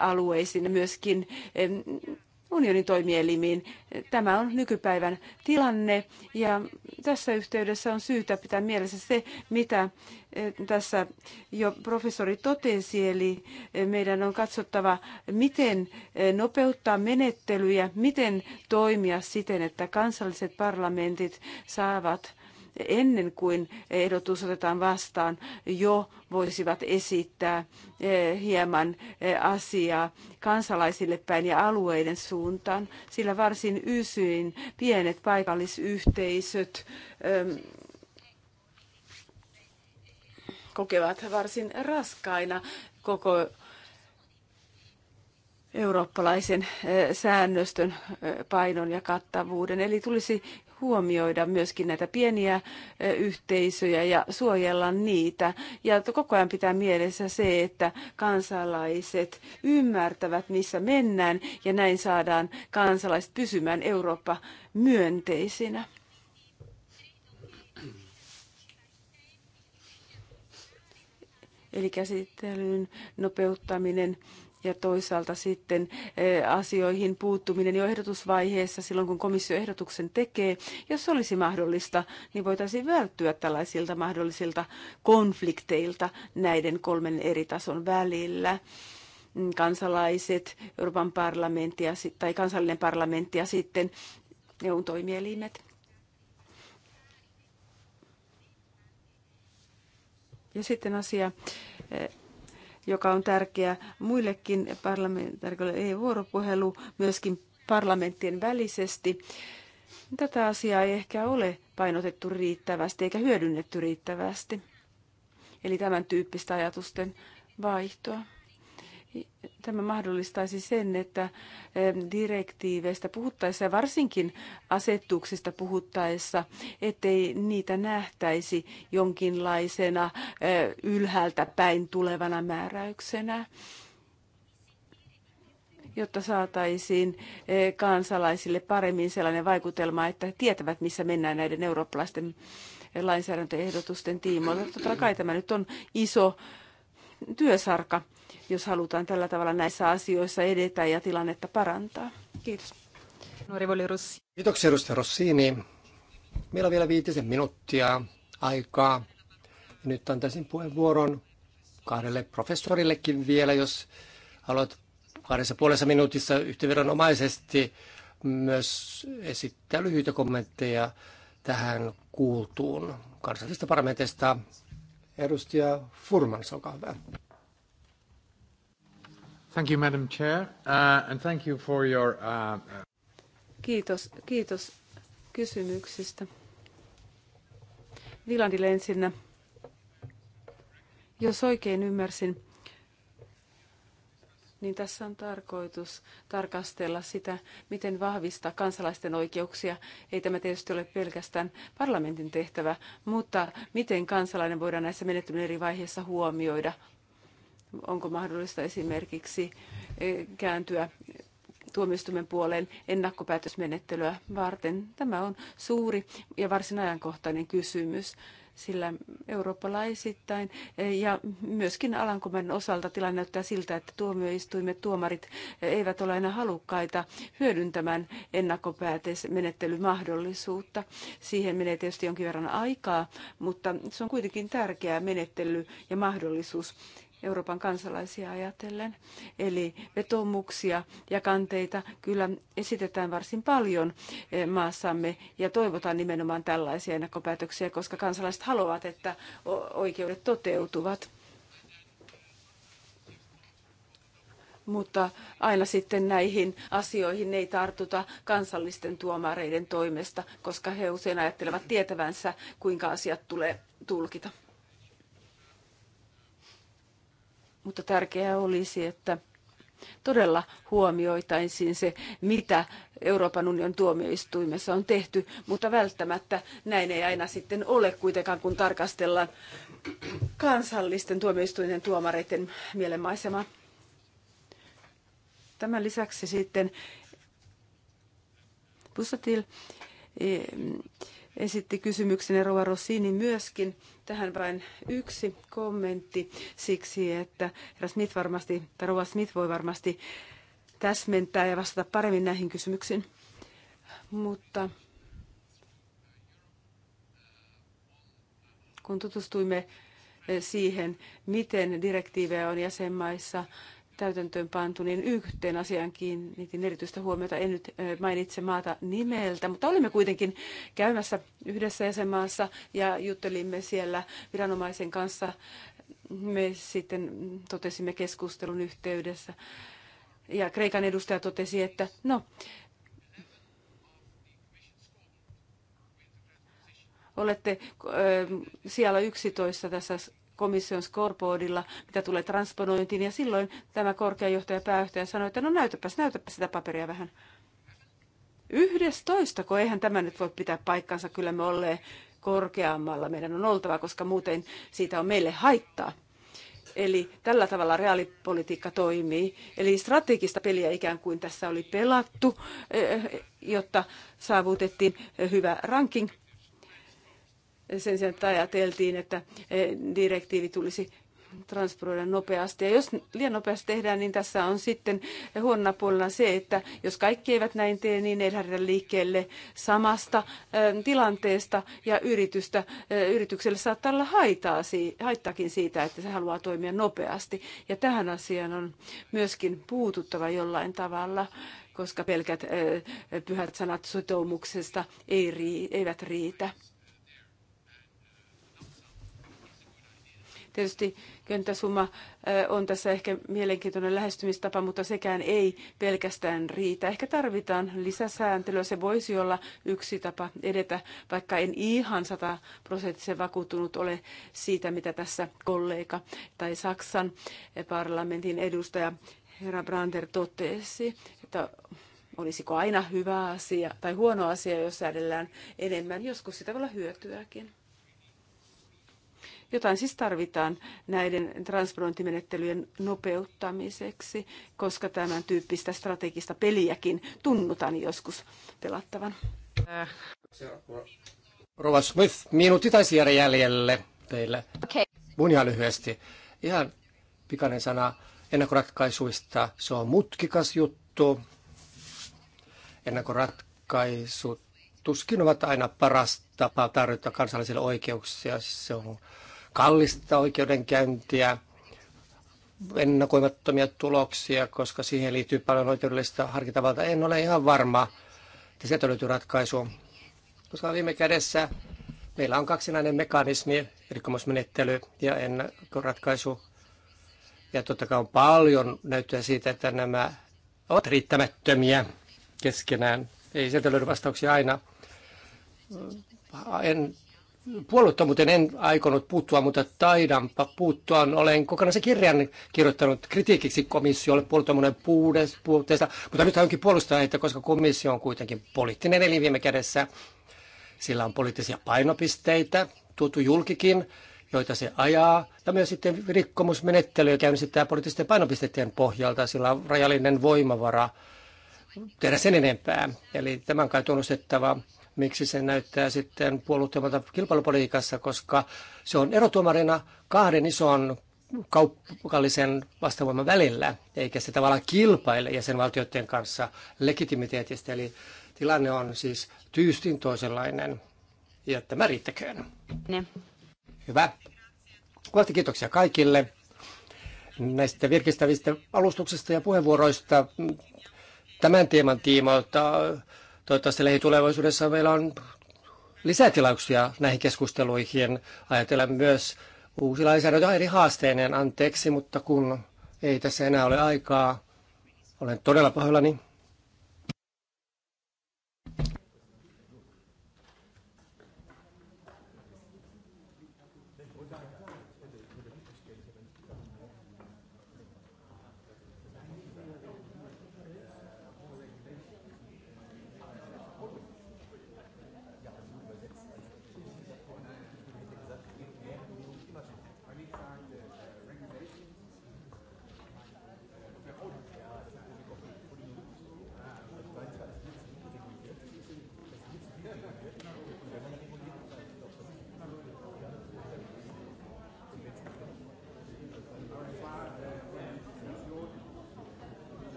alueisiin myöskin. myöskin unionin toimielimiin. Tämä on nykypäivän tilanne ja tässä yhteydessä on syytä pitää mielessä se, mitä eh, tässä jo professori totesi, eli eh, meidän on katsottava, miten eh, nopeuttaa menettelyjä, miten toimia siten, että kansalliset parlamentit saavat ennen kuin ehdotus otetaan vastaan, jo voisivat esittää eh, hieman eh, asiaa kansalaisille päin ja alueiden suuntaan, sillä varsin ysyin pienet paikallisyhteisöt kokevat varsin raskaina koko eurooppalaisen eh, säännöstön painon ja kattavuuden. Eli tulisi huomioida myöskin näitä pieniä yhteisöjä ja suojella niitä. Ja koko ajan pitää mielessä se, että kansalaiset ymmärtävät, missä mennään ja näin saadaan kansalaiset pysymään Eurooppa myönteisinä. Eli käsittelyn nopeuttaminen ja toisaalta sitten eh, asioihin puuttuminen jo ehdotusvaiheessa silloin, kun komissio ehdotuksen tekee. Jos olisi mahdollista, niin voitaisiin välttyä tällaisilta mahdollisilta konflikteilta näiden kolmen eri tason välillä mm, kansalaiset, Euroopan parlamentti ja, tai kansallinen parlamentti ja sitten EUn toimielimet. Ja sitten asia, eh, joka on tärkeä muillekin parlamentaarikoille, ei vuoropuhelu myöskin parlamenttien välisesti. Tätä asiaa ei ehkä ole painotettu riittävästi eikä hyödynnetty riittävästi. Eli tämän tyyppistä ajatusten vaihtoa. Tämä mahdollistaisi sen, että eh, direktiiveistä puhuttaessa ja varsinkin asetuksista puhuttaessa, ettei niitä nähtäisi jonkinlaisena eh, ylhäältä päin tulevana määräyksenä jotta saataisiin eh, kansalaisille paremmin sellainen vaikutelma, että tietävät, missä mennään näiden eurooppalaisten lainsäädäntöehdotusten tiimoilta. Totta kai tämä nyt on iso työsarka jos halutaan tällä tavalla näissä asioissa edetä ja tilannetta parantaa. Kiitos. Kiitoksia edustaja Rossini. Meillä on vielä viitisen minuuttia aikaa. Ja Nyt antaisin puheenvuoron kahdelle professorillekin vielä, jos haluat kahdessa puolessa minuutissa yhteenvedonomaisesti myös esittää lyhyitä kommentteja tähän kuultuun kansallisesta parlamentista. Edustaja Furman, olkaa hyvä. Thank you, Madam Chair, uh, and thank you for your... Uh, uh... Kiitos, kiitos kysymyksistä. Vilandille ensinnä. Jos oikein ymmärsin, niin tässä on tarkoitus tarkastella sitä, miten vahvistaa kansalaisten oikeuksia. Ei tämä tietysti ole pelkästään parlamentin tehtävä, mutta miten kansalainen voidaan näissä menettelyn eri vaiheissa huomioida Onko mahdollista esimerkiksi eh, kääntyä tuomioistuimen puoleen ennakkopäätösmenettelyä varten? Tämä on suuri ja varsin ajankohtainen kysymys sillä eurooppalaisittain eh, ja myöskin Alankomaiden osalta tilanne näyttää siltä, että tuomioistuimet, tuomarit eh, eivät ole aina halukkaita hyödyntämään ennakkopäätösmenettelymahdollisuutta. Siihen menee tietysti jonkin verran aikaa, mutta se on kuitenkin tärkeä menettely ja mahdollisuus Euroopan kansalaisia ajatellen. Eli vetomuksia ja kanteita kyllä esitetään varsin paljon eh, maassamme ja toivotaan nimenomaan tällaisia ennakkopäätöksiä, koska kansalaiset haluavat, että oikeudet toteutuvat. mutta aina sitten näihin asioihin ei tartuta kansallisten tuomareiden toimesta, koska he usein ajattelevat tietävänsä, kuinka asiat tulee tulkita. Mutta tärkeää olisi, että todella huomioitaisiin se, mitä Euroopan unionin tuomioistuimessa on tehty, mutta välttämättä näin ei aina sitten ole kuitenkaan, kun tarkastellaan kansallisten tuomioistuinten tuomareiden mielenmaisemaa. Tämän lisäksi sitten Busatil esitti kysymyksen Rova Rossini myöskin. Tähän vain yksi kommentti siksi, että herra Smith varmasti, tai Rova Smith voi varmasti täsmentää ja vastata paremmin näihin kysymyksiin. Mutta kun tutustuimme eh, siihen, miten direktiivejä on jäsenmaissa täytäntöönpantu, niin yhteen asiaan kiinnitin erityistä huomiota. En nyt mainitse maata nimeltä, mutta olimme kuitenkin käymässä yhdessä jäsenmaassa ja juttelimme siellä viranomaisen kanssa. Me sitten totesimme keskustelun yhteydessä ja Kreikan edustaja totesi, että no, olette siellä 11 tässä komission scoreboardilla, mitä tulee transponointiin, ja silloin tämä korkea johtaja pääjohtaja sanoi, että no näytäpäs, näytäpäs sitä paperia vähän. Yhdestoista, kun eihän tämä nyt voi pitää paikkansa, kyllä me olleen korkeammalla meidän on oltava, koska muuten siitä on meille haittaa. Eli tällä tavalla reaalipolitiikka toimii. Eli strategista peliä ikään kuin tässä oli pelattu, eh, eh, jotta saavutettiin hyvä ranking – sen sijaan, että ajateltiin, että e, direktiivi tulisi transporoida nopeasti. Ja jos liian nopeasti tehdään, niin tässä on sitten huonona puolena se, että jos kaikki eivät näin tee, niin ei lähdetä liikkeelle samasta e, tilanteesta ja yritystä. E, yritykselle saattaa olla haitaa, haittakin siitä, että se haluaa toimia nopeasti. Ja tähän asiaan on myöskin puututtava jollain tavalla koska pelkät pyhät sanat sitoumuksesta eivät riitä Tietysti könttäsumma on tässä ehkä mielenkiintoinen lähestymistapa, mutta sekään ei pelkästään riitä. Ehkä tarvitaan lisäsääntelyä. Se voisi olla yksi tapa edetä, vaikka en ihan sataprosenttisen vakuuttunut ole siitä, mitä tässä kollega tai Saksan parlamentin edustaja herra Brander totesi, että olisiko aina hyvä asia tai huono asia, jos säädellään enemmän. Joskus sitä voi olla hyötyäkin. Jotain siis tarvitaan näiden transparointimenettelyjen nopeuttamiseksi, koska tämän tyyppistä strategista peliäkin tunnutaan joskus pelattavan. Rova Smith, minuutti taisi jäädä jäljelle teille. Okay. Mun ihan lyhyesti. Ihan pikainen sana ennakkoratkaisuista. Se on mutkikas juttu. Ennakkoratkaisut tuskin ovat aina paras tapa tarjota kansallisille oikeuksia. Se on kallista oikeudenkäyntiä, ennakoimattomia tuloksia, koska siihen liittyy paljon oikeudellista harkintavaltaa. En ole ihan varma, että sieltä löytyy ratkaisu, koska viime kädessä meillä on kaksinainen mekanismi, rikkomusmenettely ja ennakkoratkaisu. Ja totta kai on paljon näyttöä siitä, että nämä ovat riittämättömiä keskenään. Ei sieltä löydy vastauksia aina. En puolueettomuuteen en aikonut puuttua, mutta taidanpa puuttua. Olen se kirjan kirjoittanut kritiikiksi komissiolle puolueettomuuden puutteesta, mutta nyt onkin puolustaa, että koska komissio on kuitenkin poliittinen eli viime kädessä, sillä on poliittisia painopisteitä, tuotu julkikin, joita se ajaa, ja myös sitten rikkomusmenettelyä käynnistetään poliittisten painopisteiden pohjalta, sillä on rajallinen voimavara tehdä sen enempää. Eli tämän kai tunnustettava miksi se näyttää sitten puolueettomalta kilpailupolitiikassa, koska se on erotuomarina kahden ison kaupallisen vastavoiman välillä, eikä se tavallaan kilpaile jäsenvaltioiden kanssa legitimiteetistä. Eli tilanne on siis tyystin toisenlainen, ja tämä riittäköön. Ne. Hyvä. Kuvasti kiitoksia kaikille näistä virkistävistä alustuksista ja puheenvuoroista tämän teeman tiimoilta. Toivottavasti lähitulevaisuudessa meillä on lisätilauksia näihin keskusteluihin. Ajatellaan myös uusi lainsäädäntö eri haasteineen. Anteeksi, mutta kun ei tässä enää ole aikaa, olen todella pahoillani.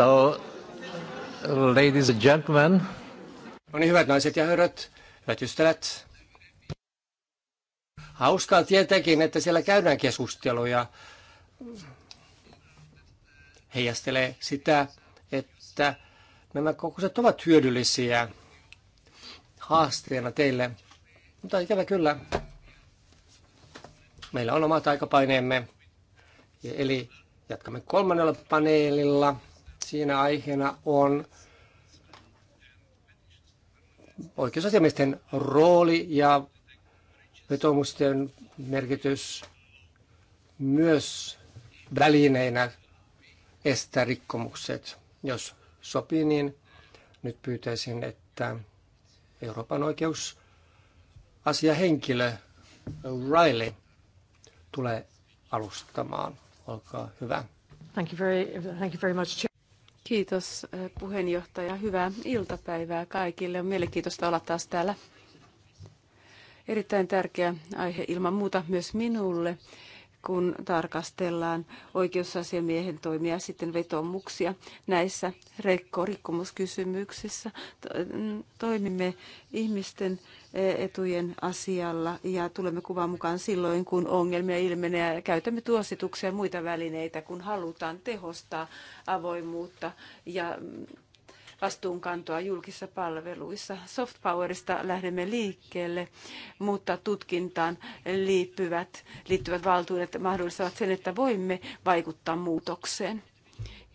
So, ladies and gentlemen. No niin, hyvät naiset ja herrat, hyvät ystävät. Hauskaa tietenkin, että siellä käydään keskusteluja. Heijastelee sitä, että nämä kokoukset ovat hyödyllisiä haasteena teille. Mutta ikävä kyllä, meillä on omat aikapaineemme. Eli jatkamme kolmannella paneelilla. Siinä aiheena on oikeusasiamiesten rooli ja vetomusten merkitys myös välineinä estää rikkomukset. Jos sopii, niin nyt pyytäisin, että Euroopan oikeusasiahenkilö Riley tulee alustamaan. Olkaa hyvä. Thank you very, thank you very much. Kiitos eh, puheenjohtaja. Hyvää iltapäivää kaikille. On mielenkiintoista olla taas täällä. Erittäin tärkeä aihe ilman muuta myös minulle kun tarkastellaan oikeusasiamiehen toimia sitten vetomuksia näissä rikkomuskysymyksissä. Mm, toimimme ihmisten e, etujen asialla ja tulemme kuvan mukaan silloin, kun ongelmia ilmenee ja käytämme tuosituksia ja muita välineitä, kun halutaan tehostaa avoimuutta ja mm, vastuunkantoa julkisissa palveluissa. Soft powerista lähdemme liikkeelle, mutta tutkintaan liittyvät, liittyvät valtuudet mahdollistavat sen, että voimme vaikuttaa muutokseen.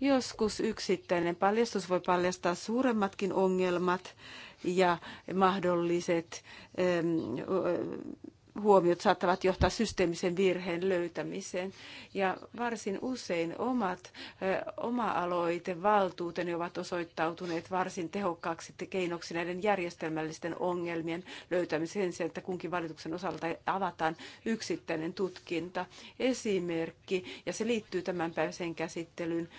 Joskus yksittäinen paljastus voi paljastaa suuremmatkin ongelmat ja mahdolliset huomiot saattavat johtaa systeemisen virheen löytämiseen. Ja varsin usein omat oma-aloitevaltuuteni ovat osoittautuneet varsin tehokkaaksi keinoksi näiden järjestelmällisten ongelmien löytämiseen sen, että kunkin valituksen osalta avataan yksittäinen tutkinta. Esimerkki, ja se liittyy tämän päiväiseen käsittelyyn,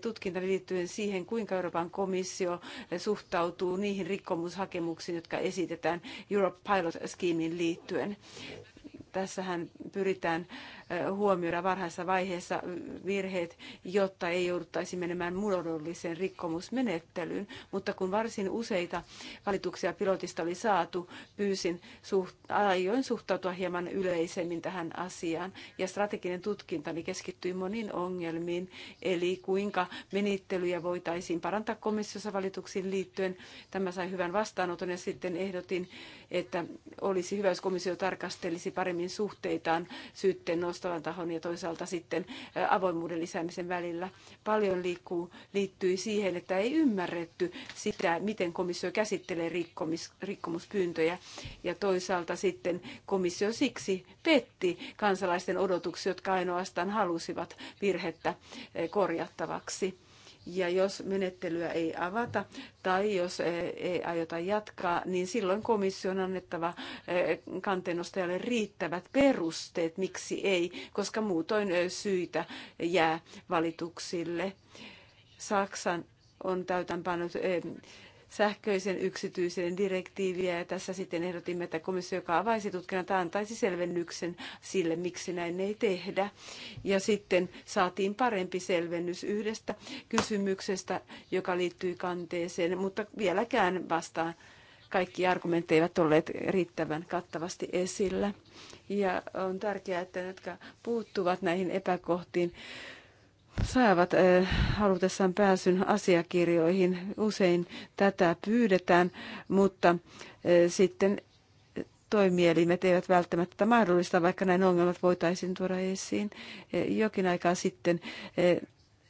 tutkinta liittyen siihen, kuinka Euroopan komissio suhtautuu niihin rikkomushakemuksiin, jotka esitetään Europe Pilot Schemein liittyen. Tässähän pyritään huomioida varhaisessa vaiheessa virheet, jotta ei jouduttaisi menemään muodolliseen rikkomusmenettelyyn. Mutta kun varsin useita valituksia pilotista oli saatu, pyysin suht, ajoin suhtautua hieman yleisemmin tähän asiaan. Ja strateginen tutkintani keskittyi moniin ongelmiin, eli kuinka menettelyjä voitaisiin parantaa komissiossa valituksiin liittyen. Tämä sai hyvän vastaanoton ja sitten ehdotin, että olisi hyvä, jos komissio tarkastelisi paremmin suhteitaan syytteen nostamiseen edustavan tahon ja toisaalta sitten avoimuuden lisäämisen välillä. Paljon liikkuu, liittyy siihen, että ei ymmärretty sitä, miten komissio käsittelee rikkomis, rikkomuspyyntöjä ja toisaalta sitten komissio siksi petti kansalaisten odotuksia, jotka ainoastaan halusivat virhettä korjattavaksi ja jos menettelyä ei avata tai jos e, e, ei aiota jatkaa, niin silloin komission on annettava e, kanteenostajalle riittävät perusteet, miksi ei, koska muutoin syitä jää valituksille. Saksan on täytänpannut sähköisen yksityisen direktiiviä ja tässä sitten ehdotimme, että komissio, joka avaisi tutkinnan, antaisi selvennyksen sille, miksi näin ei tehdä. Ja sitten saatiin parempi selvennys yhdestä kysymyksestä, joka liittyi kanteeseen, mutta vieläkään vastaan kaikki argumentit eivät olleet riittävän kattavasti esillä. Ja on tärkeää, että ne, jotka puuttuvat näihin epäkohtiin, saavat eh, halutessaan pääsyn asiakirjoihin. Usein tätä pyydetään, mutta eh, sitten toimielimet eivät välttämättä mahdollista, vaikka näin ongelmat voitaisiin tuoda esiin. Eh, jokin aikaa sitten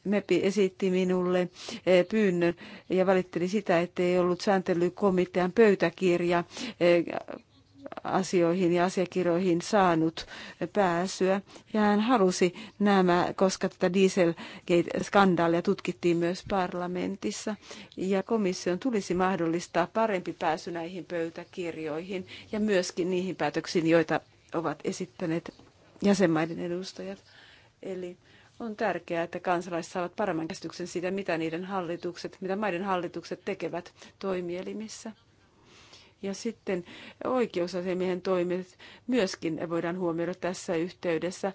MEPI esitti minulle pyynnön ja valitteli sitä, ettei ollut sääntelykomitean pöytäkirja asioihin ja asiakirjoihin saanut pääsyä. Ja hän halusi nämä, koska tätä Dieselgate-skandaalia tutkittiin myös parlamentissa. Ja komission tulisi mahdollistaa parempi pääsy näihin pöytäkirjoihin ja myöskin niihin päätöksiin, joita ovat esittäneet jäsenmaiden edustajat. Eli on tärkeää, että kansalaiset saavat paremman käsityksen siitä, mitä niiden hallitukset, mitä maiden hallitukset tekevät toimielimissä. Ja sitten oikeusasemien toimet myöskin voidaan huomioida tässä yhteydessä.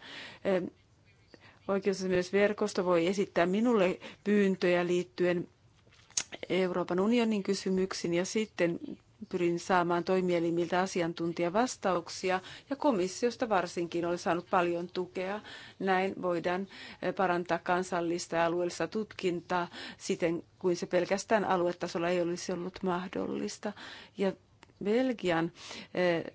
verkosto voi esittää minulle pyyntöjä liittyen Euroopan unionin kysymyksiin ja sitten pyrin saamaan toimielimiltä asiantuntijavastauksia ja komissiosta varsinkin olen saanut paljon tukea. Näin voidaan eh, parantaa kansallista ja alueellista tutkintaa siten kuin se pelkästään aluetasolla ei olisi ollut mahdollista. Ja Belgian eh,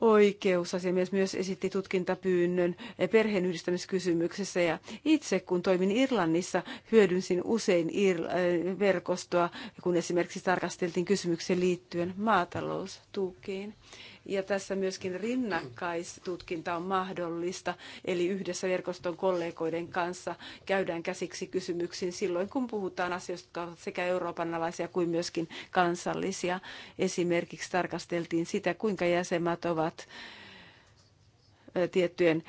oikeusasiamies myös esitti tutkintapyynnön eh, perheenyhdistämiskysymyksessä ja itse kun toimin Irlannissa hyödynsin usein eh, verkostoa, kun esimerkiksi tarkasteltiin kysymyksen liittyen maataloustukiin. Ja tässä myöskin rinnakkaistutkinta on mahdollista, eli yhdessä verkoston kollegoiden kanssa käydään käsiksi kysymyksiin silloin, kun puhutaan asioista, jotka ovat sekä Euroopan alaisia kuin myöskin kansallisia. Esimerkiksi tarkasteltiin sitä, kuinka jäsenmaat ovat tiettyjen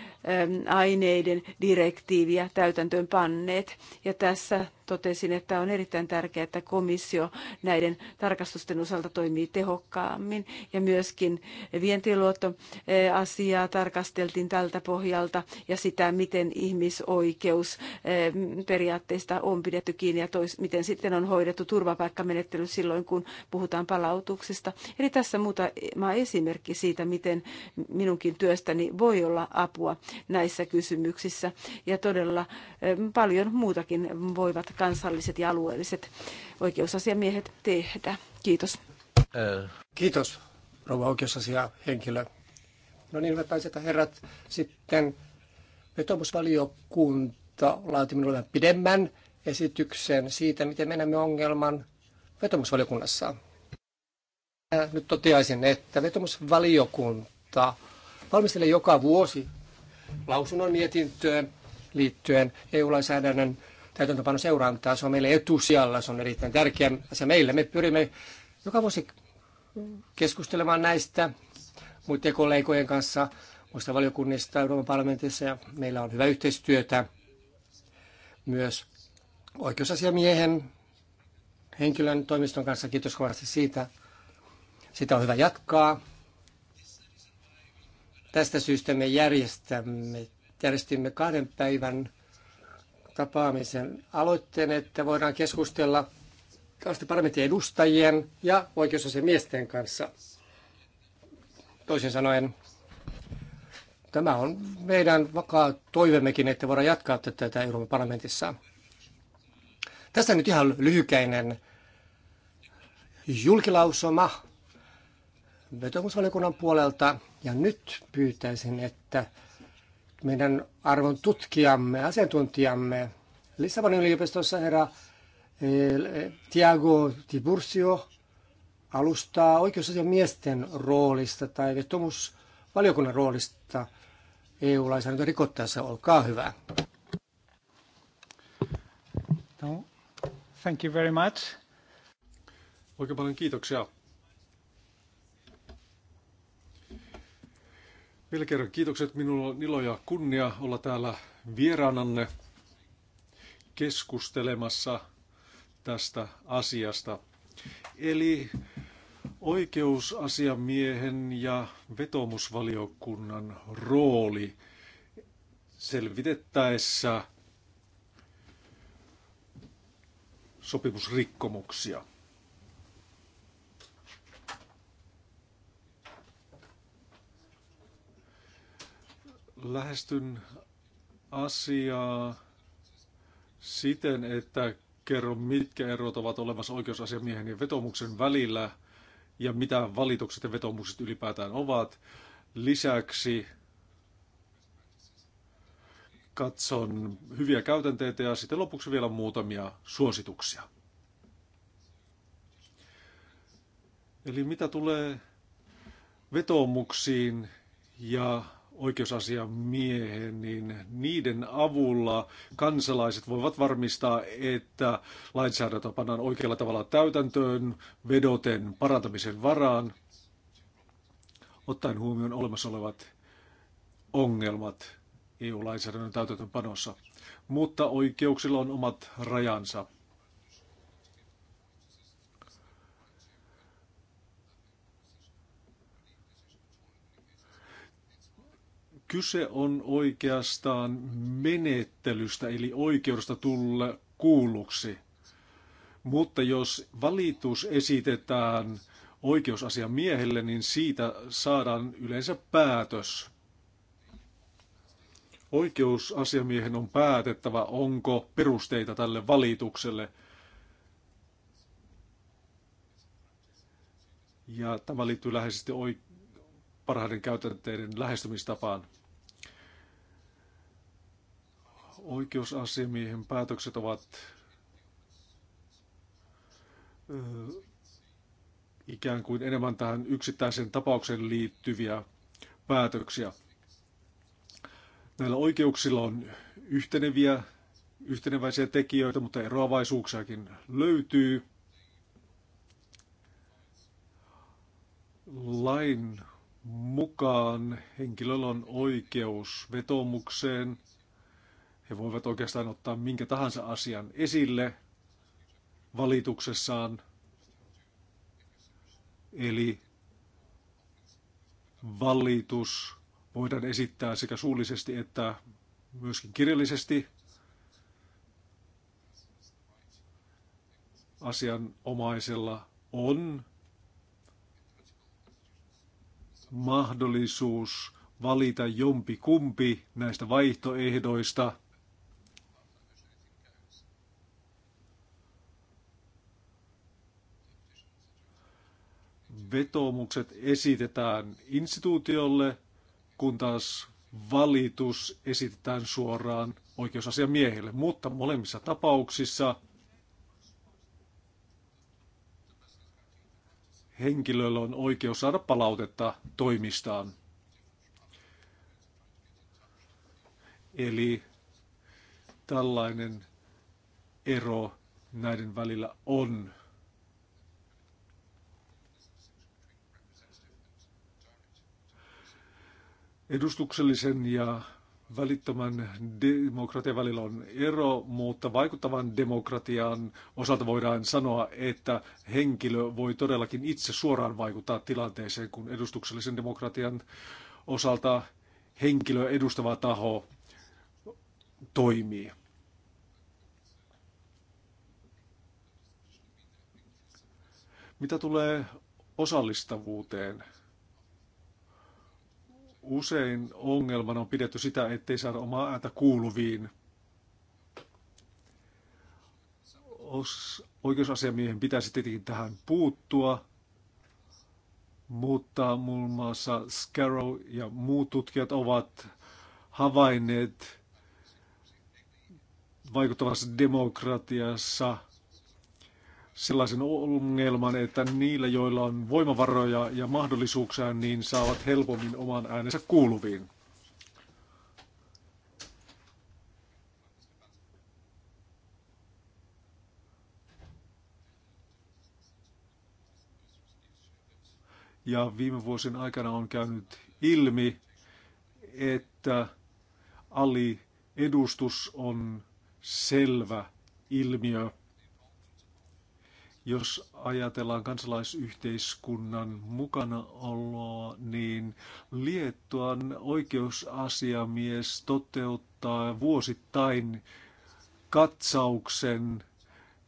aineiden direktiiviä täytäntöön panneet. Ja tässä totesin, että on erittäin tärkeää, että komissio näiden tarkastusten osalta toimii tehokkaammin ja myöskin vientiluottoasiaa tarkasteltiin tältä pohjalta ja sitä, miten ihmisoikeusperiaatteista eh, on pidetty kiinni ja tois, miten sitten on hoidettu turvapaikkamenettely silloin, kun puhutaan palautuksista. Eli tässä muutama esimerkki siitä, miten minunkin työstäni voi olla apua näissä kysymyksissä ja todella eh, paljon muutakin voivat kansalliset ja alueelliset oikeusasiamiehet tehdä. Kiitos. Kiitos, rouva oikeusasiahenkilö. No niin, hyvät naiset herrat, sitten vetomusvaliokunta laati minulle pidemmän esityksen siitä, miten menemme ongelman vetomusvaliokunnassa. Nyt toteaisin, että vetomusvaliokunta valmistelee joka vuosi lausunnon mietintöön liittyen EU-lainsäädännön täytäntöpano seurantaa. Se on meille etusijalla, se on erittäin tärkeä asia meille. Me pyrimme joka vuosi keskustelemaan näistä muiden kollegojen kanssa muista valiokunnista Euroopan parlamentissa ja meillä on hyvä yhteistyötä myös oikeusasiamiehen henkilön toimiston kanssa. Kiitos kovasti siitä. Sitä on hyvä jatkaa. Tästä syystä me järjestämme, järjestimme kahden päivän tapaamisen aloitteen, että voidaan keskustella kansallisten parlamentin edustajien ja oikeusasemiesten kanssa. Toisin sanoen, tämä on meidän vakaa toivemmekin, että voidaan jatkaa tätä Euroopan parlamentissa. Tässä nyt ihan lyhykäinen julkilausuma vetomusvaliokunnan puolelta. Ja nyt pyytäisin, että meidän arvon tutkijamme, asiantuntijamme Lissabonin yliopistossa herra eh, Tiago Tiburcio alustaa miesten roolista tai vetomusvaliokunnan roolista EU-lainsäädäntö rikottaessa. Olkaa hyvä. No, thank you very much. Oikein paljon kiitoksia. Vielä kerran kiitokset. Minulla on ilo ja kunnia olla täällä vieraananne keskustelemassa tästä asiasta. Eli oikeusasiamiehen ja vetomusvaliokunnan rooli selvitettäessä sopimusrikkomuksia. Lähestyn asiaa siten, että kerron, mitkä erot ovat olemassa oikeusasiamiehen ja vetomuksen välillä ja mitä valitukset ja vetomukset ylipäätään ovat. Lisäksi katson hyviä käytänteitä ja sitten lopuksi vielä muutamia suosituksia. Eli mitä tulee vetoomuksiin ja oikeusasiamiehen, niin niiden avulla kansalaiset voivat varmistaa, että lainsäädäntö pannaan oikealla tavalla täytäntöön vedoten parantamisen varaan, ottaen huomioon olemassa olevat ongelmat EU-lainsäädännön täytäntöönpanossa. Mutta oikeuksilla on omat rajansa. Kyse on oikeastaan menettelystä, eli oikeudesta tulla kuulluksi. Mutta jos valitus esitetään oikeusasian miehelle, niin siitä saadaan yleensä päätös. Oikeusasiamiehen on päätettävä, onko perusteita tälle valitukselle. Ja tämä liittyy läheisesti parhaiden käytänteiden lähestymistapaan. Oikeusasiamiehen päätökset ovat ikään kuin enemmän tähän yksittäisen tapaukseen liittyviä päätöksiä. Näillä oikeuksilla on yhteneviä, yhteneväisiä tekijöitä, mutta eroavaisuuksiakin löytyy. Lain mukaan henkilöllä on oikeus vetomukseen – he voivat oikeastaan ottaa minkä tahansa asian esille valituksessaan. Eli valitus voidaan esittää sekä suullisesti että myöskin kirjallisesti asianomaisella on mahdollisuus valita jompi kumpi näistä vaihtoehdoista Vetoomukset esitetään instituutiolle, kun taas valitus esitetään suoraan oikeusasiamiehelle. Mutta molemmissa tapauksissa henkilöllä on oikeus saada palautetta toimistaan. Eli tällainen ero näiden välillä on. Edustuksellisen ja välittömän demokratian välillä on ero, mutta vaikuttavan demokratian osalta voidaan sanoa, että henkilö voi todellakin itse suoraan vaikuttaa tilanteeseen, kun edustuksellisen demokratian osalta henkilö edustava taho toimii. Mitä tulee osallistavuuteen? Usein ongelmana on pidetty sitä, ettei saada omaa ääntä kuuluviin. Os, oikeusasiamiehen pitäisi tietenkin tähän puuttua, mutta muun muassa Scarrow ja muut tutkijat ovat havainneet vaikuttavassa demokratiassa – sellaisen ongelman, että niillä, joilla on voimavaroja ja mahdollisuuksia, niin saavat helpommin oman äänensä kuuluviin. Ja viime vuosien aikana on käynyt ilmi, että aliedustus on selvä ilmiö jos ajatellaan kansalaisyhteiskunnan mukanaoloa, niin Liettuan oikeusasiamies toteuttaa vuosittain katsauksen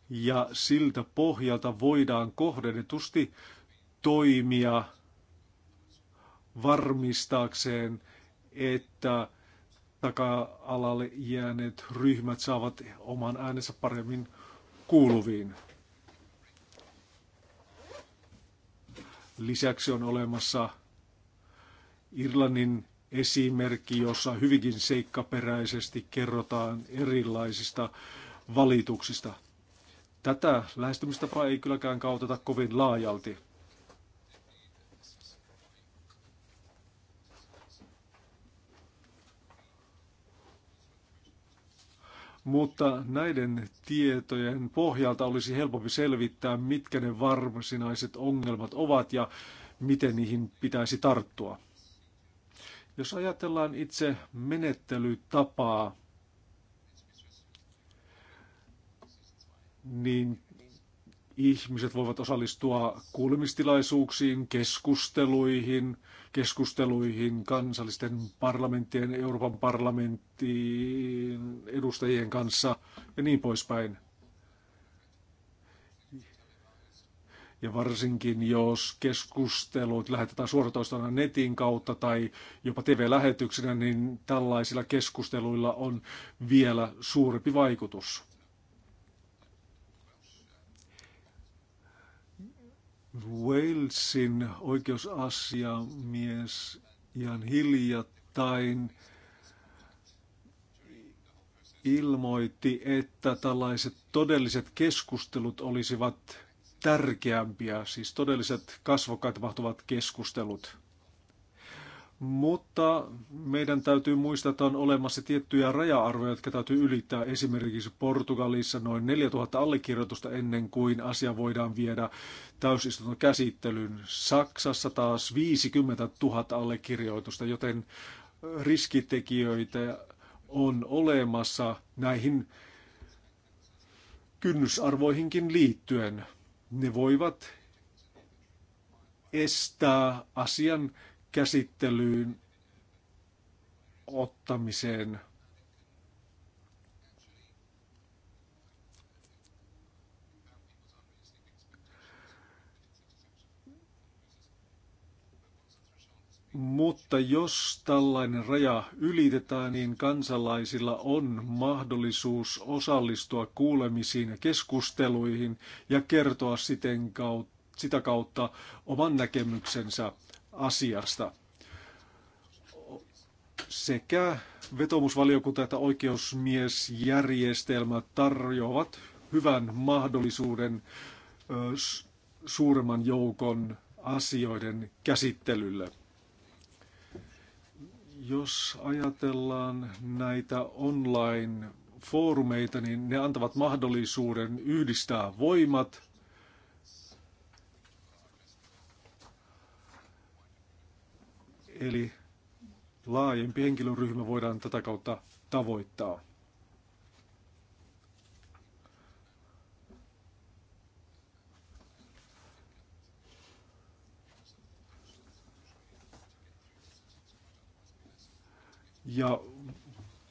ja siltä pohjalta voidaan kohdennetusti toimia varmistaakseen, että taka-alalle jääneet ryhmät saavat oman äänensä paremmin kuuluviin. Lisäksi on olemassa Irlannin esimerkki, jossa hyvinkin seikkaperäisesti kerrotaan erilaisista valituksista. Tätä lähestymistapaa ei kylläkään kauteta kovin laajalti. mutta näiden tietojen pohjalta olisi helpompi selvittää, mitkä ne varsinaiset ongelmat ovat ja miten niihin pitäisi tarttua. Jos ajatellaan itse menettelytapaa, niin ihmiset voivat osallistua kuulemistilaisuuksiin, keskusteluihin, keskusteluihin kansallisten parlamenttien, Euroopan parlamenttiin edustajien kanssa ja niin poispäin. Ja varsinkin jos keskustelut lähetetään suoratoistona netin kautta tai jopa TV-lähetyksenä, niin tällaisilla keskusteluilla on vielä suurempi vaikutus. Walesin oikeusasiamies ihan hiljattain ilmoitti, että tällaiset todelliset keskustelut olisivat tärkeämpiä, siis todelliset kasvokkain tapahtuvat keskustelut. Mutta meidän täytyy muistaa, että on olemassa tiettyjä raja-arvoja, jotka täytyy ylittää esimerkiksi Portugalissa noin 4000 allekirjoitusta ennen kuin asia voidaan viedä täysistunnon käsittelyyn. Saksassa taas 50 000 allekirjoitusta, joten riskitekijöitä on olemassa näihin kynnysarvoihinkin liittyen. Ne voivat estää asian käsittelyyn ottamiseen. Mutta jos tällainen raja ylitetään, niin kansalaisilla on mahdollisuus osallistua kuulemisiin ja keskusteluihin ja kertoa siten kautta, sitä kautta oman näkemyksensä asiasta. Sekä vetomusvaliokunta että oikeusmiesjärjestelmä tarjoavat hyvän mahdollisuuden suuremman joukon asioiden käsittelylle. Jos ajatellaan näitä online-foorumeita, niin ne antavat mahdollisuuden yhdistää voimat eli laajempi henkilöryhmä voidaan tätä kautta tavoittaa. Ja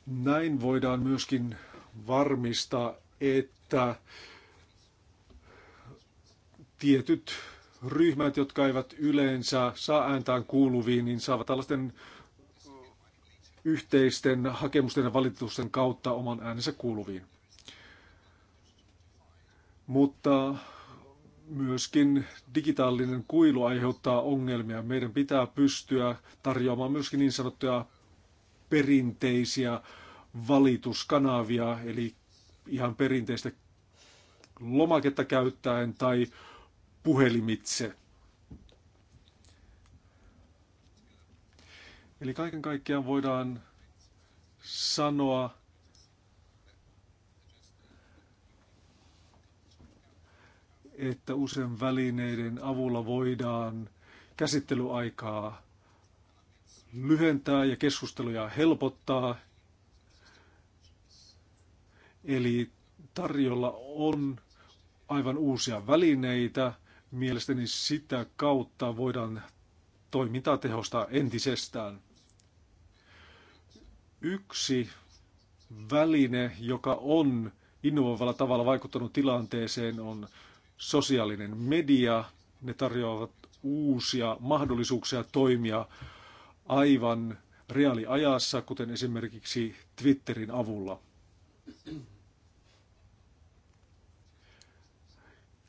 näin voidaan myöskin varmistaa, että tietyt ryhmät, jotka eivät yleensä saa ääntään kuuluviin, niin saavat tällaisten yhteisten hakemusten ja valitusten kautta oman äänensä kuuluviin. Mutta myöskin digitaalinen kuilu aiheuttaa ongelmia. Meidän pitää pystyä tarjoamaan myöskin niin sanottuja perinteisiä valituskanavia, eli ihan perinteistä lomaketta käyttäen tai puhelimitse. Eli kaiken kaikkiaan voidaan sanoa, että usein välineiden avulla voidaan käsittelyaikaa lyhentää ja keskusteluja helpottaa. Eli tarjolla on aivan uusia välineitä, Mielestäni sitä kautta voidaan toimintaa tehostaa entisestään. Yksi väline, joka on innovoivalla tavalla vaikuttanut tilanteeseen, on sosiaalinen media. Ne tarjoavat uusia mahdollisuuksia toimia aivan reaaliajassa, kuten esimerkiksi Twitterin avulla.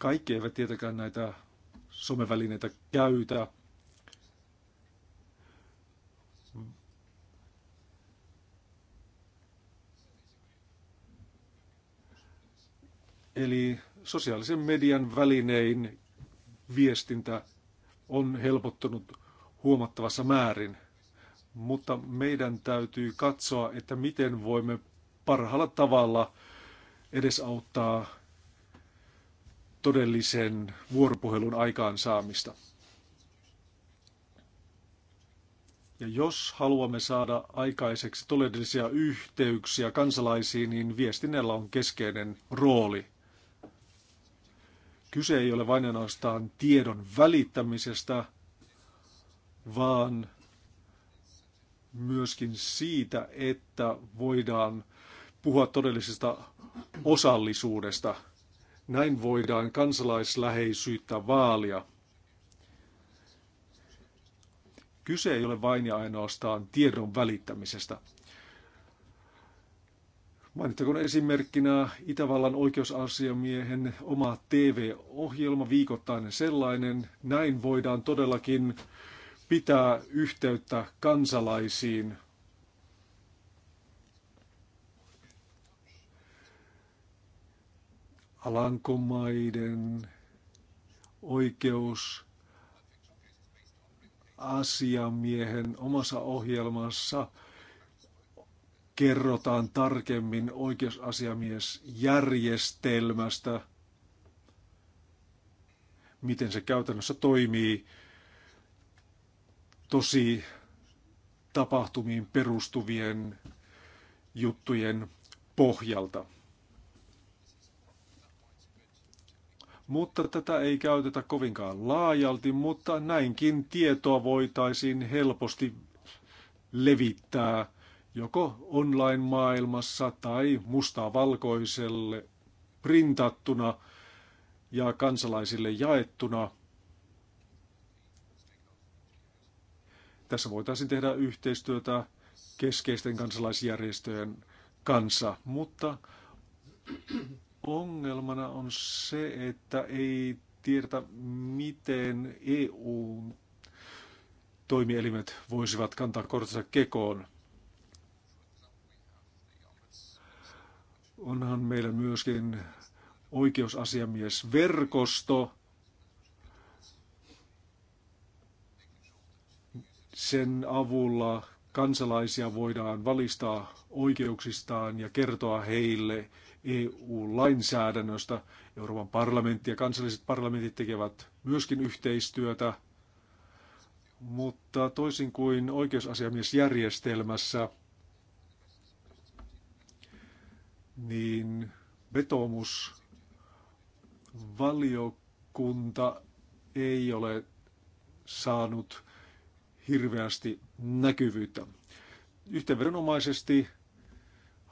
Kaikki eivät tietenkään näitä somevälineitä käytä. Eli sosiaalisen median välinein viestintä on helpottunut huomattavassa määrin, mutta meidän täytyy katsoa, että miten voimme parhaalla tavalla edesauttaa todellisen vuoropuhelun aikaansaamista. Ja jos haluamme saada aikaiseksi todellisia yhteyksiä kansalaisiin, niin viestinnällä on keskeinen rooli. Kyse ei ole vain ainoastaan tiedon välittämisestä, vaan myöskin siitä, että voidaan puhua todellisesta osallisuudesta – näin voidaan kansalaisläheisyyttä vaalia. Kyse ei ole vain ja ainoastaan tiedon välittämisestä. Mainittakoon esimerkkinä Itävallan oikeusasiamiehen oma TV-ohjelma, viikoittainen sellainen. Näin voidaan todellakin pitää yhteyttä kansalaisiin Alankomaiden oikeus asiamiehen omassa ohjelmassa kerrotaan tarkemmin oikeusasiamiesjärjestelmästä, miten se käytännössä toimii tosi tapahtumiin perustuvien juttujen pohjalta. mutta tätä ei käytetä kovinkaan laajalti, mutta näinkin tietoa voitaisiin helposti levittää joko online-maailmassa tai mustaa valkoiselle printattuna ja kansalaisille jaettuna. Tässä voitaisiin tehdä yhteistyötä keskeisten kansalaisjärjestöjen kanssa, mutta Ongelmana on se, että ei tiedetä, miten EU-toimielimet voisivat kantaa kortensa kekoon. Onhan meillä myöskin oikeusasiamiesverkosto. Sen avulla kansalaisia voidaan valistaa oikeuksistaan ja kertoa heille EU-lainsäädännöstä. Euroopan parlamentti ja kansalliset parlamentit tekevät myöskin yhteistyötä, mutta toisin kuin oikeusasiamiesjärjestelmässä, niin vetomus valiokunta ei ole saanut hirveästi näkyvyyttä. Yhteenvedonomaisesti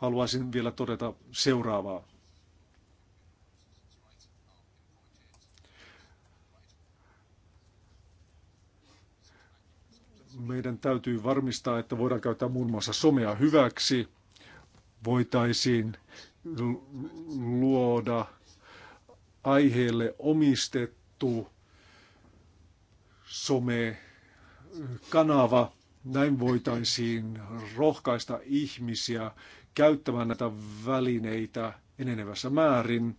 haluaisin vielä todeta seuraavaa. Meidän täytyy varmistaa, että voidaan käyttää muun muassa somea hyväksi. Voitaisiin luoda aiheelle omistettu somekanava. kanava Näin voitaisiin rohkaista ihmisiä käyttämään näitä välineitä enenevässä määrin.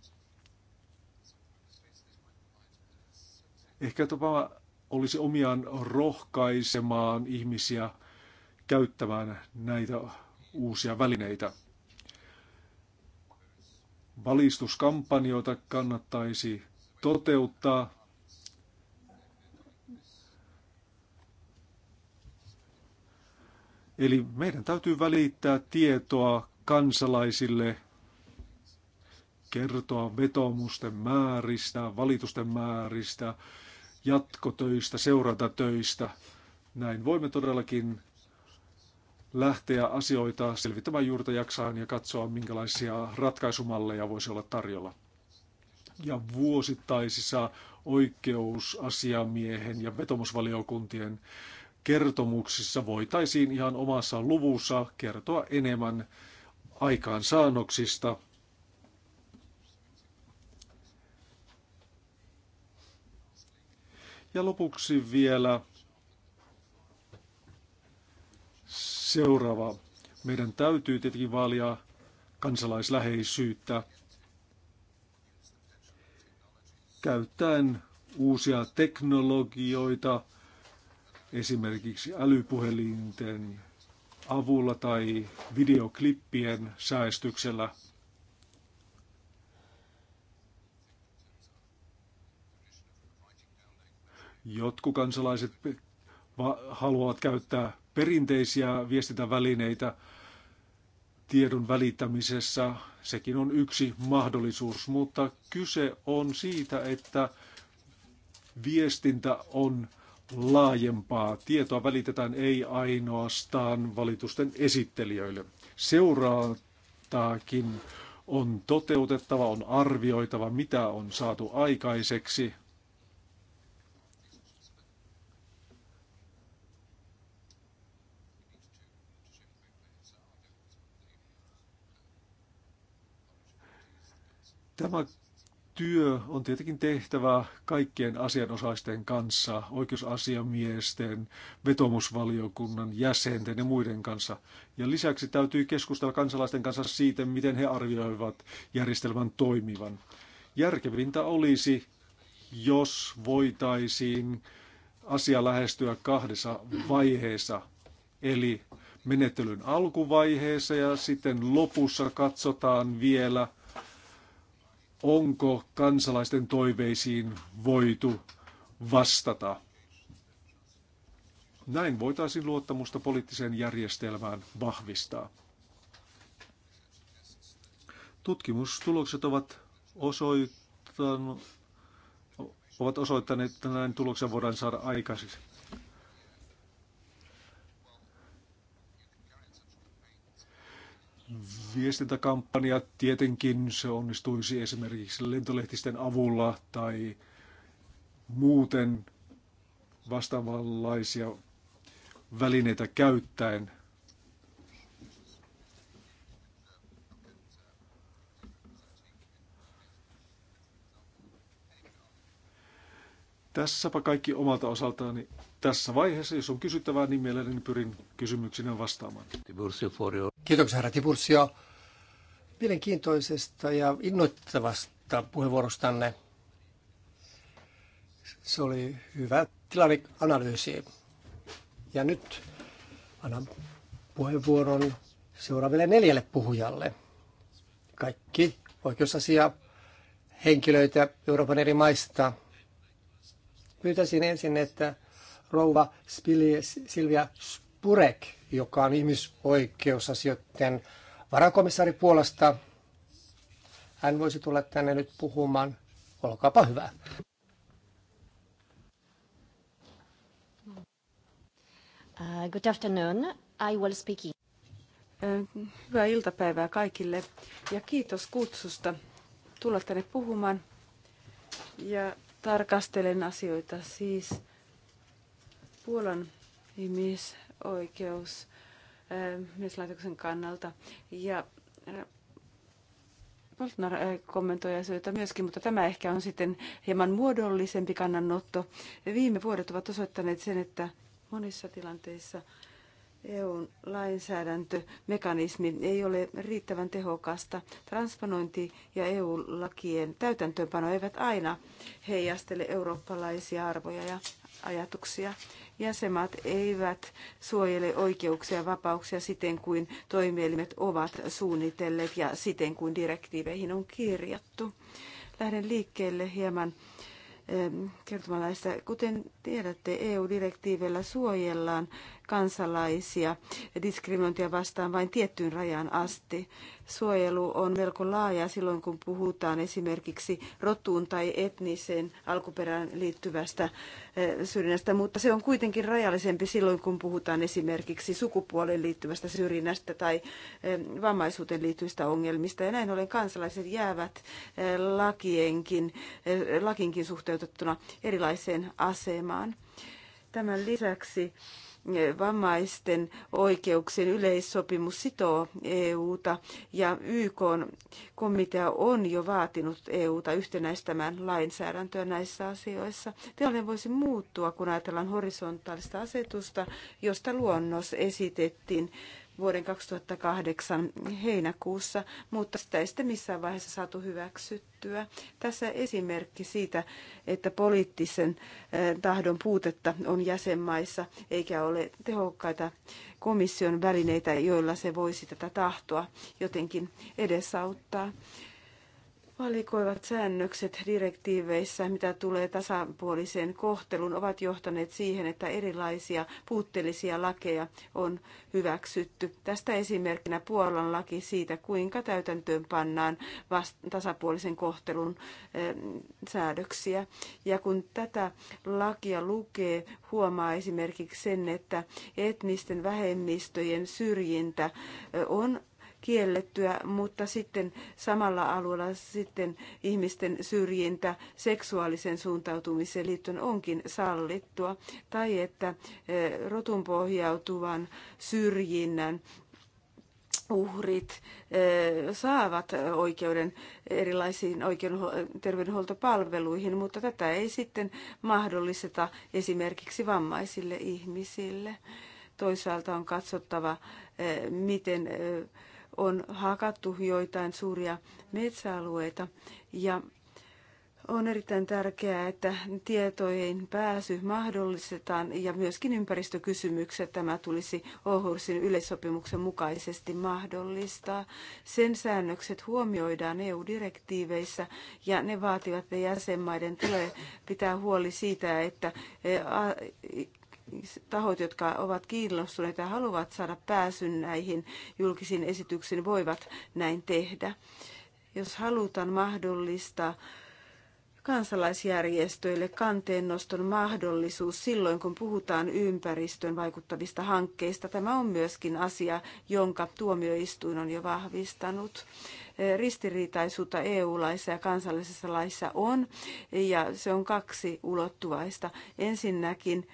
Ehkä tämä olisi omiaan rohkaisemaan ihmisiä käyttämään näitä uusia välineitä. Valistuskampanjoita kannattaisi toteuttaa Eli meidän täytyy välittää tietoa kansalaisille, kertoa vetomusten määristä, valitusten määristä, jatkotöistä, seurantatöistä. Näin voimme todellakin lähteä asioita selvittämään juurta jaksaan ja katsoa, minkälaisia ratkaisumalleja voisi olla tarjolla. Ja vuosittaisissa oikeusasiamiehen ja vetomusvaliokuntien kertomuksissa voitaisiin ihan omassa luvussa kertoa enemmän aikaansaannoksista. Ja lopuksi vielä seuraava. Meidän täytyy tietenkin vaalia kansalaisläheisyyttä käyttäen uusia teknologioita – esimerkiksi älypuhelinten avulla tai videoklippien säästyksellä. Jotkut kansalaiset haluavat käyttää perinteisiä viestintävälineitä tiedon välittämisessä. Sekin on yksi mahdollisuus, mutta kyse on siitä, että viestintä on laajempaa tietoa välitetään ei ainoastaan valitusten esittelijöille. Seuraataakin on toteutettava, on arvioitava, mitä on saatu aikaiseksi. Tämä työ on tietenkin tehtävä kaikkien asianosaisten kanssa, oikeusasiamiesten, vetomusvaliokunnan, jäsenten ja muiden kanssa. Ja lisäksi täytyy keskustella kansalaisten kanssa siitä, miten he arvioivat järjestelmän toimivan. Järkevintä olisi, jos voitaisiin asia lähestyä kahdessa vaiheessa, eli menettelyn alkuvaiheessa ja sitten lopussa katsotaan vielä – onko kansalaisten toiveisiin voitu vastata. Näin voitaisiin luottamusta poliittiseen järjestelmään vahvistaa. Tutkimustulokset ovat, ovat osoittaneet, että näin tuloksen voidaan saada aikaiseksi viestintäkampanja tietenkin se onnistuisi esimerkiksi lentolehtisten avulla tai muuten vastaavanlaisia välineitä käyttäen. Tässäpä kaikki omalta osaltani tässä vaiheessa, jos on kysyttävää, niin mielelläni pyrin kysymyksinä vastaamaan. Kiitoksia herra Tiburcio mielenkiintoisesta ja innoittavasta puheenvuorostanne. Se oli hyvä tilanneanalyysi. Ja nyt annan puheenvuoron seuraaville neljälle puhujalle. Kaikki oikeusasia henkilöitä Euroopan eri maista. Pyytäisin ensin, että rouva Silvia Spurek, joka on ihmisoikeusasioiden varakomissaari Puolasta. Hän voisi tulla tänne nyt puhumaan. Olkaapa hyvä. Uh, good afternoon. I will speak. Uh, hyvää iltapäivää kaikille ja kiitos kutsusta tulla tänne puhumaan. Ja tarkastelen asioita siis Puolan ihmisoikeus äh, mieslaitoksen kannalta. Ja Poltnar äh, äh, kommentoi asioita myöskin, mutta tämä ehkä on sitten hieman muodollisempi kannanotto. Viime vuodet ovat osoittaneet sen, että monissa tilanteissa eu lainsäädäntömekanismi ei ole riittävän tehokasta. Transponointi ja EU-lakien täytäntöönpano eivät aina heijastele eurooppalaisia arvoja ja ajatuksia. Jäsenmaat eivät suojele oikeuksia ja vapauksia siten kuin toimielimet ovat suunnitelleet ja siten kuin direktiiveihin on kirjattu. Lähden liikkeelle hieman kertomalaista. Kuten tiedätte, EU-direktiivillä suojellaan kansalaisia diskriminointia vastaan vain tiettyyn rajaan asti. Suojelu on melko laaja silloin, kun puhutaan esimerkiksi rotuun tai etnisen alkuperään liittyvästä eh, syrjinnästä, mutta se on kuitenkin rajallisempi silloin, kun puhutaan esimerkiksi sukupuoleen liittyvästä syrjinnästä tai eh, vammaisuuteen liittyvistä ongelmista. Ja näin ollen kansalaiset jäävät eh, lakienkin, lakinkin suhteutettuna erilaiseen asemaan. Tämän lisäksi vammaisten oikeuksien yleissopimus sitoo EUta ja YK komitea on jo vaatinut EUta yhtenäistämään lainsäädäntöä näissä asioissa. Tilanne voisi muuttua, kun ajatellaan horisontaalista asetusta, josta luonnos esitettiin vuoden 2008 heinäkuussa, mutta sitä ei sitten missään vaiheessa saatu hyväksyttyä. Tässä esimerkki siitä, että poliittisen eh, tahdon puutetta on jäsenmaissa, eikä ole tehokkaita komission välineitä, joilla se voisi tätä tahtoa jotenkin edesauttaa valikoivat säännökset direktiiveissä, mitä tulee tasapuoliseen kohteluun, ovat johtaneet siihen, että erilaisia puutteellisia lakeja on hyväksytty. Tästä esimerkkinä Puolan laki siitä, kuinka täytäntöön pannaan tasapuolisen kohtelun eh, säädöksiä. Ja kun tätä lakia lukee, huomaa esimerkiksi sen, että etnisten vähemmistöjen syrjintä eh, on kiellettyä, mutta sitten samalla alueella sitten ihmisten syrjintä seksuaalisen suuntautumiseen liittyen onkin sallittua, tai että eh, rotun pohjautuvan syrjinnän uhrit eh, saavat oikeuden erilaisiin oikeuden, terveydenhuoltopalveluihin, mutta tätä ei sitten mahdollisteta esimerkiksi vammaisille ihmisille. Toisaalta on katsottava, eh, miten on hakattu joitain suuria metsäalueita ja on erittäin tärkeää, että tietoihin pääsy mahdollistetaan ja myöskin ympäristökysymykset tämä tulisi Ohursin yleissopimuksen mukaisesti mahdollistaa. Sen säännökset huomioidaan EU-direktiiveissä ja ne vaativat, että jäsenmaiden tulee pitää huoli siitä, että eh, tahot, jotka ovat kiinnostuneita ja haluavat saada pääsyn näihin julkisiin esityksiin, voivat näin tehdä. Jos halutaan mahdollistaa kansalaisjärjestöille kanteennoston mahdollisuus silloin, kun puhutaan ympäristön vaikuttavista hankkeista. Tämä on myöskin asia, jonka tuomioistuin on jo vahvistanut. Ristiriitaisuutta EU-laissa ja kansallisessa laissa on, ja se on kaksi ulottuvaista. Ensinnäkin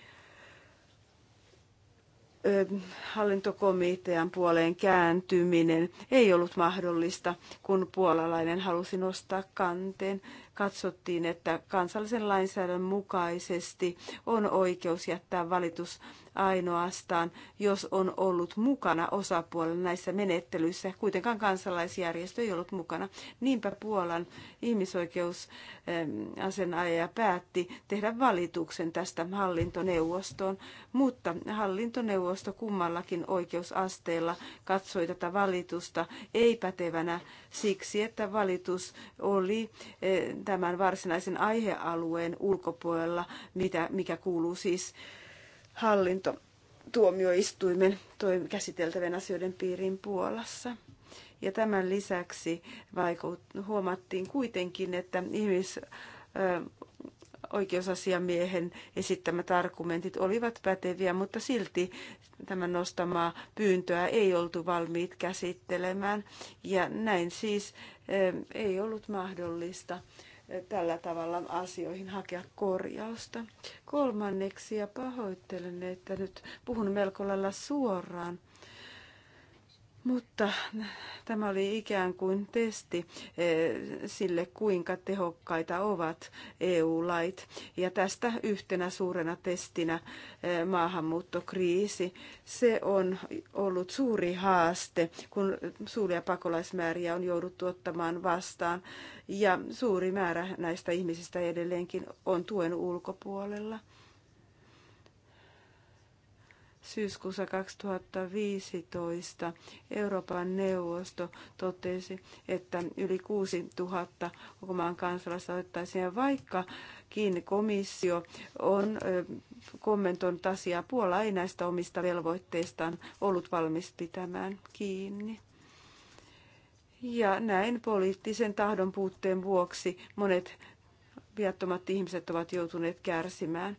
hallintokomitean puoleen kääntyminen ei ollut mahdollista, kun puolalainen halusi nostaa kanteen katsottiin, että kansallisen lainsäädännön mukaisesti on oikeus jättää valitus ainoastaan, jos on ollut mukana osapuolella näissä menettelyissä. Kuitenkaan kansalaisjärjestö ei ollut mukana. Niinpä Puolan ihmisoikeusasenajaja päätti tehdä valituksen tästä hallintoneuvostoon, mutta hallintoneuvosto kummallakin oikeusasteella katsoi tätä valitusta ei pätevänä siksi, että valitus oli eh, tämän varsinaisen aihealueen ulkopuolella, mitä, mikä kuuluu siis hallinto tuomioistuimen käsiteltävien asioiden piiriin Puolassa. Ja tämän lisäksi vaikut- huomattiin kuitenkin, että ihmis, oikeusasiamiehen esittämät argumentit olivat päteviä, mutta silti tämän nostamaa pyyntöä ei oltu valmiit käsittelemään. Ja näin siis ei ollut mahdollista tällä tavalla asioihin hakea korjausta. Kolmanneksi, ja pahoittelen, että nyt puhun melko lailla suoraan, mutta tämä oli ikään kuin testi eh, sille, kuinka tehokkaita ovat EU-lait. Ja tästä yhtenä suurena testinä eh, maahanmuuttokriisi. Se on ollut suuri haaste, kun suuria pakolaismääriä on jouduttu ottamaan vastaan. Ja suuri määrä näistä ihmisistä edelleenkin on tuen ulkopuolella syyskuussa 2015 Euroopan neuvosto totesi, että yli 6000 koko maan kansalaista otettaisiin. Ja vaikkakin komissio on kommentoinut asiaa, Puola ei näistä omista velvoitteistaan ollut valmis pitämään kiinni. Ja näin poliittisen tahdon puutteen vuoksi monet viattomat ihmiset ovat joutuneet kärsimään.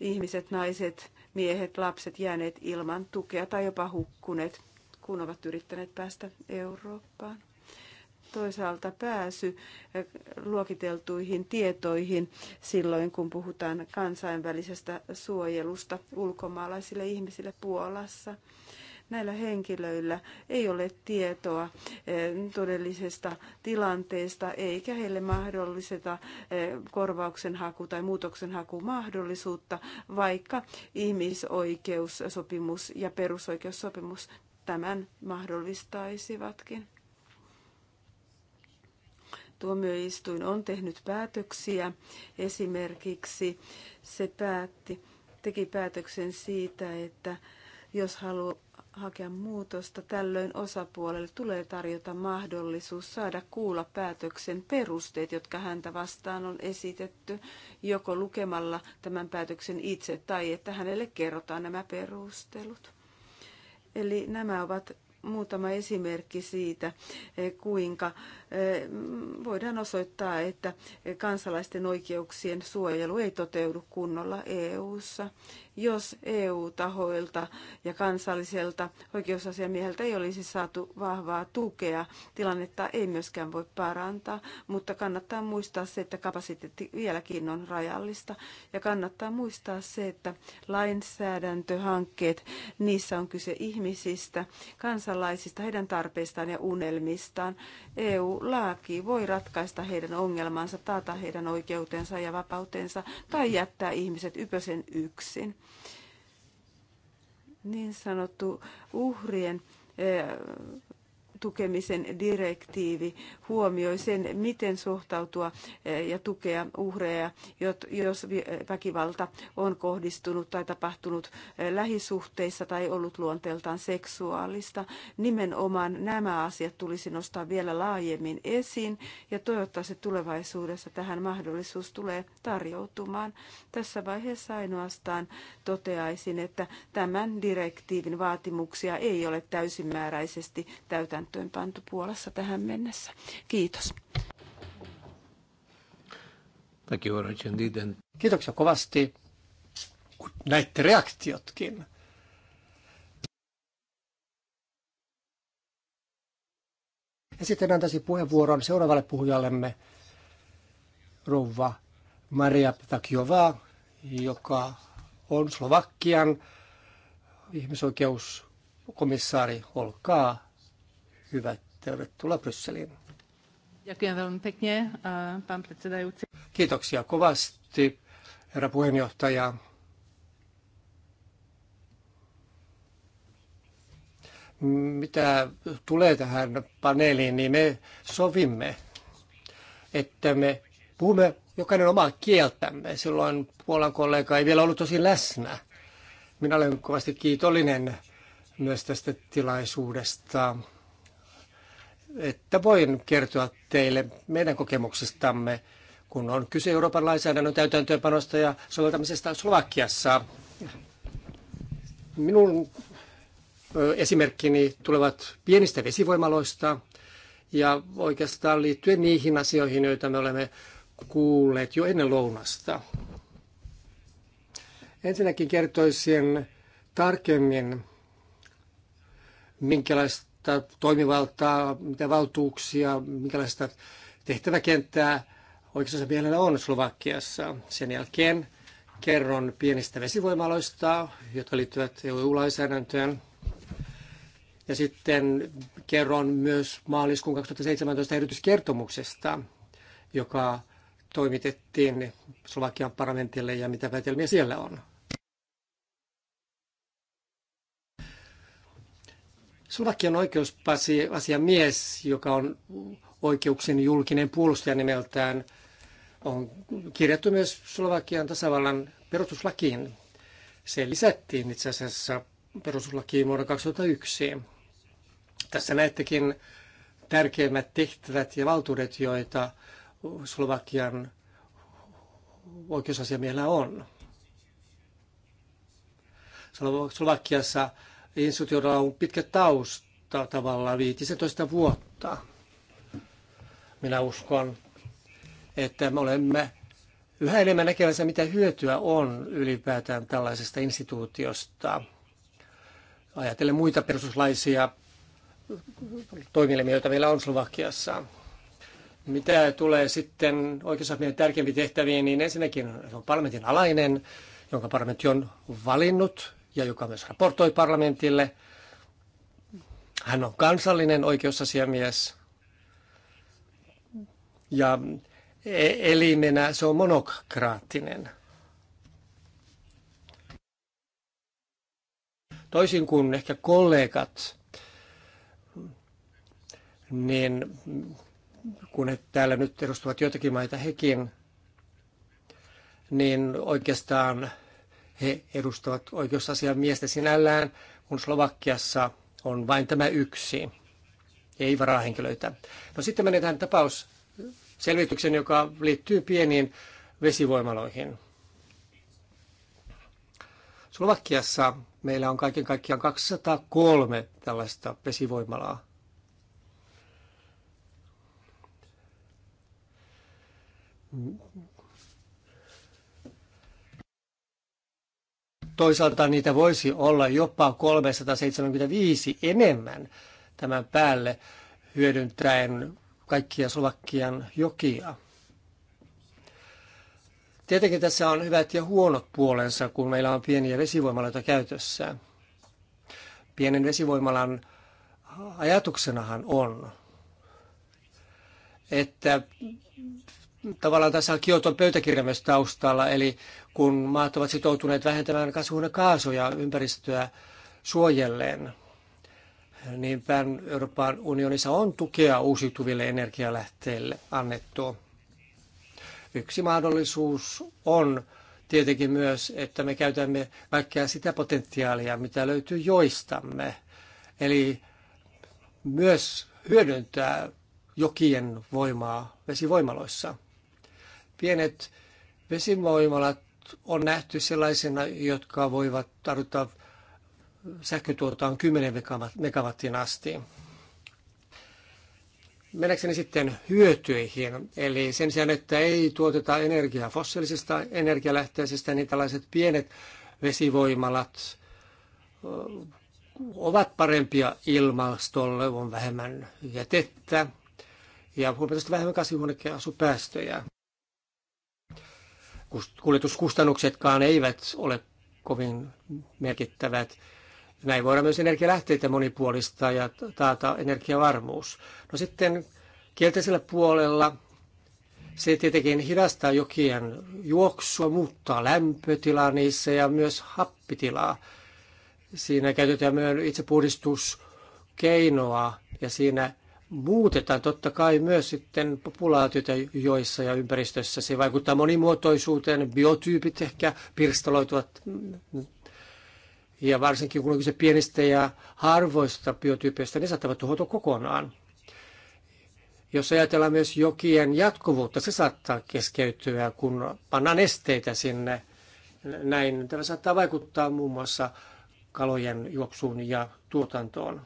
Ihmiset, naiset, miehet, lapset jääneet ilman tukea tai jopa hukkuneet, kun ovat yrittäneet päästä Eurooppaan. Toisaalta pääsy luokiteltuihin tietoihin silloin, kun puhutaan kansainvälisestä suojelusta ulkomaalaisille ihmisille Puolassa näillä henkilöillä ei ole tietoa eh, todellisesta tilanteesta eikä heille mahdolliseta eh, korvauksen haku tai muutoksen mahdollisuutta, vaikka ihmisoikeussopimus ja perusoikeussopimus tämän mahdollistaisivatkin. Tuomioistuin on tehnyt päätöksiä. Esimerkiksi se päätti, teki päätöksen siitä, että jos haluaa hakea muutosta, tällöin osapuolelle tulee tarjota mahdollisuus saada kuulla päätöksen perusteet, jotka häntä vastaan on esitetty, joko lukemalla tämän päätöksen itse tai että hänelle kerrotaan nämä perustelut. Eli nämä ovat muutama esimerkki siitä, eh, kuinka voidaan osoittaa, että kansalaisten oikeuksien suojelu ei toteudu kunnolla EU:ssa. Jos EU-tahoilta ja kansalliselta oikeusasiamieheltä ei olisi saatu vahvaa tukea, tilannetta ei myöskään voi parantaa, mutta kannattaa muistaa se, että kapasiteetti vieläkin on rajallista ja kannattaa muistaa se, että lainsäädäntöhankkeet, niissä on kyse ihmisistä, kansalaisista, heidän tarpeistaan ja unelmistaan. EU laki voi ratkaista heidän ongelmansa, taata heidän oikeutensa ja vapautensa tai jättää ihmiset ypösen yksin. Niin sanottu uhrien eh, tukemisen direktiivi huomioi sen, miten suhtautua eh, ja tukea uhreja, jos eh, väkivalta on kohdistunut tai tapahtunut eh, lähisuhteissa tai ollut luonteeltaan seksuaalista. Nimenomaan nämä asiat tulisi nostaa vielä laajemmin esiin ja toivottavasti tulevaisuudessa tähän mahdollisuus tulee tarjoutumaan. Tässä vaiheessa ainoastaan toteaisin, että tämän direktiivin vaatimuksia ei ole täysimääräisesti täytäntöön täytäntöön pantu Puolassa tähän mennessä. Kiitos. Kiitoksia kovasti, näitte reaktiotkin. Ja sitten antaisin puheenvuoron seuraavalle puhujallemme, rouva Maria Petakiova, joka on Slovakian ihmisoikeuskomissaari. Olkaa Hyvä, Tervetuloa Brysseliin. Kiitoksia kovasti, herra puheenjohtaja. Mitä tulee tähän paneeliin, niin me sovimme, että me puhumme jokainen omaa kieltämme. Silloin Puolan kollega ei vielä ollut tosi läsnä. Minä olen kovasti kiitollinen myös tästä tilaisuudesta että voin kertoa teille meidän kokemuksestamme, kun on kyse Euroopan lainsäädännön täytäntöönpanosta ja soveltamisesta Slovakiassa. Minun esimerkkini tulevat pienistä vesivoimaloista ja oikeastaan liittyen niihin asioihin, joita me olemme kuulleet jo ennen lounasta. Ensinnäkin kertoisin tarkemmin, minkälaista toimivaltaa, mitä valtuuksia, minkälaista tehtäväkenttää oikeusasiamiehellä on Slovakiassa. Sen jälkeen kerron pienistä vesivoimaloista, jotka liittyvät EU-lainsäädäntöön. Ja sitten kerron myös maaliskuun 2017 erityiskertomuksesta, joka toimitettiin Slovakian parlamentille ja mitä päätelmiä siellä on. Slovakian oikeusasiamies, joka on oikeuksien julkinen puolustaja nimeltään, on kirjattu myös Slovakian tasavallan perustuslakiin. Se lisättiin itse asiassa perustuslakiin vuonna 2001. Tässä näettekin tärkeimmät tehtävät ja valtuudet, joita Slovakian oikeusasiamiehellä on. Slovakiassa instituutiolla on pitkä tausta tavallaan 15 vuotta. Minä uskon, että me olemme yhä enemmän näkevänsä, mitä hyötyä on ylipäätään tällaisesta instituutiosta. Ajatellen muita perustuslaisia toimielimiä, joita meillä on Slovakiassa. Mitä tulee sitten oikeusasiamiehen tärkeimpiin tehtäviin, niin ensinnäkin se on parlamentin alainen, jonka parlamentti on valinnut ja joka myös raportoi parlamentille. Hän on kansallinen oikeusasiamies ja e- elimenä se on monokraattinen. Toisin kuin ehkä kollegat, niin kun he täällä nyt edustavat joitakin maita hekin, niin oikeastaan he edustavat oikeusasiamiestä sinällään, kun Slovakiassa on vain tämä yksi, ei varahenkilöitä. No sitten menetään tapaus selvityksen, joka liittyy pieniin vesivoimaloihin. Slovakiassa meillä on kaiken kaikkiaan 203 tällaista vesivoimalaa. Toisaalta niitä voisi olla jopa 375 enemmän tämän päälle hyödyntäen kaikkia Slovakian jokia. Tietenkin tässä on hyvät ja huonot puolensa, kun meillä on pieniä vesivoimaloita käytössä. Pienen vesivoimalan ajatuksenahan on, että tavallaan tässä on Kioton pöytäkirja myös taustalla, eli kun maat ovat sitoutuneet vähentämään kasvuhuonekaasuja ympäristöä suojelleen, niin Euroopan unionissa on tukea uusiutuville energialähteille annettu. Yksi mahdollisuus on tietenkin myös, että me käytämme kaikkea sitä potentiaalia, mitä löytyy joistamme. Eli myös hyödyntää jokien voimaa vesivoimaloissa. Pienet vesivoimalat on nähty sellaisena, jotka voivat tarjota sähkötuotaan 10 megawattin asti. Mennäkseni sitten hyötyihin, eli sen sijaan, että ei tuoteta energiaa fossiilisesta energialähteisestä, niin tällaiset pienet vesivoimalat ovat parempia ilmastolle, on vähemmän jätettä ja huomattavasti vähemmän kasvihuonekaasupäästöjä kuljetuskustannuksetkaan eivät ole kovin merkittävät. Näin voidaan myös energialähteitä monipuolista ja taata energiavarmuus. No sitten kielteisellä puolella se tietenkin hidastaa jokien juoksua, muuttaa lämpötilaa niissä ja myös happitilaa. Siinä käytetään myös itsepuhdistuskeinoa ja siinä muutetaan totta kai myös sitten populaatioita joissa ja ympäristössä. Se vaikuttaa monimuotoisuuteen, biotyypit ehkä pirstaloituvat. Ja varsinkin kun on kyse pienistä ja harvoista biotyypeistä, ne saattavat tuhota kokonaan. Jos ajatellaan myös jokien jatkuvuutta, se saattaa keskeytyä, kun pannaan esteitä sinne. Näin tämä saattaa vaikuttaa muun muassa kalojen juoksuun ja tuotantoon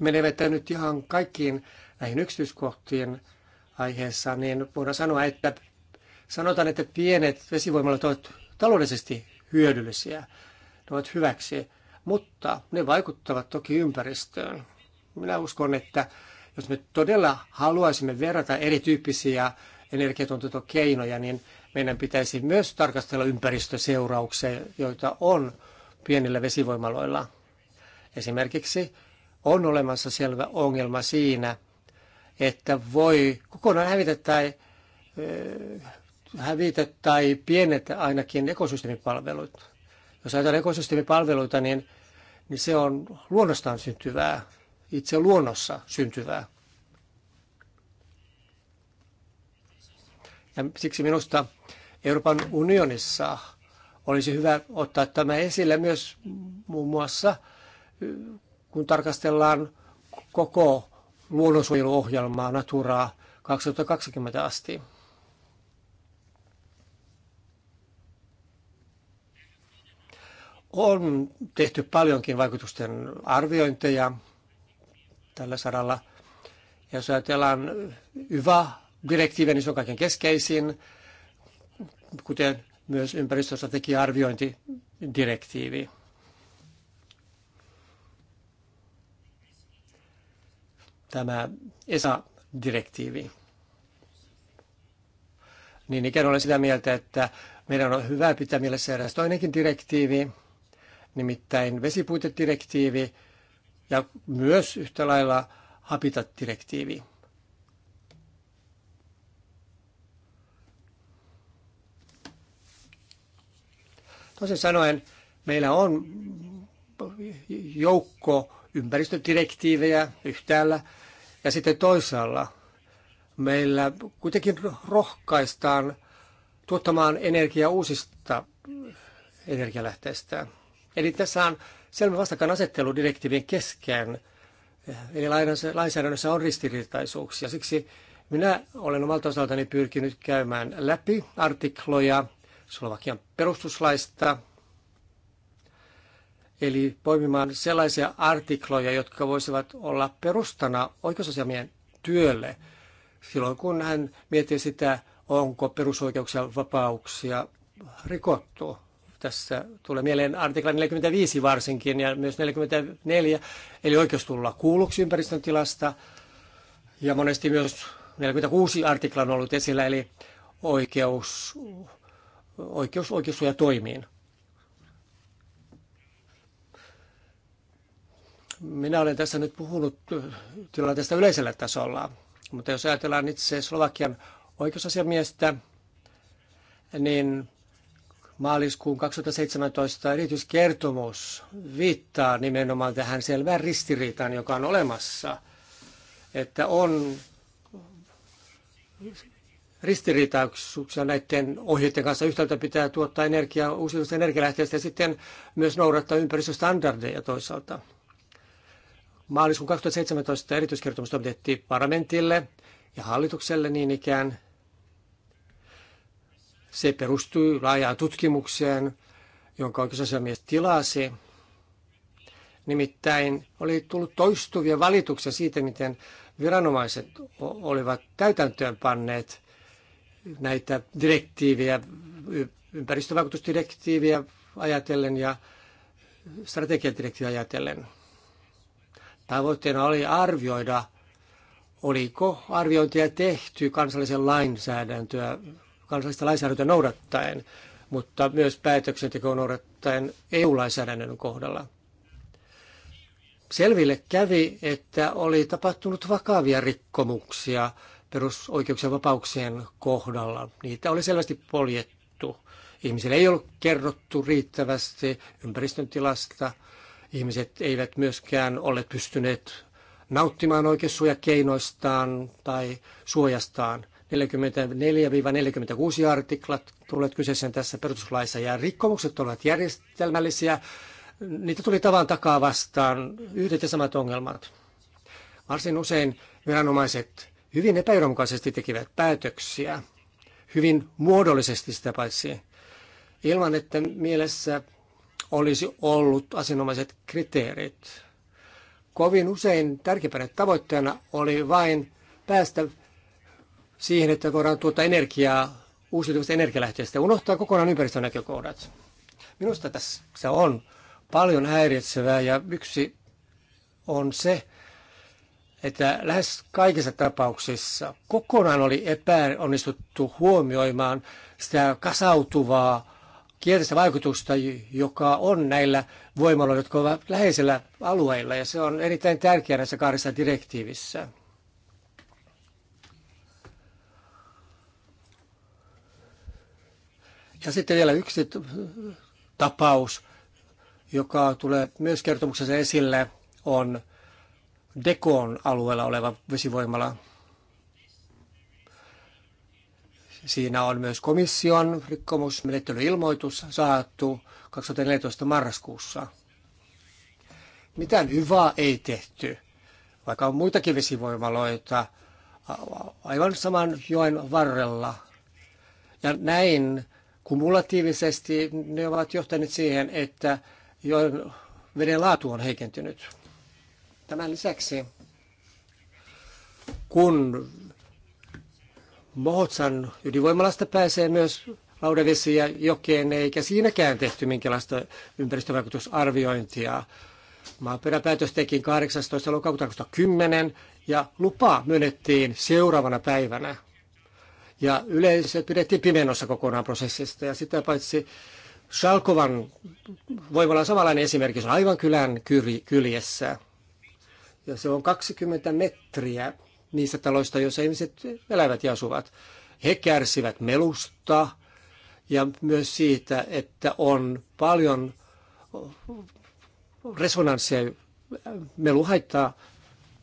menevät nyt ihan kaikkiin näihin yksityiskohtiin aiheessa, niin voidaan sanoa, että sanotaan, että pienet vesivoimalat ovat taloudellisesti hyödyllisiä, ne ovat hyväksi, mutta ne vaikuttavat toki ympäristöön. Minä uskon, että jos me todella haluaisimme verrata erityyppisiä energiatuotantokeinoja, niin meidän pitäisi myös tarkastella ympäristöseurauksia, joita on pienillä vesivoimaloilla. Esimerkiksi on olemassa selvä ongelma siinä, että voi kokonaan hävitä tai äh, hävitä tai pienetä ainakin ekosysteemipalvelut. Jos ajatellaan ekosysteemipalveluita, niin, niin se on luonnostaan syntyvää, itse luonnossa syntyvää. Ja siksi minusta Euroopan unionissa olisi hyvä ottaa tämä esille myös muun muassa kun tarkastellaan koko luonnonsuojeluohjelmaa Naturaa 2020 asti. On tehty paljonkin vaikutusten arviointeja tällä saralla. Ja jos ajatellaan yva direktiivi, niin se on kaiken keskeisin, kuten myös ympäristöstrategia-arviointidirektiivi. tämä ESA-direktiivi. Niin ikään olen sitä mieltä, että meidän on hyvä pitää mielessä eräs toinenkin direktiivi, nimittäin vesipuitedirektiivi ja myös yhtä lailla habitat-direktiivi. Toisin sanoen, meillä on joukko ympäristödirektiivejä yhtäällä ja sitten toisaalla meillä kuitenkin rohkaistaan tuottamaan energiaa uusista energialähteistä. Eli tässä on selvä vastakkainasettelu direktiivien kesken. Eli lainsäädännössä on ristiriitaisuuksia. Siksi minä olen omalta osaltani pyrkinyt käymään läpi artikloja Slovakian perustuslaista, Eli poimimaan sellaisia artikloja, jotka voisivat olla perustana oikeusasiamien työlle silloin, kun hän miettii sitä, onko perusoikeuksia vapauksia rikottu. Tässä tulee mieleen artikla 45 varsinkin ja myös 44, eli oikeus tulla kuulluksi ympäristön tilasta. Ja monesti myös 46 artikla on ollut esillä, eli oikeus, oikeus, ja toimiin. Minä olen tässä nyt puhunut tilanteesta yleisellä tasolla, mutta jos ajatellaan itse Slovakian oikeusasiamiestä, niin maaliskuun 2017 erityiskertomus viittaa nimenomaan tähän selvään ristiriitaan, joka on olemassa, että on ristiriitauksia näiden ohjeiden kanssa. Yhtäältä pitää tuottaa energiaa uusiutuvista energialähteistä ja sitten myös noudattaa ympäristöstandardeja toisaalta. Maaliskuun 2017 erityiskertomus toimitettiin parlamentille ja hallitukselle niin ikään. Se perustui laajaan tutkimukseen, jonka oikeusasiamies tilasi. Nimittäin oli tullut toistuvia valituksia siitä, miten viranomaiset olivat täytäntöön panneet näitä direktiiviä, ympäristövaikutusdirektiiviä ajatellen ja strategiadirektiiviä ajatellen. Tavoitteena oli arvioida, oliko arviointia tehty kansallisen lainsäädäntöä, kansallista lainsäädäntöä noudattaen, mutta myös päätöksentekoa noudattaen EU-lainsäädännön kohdalla. Selville kävi, että oli tapahtunut vakavia rikkomuksia perusoikeuksien vapauksien kohdalla. Niitä oli selvästi poljettu. Ihmisille ei ollut kerrottu riittävästi ympäristön tilasta, Ihmiset eivät myöskään ole pystyneet nauttimaan oikeussuojakeinoistaan tai suojastaan. 44-46 artiklat tulevat kyseeseen tässä perustuslaissa ja rikkomukset ovat järjestelmällisiä. Niitä tuli tavan takaa vastaan yhdet ja samat ongelmat. Varsin usein viranomaiset hyvin epäjohdonmukaisesti tekivät päätöksiä, hyvin muodollisesti sitä paitsi, ilman että mielessä olisi ollut asianomaiset kriteerit. Kovin usein tärkeimpänä tavoitteena oli vain päästä siihen, että voidaan tuottaa energiaa uusiutuvista energialähteistä ja unohtaa kokonaan ympäristönäkökohdat. Minusta tässä on paljon häiritsevää ja yksi on se, että lähes kaikissa tapauksissa kokonaan oli epäonnistuttu huomioimaan sitä kasautuvaa kielteistä vaikutusta, joka on näillä voimaloilla, jotka ovat läheisellä alueilla, ja se on erittäin tärkeää näissä kahdessa direktiivissä. Ja sitten vielä yksi tapaus, joka tulee myös kertomuksessa esille, on Dekon alueella oleva vesivoimala – Siinä on myös komission rikkomusmenettelyilmoitus saatu 2014 marraskuussa. Mitään hyvää ei tehty, vaikka on muitakin vesivoimaloita aivan saman joen varrella. Ja näin kumulatiivisesti ne ovat johtaneet siihen, että joen veden laatu on heikentynyt. Tämän lisäksi, kun Mohotsan ydinvoimalasta pääsee myös ja jokeen, eikä siinäkään tehty minkälaista ympäristövaikutusarviointia. Maaperäpäätös tekin 18. lokakuuta 2010 ja lupa myönnettiin seuraavana päivänä. Ja yleisö pidettiin pimenossa kokonaan prosessista ja sitä paitsi Shalkovan voimalla on samanlainen esimerkki, se on aivan kylän kyljessä. Ja se on 20 metriä niistä taloista, joissa ihmiset elävät ja asuvat. He kärsivät melusta ja myös siitä, että on paljon resonanssia, melu haittaa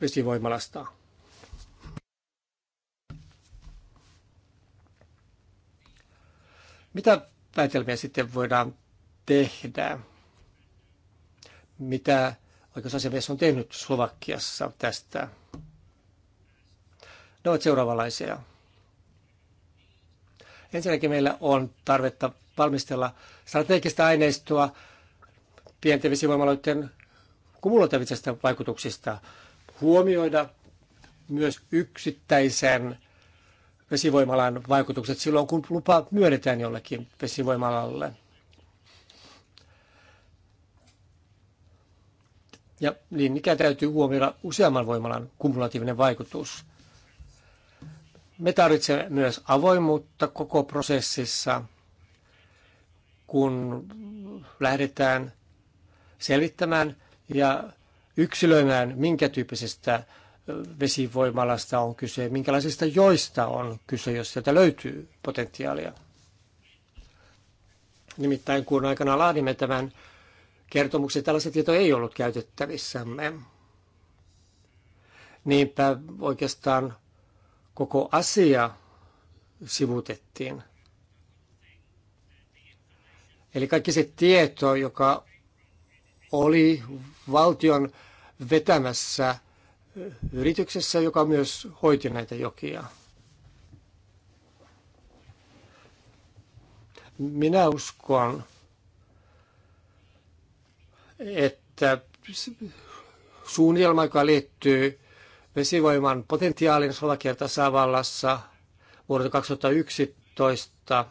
vesivoimalasta. Mitä päätelmiä sitten voidaan tehdä? Mitä oikeusasiamies on tehnyt Slovakiassa tästä? Ne ovat seuraavanlaisia. Ensinnäkin meillä on tarvetta valmistella strategista aineistoa pienten vesivoimaloiden kumulatiivisista vaikutuksista, huomioida myös yksittäisen vesivoimalan vaikutukset silloin, kun lupa myönnetään jollekin vesivoimalalle. Ja niin ikään täytyy huomioida useamman voimalan kumulatiivinen vaikutus. Me tarvitsemme myös avoimuutta koko prosessissa, kun lähdetään selvittämään ja yksilöimään, minkä tyyppisestä vesivoimalasta on kyse, minkälaisista joista on kyse, jos sieltä löytyy potentiaalia. Nimittäin kun aikana laadimme tämän kertomuksen, tällaiset tieto ei ollut käytettävissämme. Niinpä oikeastaan koko asia sivutettiin. Eli kaikki se tieto, joka oli valtion vetämässä yrityksessä, joka myös hoiti näitä jokia. Minä uskon, että suunnitelma, joka liittyy vesivoiman potentiaalin Slovakian tasavallassa vuodelta 2011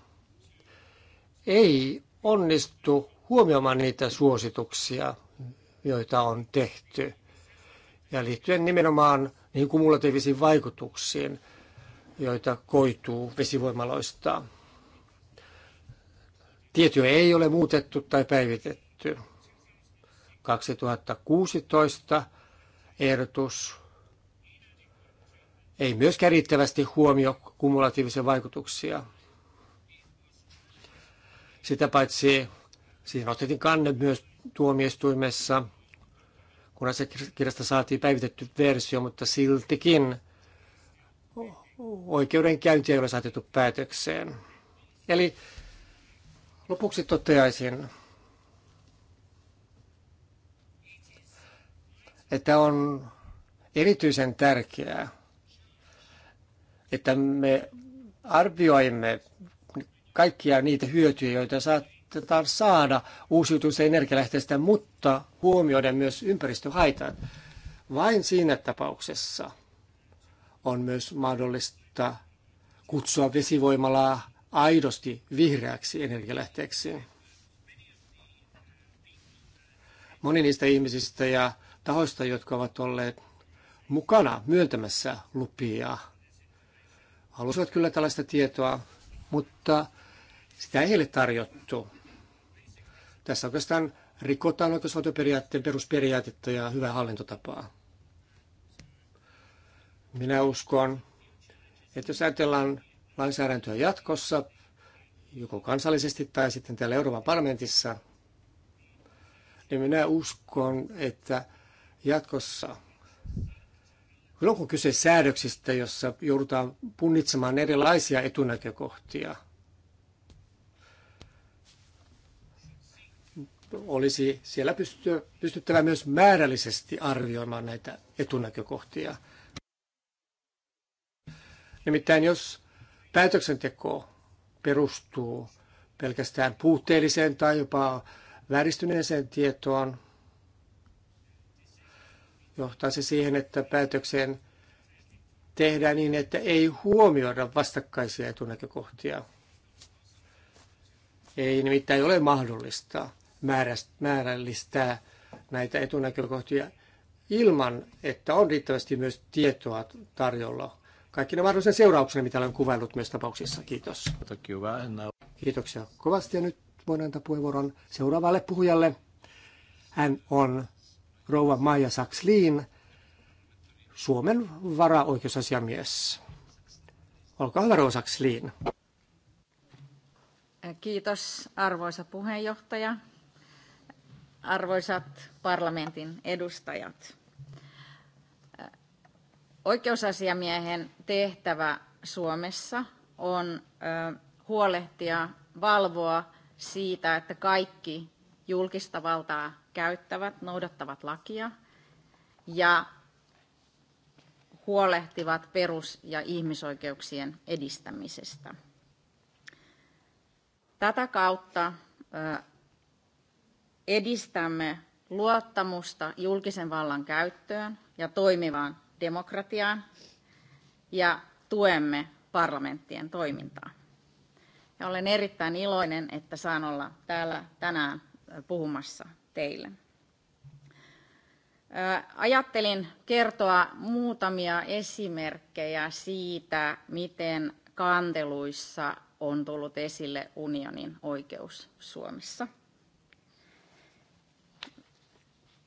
ei onnistu huomioimaan niitä suosituksia, joita on tehty. Ja liittyen nimenomaan niihin kumulatiivisiin vaikutuksiin, joita koituu vesivoimaloista. Tietoja ei ole muutettu tai päivitetty. 2016 ehdotus ei myöskään riittävästi huomio kumulatiivisia vaikutuksia. Sitä paitsi siihen otettiin kanne myös tuomioistuimessa, kun asiakirjasta saatiin päivitetty versio, mutta siltikin oikeudenkäynti ei ole saatettu päätökseen. Eli lopuksi toteaisin, että on erityisen tärkeää, että me arvioimme kaikkia niitä hyötyjä, joita saatetaan saada uusiutuvista energialähteistä, mutta huomioiden myös ympäristöhaitat. Vain siinä tapauksessa on myös mahdollista kutsua vesivoimalaa aidosti vihreäksi energialähteeksi. Moni niistä ihmisistä ja tahoista, jotka ovat olleet mukana myöntämässä lupia halusivat kyllä tällaista tietoa, mutta sitä ei heille tarjottu. Tässä oikeastaan rikotaan oikeusvaltioperiaatteen perusperiaatetta ja hyvää hallintotapaa. Minä uskon, että jos ajatellaan lainsäädäntöä jatkossa, joko kansallisesti tai sitten täällä Euroopan parlamentissa, niin minä uskon, että jatkossa Silloin kun kyse säädöksistä, jossa joudutaan punnitsemaan erilaisia etunäkökohtia, olisi siellä pystyttävä myös määrällisesti arvioimaan näitä etunäkökohtia. Nimittäin jos päätöksenteko perustuu pelkästään puutteelliseen tai jopa vääristyneeseen tietoon, se siihen, että päätökseen tehdään niin, että ei huomioida vastakkaisia etunäkökohtia. Ei nimittäin ole mahdollista määrällistää näitä etunäkökohtia ilman, että on riittävästi myös tietoa tarjolla. Kaikki ne mahdollisen seurauksena, mitä olen kuvailut myös tapauksissa. Kiitos. Kiitoksia kovasti ja nyt voin antaa puheenvuoron seuraavalle puhujalle. Hän on rouva Maija Saksliin, Suomen varaoikeusasiamies. Olkaa hyvä, rouva Saksliin. Kiitos, arvoisa puheenjohtaja. Arvoisat parlamentin edustajat. Oikeusasiamiehen tehtävä Suomessa on huolehtia, valvoa siitä, että kaikki julkista valtaa käyttävät, noudattavat lakia ja huolehtivat perus- ja ihmisoikeuksien edistämisestä. Tätä kautta edistämme luottamusta julkisen vallan käyttöön ja toimivaan demokratiaan ja tuemme parlamenttien toimintaa. Ja olen erittäin iloinen, että saan olla täällä tänään puhumassa teille. Ajattelin kertoa muutamia esimerkkejä siitä, miten kanteluissa on tullut esille unionin oikeus Suomessa.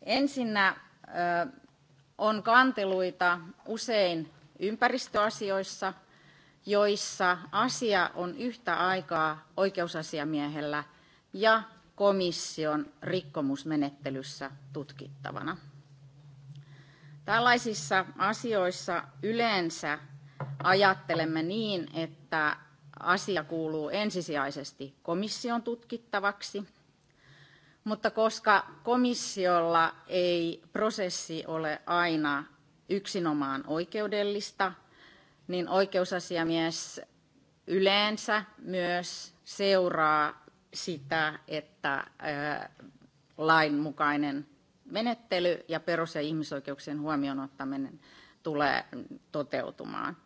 Ensinnä on kanteluita usein ympäristöasioissa, joissa asia on yhtä aikaa oikeusasiamiehellä ja komission rikkomusmenettelyssä tutkittavana. Tällaisissa asioissa yleensä ajattelemme niin, että asia kuuluu ensisijaisesti komission tutkittavaksi, mutta koska komissiolla ei prosessi ole aina yksinomaan oikeudellista, niin oikeusasiamies yleensä myös seuraa sitä, että lainmukainen menettely ja perus- ja ihmisoikeuksien huomioon ottaminen tulee toteutumaan.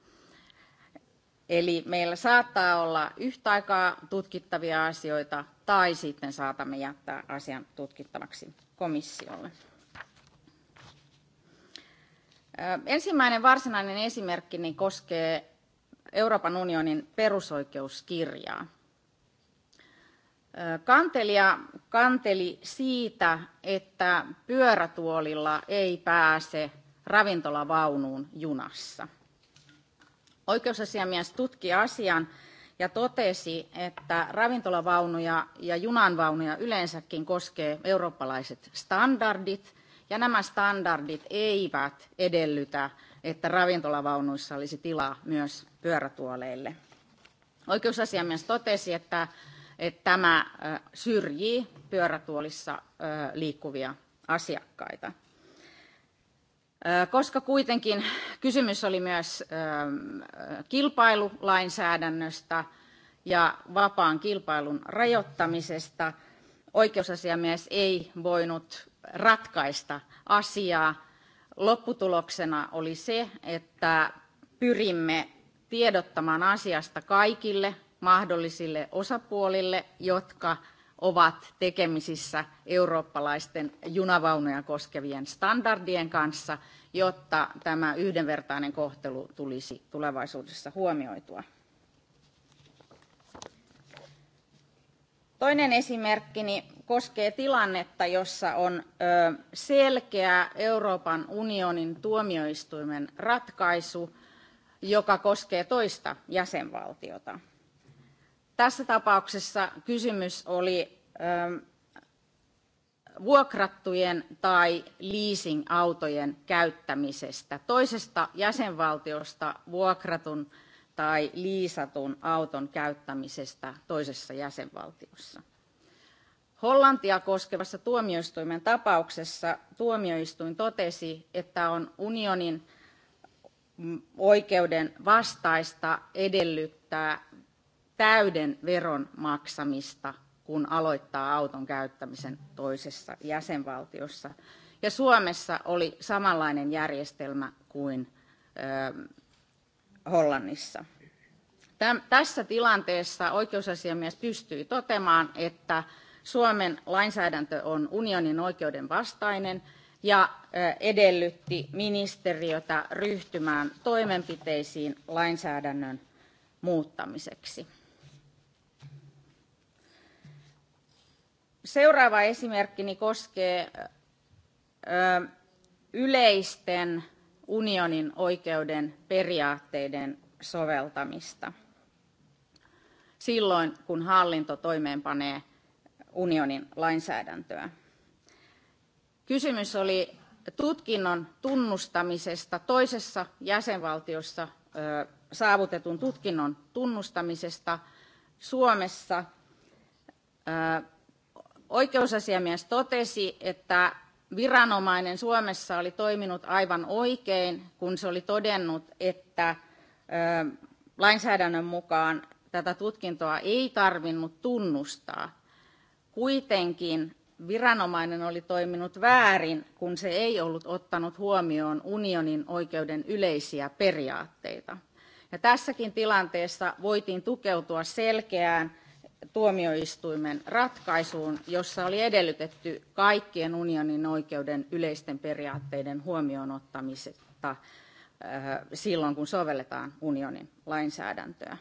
Eli meillä saattaa olla yhtä aikaa tutkittavia asioita tai sitten saatamme jättää asian tutkittavaksi komissiolle. Ensimmäinen varsinainen esimerkki koskee Euroopan unionin perusoikeuskirjaa. Kantelija kanteli siitä, että pyörätuolilla ei pääse ravintolavaunuun junassa. Oikeusasiamies tutki asian ja totesi, että ravintolavaunuja ja junanvaunuja yleensäkin koskee eurooppalaiset standardit, ja nämä standardit eivät edellytä, että ravintolavaunuissa olisi tilaa myös pyörätuoleille. Oikeusasiamies totesi, että että tämä syrjii pyörätuolissa liikkuvia asiakkaita. Koska kuitenkin kysymys oli myös kilpailulainsäädännöstä ja vapaan kilpailun rajoittamisesta, oikeusasiamies ei voinut ratkaista asiaa. Lopputuloksena oli se, että pyrimme tiedottamaan asiasta kaikille mahdollisille osapuolille, jotka ovat tekemisissä eurooppalaisten junavaunuja koskevien standardien kanssa, jotta tämä yhdenvertainen kohtelu tulisi tulevaisuudessa huomioitua. Toinen esimerkkini koskee tilannetta, jossa on selkeä Euroopan unionin tuomioistuimen ratkaisu, joka koskee toista jäsenvaltiota. Tässä tapauksessa kysymys oli ähm, vuokrattujen tai leasing-autojen käyttämisestä toisesta jäsenvaltiosta vuokratun tai liisatun auton käyttämisestä toisessa jäsenvaltiossa. Hollantia koskevassa tuomioistuimen tapauksessa tuomioistuin totesi, että on unionin mm, oikeuden vastaista edellyttää täyden veron maksamista, kun aloittaa auton käyttämisen toisessa jäsenvaltiossa. Ja Suomessa oli samanlainen järjestelmä kuin ö, ähm, Hollannissa. Täm, tässä tilanteessa oikeusasiamies pystyi totemaan, että Suomen lainsäädäntö on unionin oikeuden vastainen ja äh, edellytti ministeriötä ryhtymään toimenpiteisiin lainsäädännön muuttamiseksi. Seuraava esimerkkini koskee yleisten unionin oikeuden periaatteiden soveltamista silloin, kun hallinto toimeenpanee unionin lainsäädäntöä. Kysymys oli tutkinnon tunnustamisesta toisessa jäsenvaltiossa saavutetun tutkinnon tunnustamisesta Suomessa Oikeusasiamies totesi, että viranomainen Suomessa oli toiminut aivan oikein, kun se oli todennut, että lainsäädännön mukaan tätä tutkintoa ei tarvinnut tunnustaa. Kuitenkin viranomainen oli toiminut väärin, kun se ei ollut ottanut huomioon unionin oikeuden yleisiä periaatteita. Ja tässäkin tilanteessa voitiin tukeutua selkeään tuomioistuimen ratkaisuun, jossa oli edellytetty kaikkien unionin oikeuden yleisten periaatteiden huomioon ottamisesta äh, silloin, kun sovelletaan unionin lainsäädäntöä.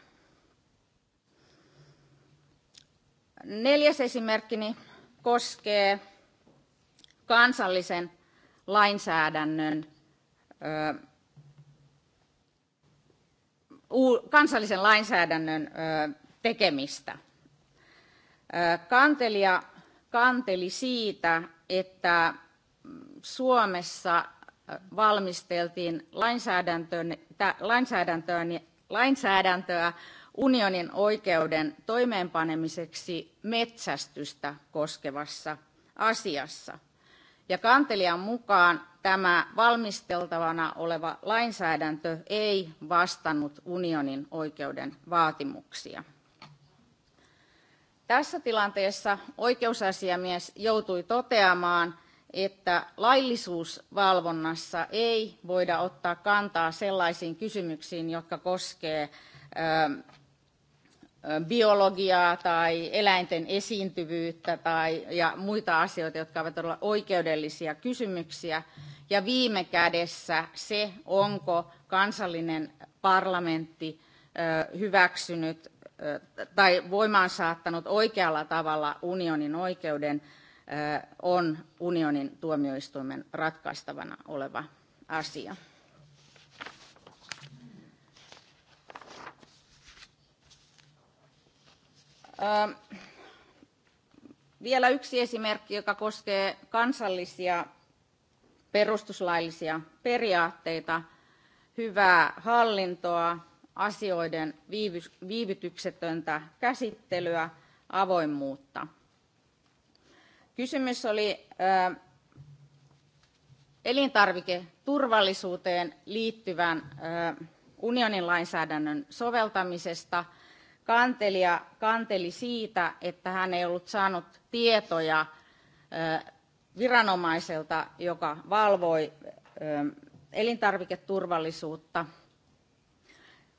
Neljäs esimerkkini koskee kansallisen lainsäädännön äh, kansallisen lainsäädännön äh, tekemistä. Kantelija kanteli siitä, että Suomessa valmisteltiin lainsäädäntöä unionin oikeuden toimeenpanemiseksi metsästystä koskevassa asiassa. Ja kantelijan mukaan tämä valmisteltavana oleva lainsäädäntö ei vastannut unionin oikeuden vaatimuksia. Tässä tilanteessa oikeusasiamies joutui toteamaan, että laillisuusvalvonnassa ei voida ottaa kantaa sellaisiin kysymyksiin, jotka koskevat biologiaa tai eläinten esiintyvyyttä tai, ja muita asioita, jotka ovat olla oikeudellisia kysymyksiä. Ja viime kädessä se, onko kansallinen parlamentti hyväksynyt tai voimaan saattanut oikealla tavalla unionin oikeuden on unionin tuomioistuimen ratkaistavana oleva asia. Vielä yksi esimerkki, joka koskee kansallisia perustuslaillisia periaatteita, hyvää hallintoa, asioiden viivytyksetöntä käsittelyä, avoimuutta. Kysymys oli elintarviketurvallisuuteen liittyvän unionin lainsäädännön soveltamisesta. Kantelija kanteli siitä, että hän ei ollut saanut tietoja viranomaiselta, joka valvoi elintarviketurvallisuutta –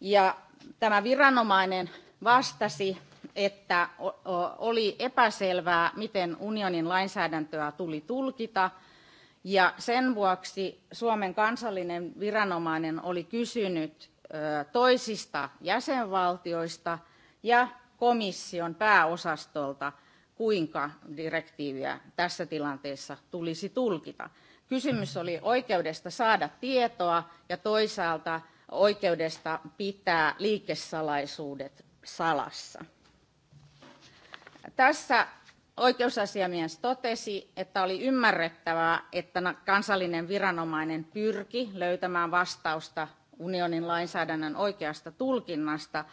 ja tämä viranomainen vastasi, että oli epäselvää, miten unionin lainsäädäntöä tuli tulkita. Ja sen vuoksi Suomen kansallinen viranomainen oli kysynyt toisista jäsenvaltioista ja komission pääosastolta, kuinka direktiiviä tässä tilanteessa tulisi tulkita. Kysymys oli oikeudesta saada tietoa ja toisaalta oikeudesta pitää liikesalaisuudet salassa. Tässä oikeusasiamies totesi, että oli ymmärrettävää, että kansallinen viranomainen pyrki löytämään vastausta unionin lainsäädännön oikeasta tulkinnasta,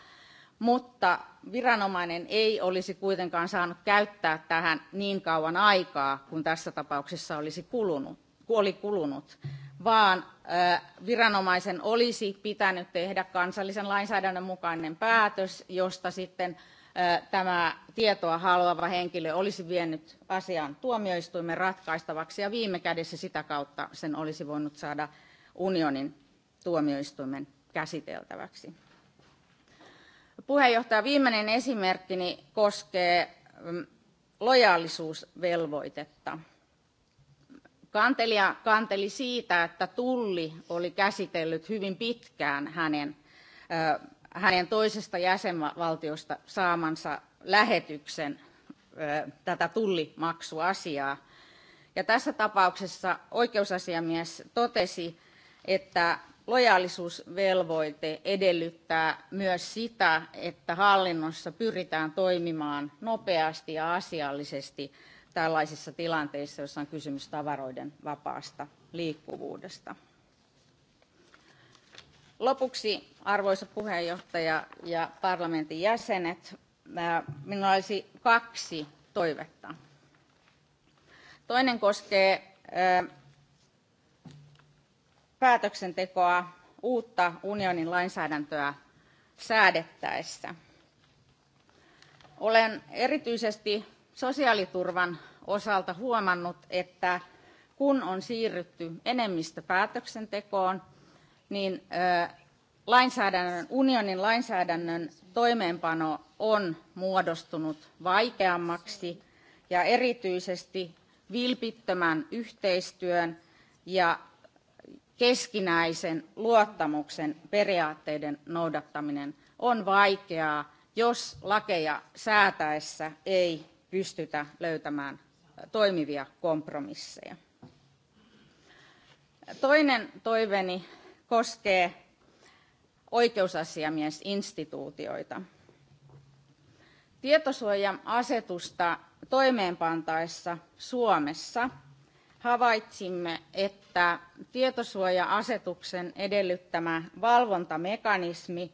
mutta viranomainen ei olisi kuitenkaan saanut käyttää tähän niin kauan aikaa, kun tässä tapauksessa olisi kulunut, oli kulunut vaan viranomaisen olisi pitänyt tehdä kansallisen lainsäädännön mukainen päätös, josta sitten tämä tietoa haluava henkilö olisi vienyt asian tuomioistuimen ratkaistavaksi ja viime kädessä sitä kautta sen olisi voinut saada unionin tuomioistuimen käsiteltäväksi. Puheenjohtaja, viimeinen esimerkkini koskee mm, lojaalisuusvelvoitetta. Kantelija kanteli siitä, että Tulli oli käsitellyt hyvin pitkään hänen, hänen toisesta jäsenvaltiosta saamansa lähetyksen tätä tullimaksuasiaa. Ja tässä tapauksessa oikeusasiamies totesi, että lojaalisuusvelvoite edellyttää myös sitä, että hallinnossa pyritään toimimaan nopeasti ja asiallisesti tällaisissa tilanteissa, joissa on kysymys tavaroiden vapaasta liikkuvuudesta. Lopuksi, arvoisa puheenjohtaja ja parlamentin jäsenet, minulla olisi kaksi toivetta. Toinen koskee päätöksentekoa uutta unionin lainsäädäntöä säädettäessä. Olen erityisesti sosiaaliturvan osalta huomannut, että kun on siirrytty enemmistöpäätöksentekoon, niin lainsäädännön, unionin lainsäädännön toimeenpano on muodostunut vaikeammaksi ja erityisesti vilpittömän yhteistyön ja keskinäisen luottamuksen periaatteiden noudattaminen on vaikeaa, jos lakeja säätäessä ei pystytä löytämään toimivia kompromisseja. Toinen toiveeni koskee oikeusasiamiesinstituutioita. Tietosuoja-asetusta toimeenpantaessa Suomessa havaitsimme, että tietosuoja-asetuksen edellyttämä valvontamekanismi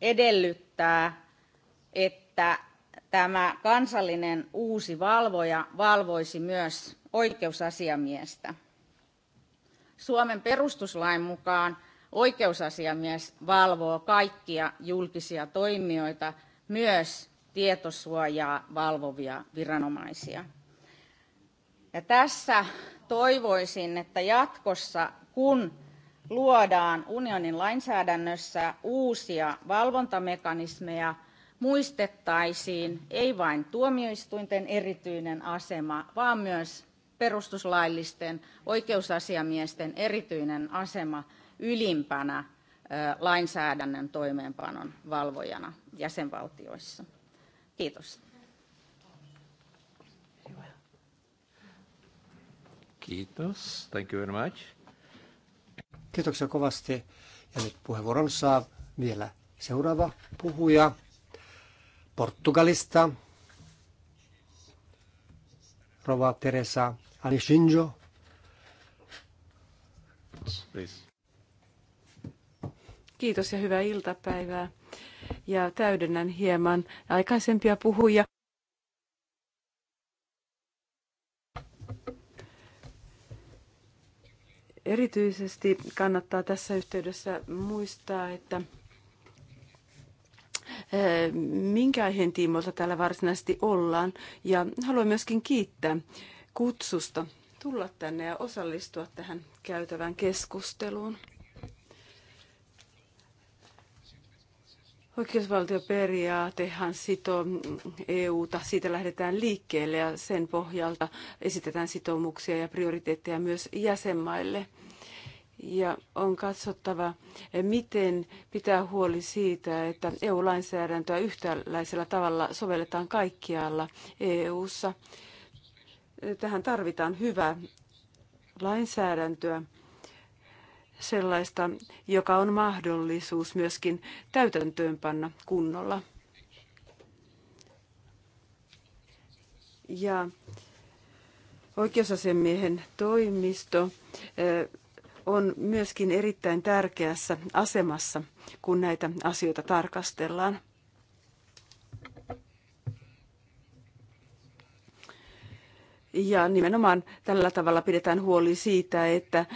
edellyttää, että että tämä kansallinen uusi valvoja valvoisi myös oikeusasiamiestä. Suomen perustuslain mukaan oikeusasiamies valvoo kaikkia julkisia toimijoita, myös tietosuojaa valvovia viranomaisia. Ja tässä toivoisin, että jatkossa kun luodaan unionin lainsäädännössä uusia valvontamekanismeja, muistettaisiin ei vain tuomioistuinten erityinen asema, vaan myös perustuslaillisten oikeusasiamiesten erityinen asema ylimpänä lainsäädännön toimeenpanon valvojana jäsenvaltioissa. Kiitos. Kiitos. Thank you very much. Kiitoksia kovasti. Ja nyt puheenvuoron saa vielä seuraava puhuja. Portugalista. Rova Teresa Alishinjo. Kiitos ja hyvää iltapäivää. Ja täydennän hieman aikaisempia puhujia. Erityisesti kannattaa tässä yhteydessä muistaa, että Eh, minkä aiheen tiimoilta täällä varsinaisesti ollaan. Ja haluan myöskin kiittää kutsusta tulla tänne ja osallistua tähän käytävään keskusteluun. Oikeusvaltioperiaatehan sito EUta, siitä lähdetään liikkeelle ja sen pohjalta esitetään sitoumuksia ja prioriteetteja myös jäsenmaille – ja on katsottava, miten pitää huoli siitä, että EU-lainsäädäntöä yhtäläisellä tavalla sovelletaan kaikkialla EU-ssa. Tähän tarvitaan hyvää lainsäädäntöä, sellaista, joka on mahdollisuus myöskin täytäntöönpanna kunnolla. Ja oikeusasiamiehen toimisto on myöskin erittäin tärkeässä asemassa, kun näitä asioita tarkastellaan. Ja nimenomaan tällä tavalla pidetään huoli siitä, että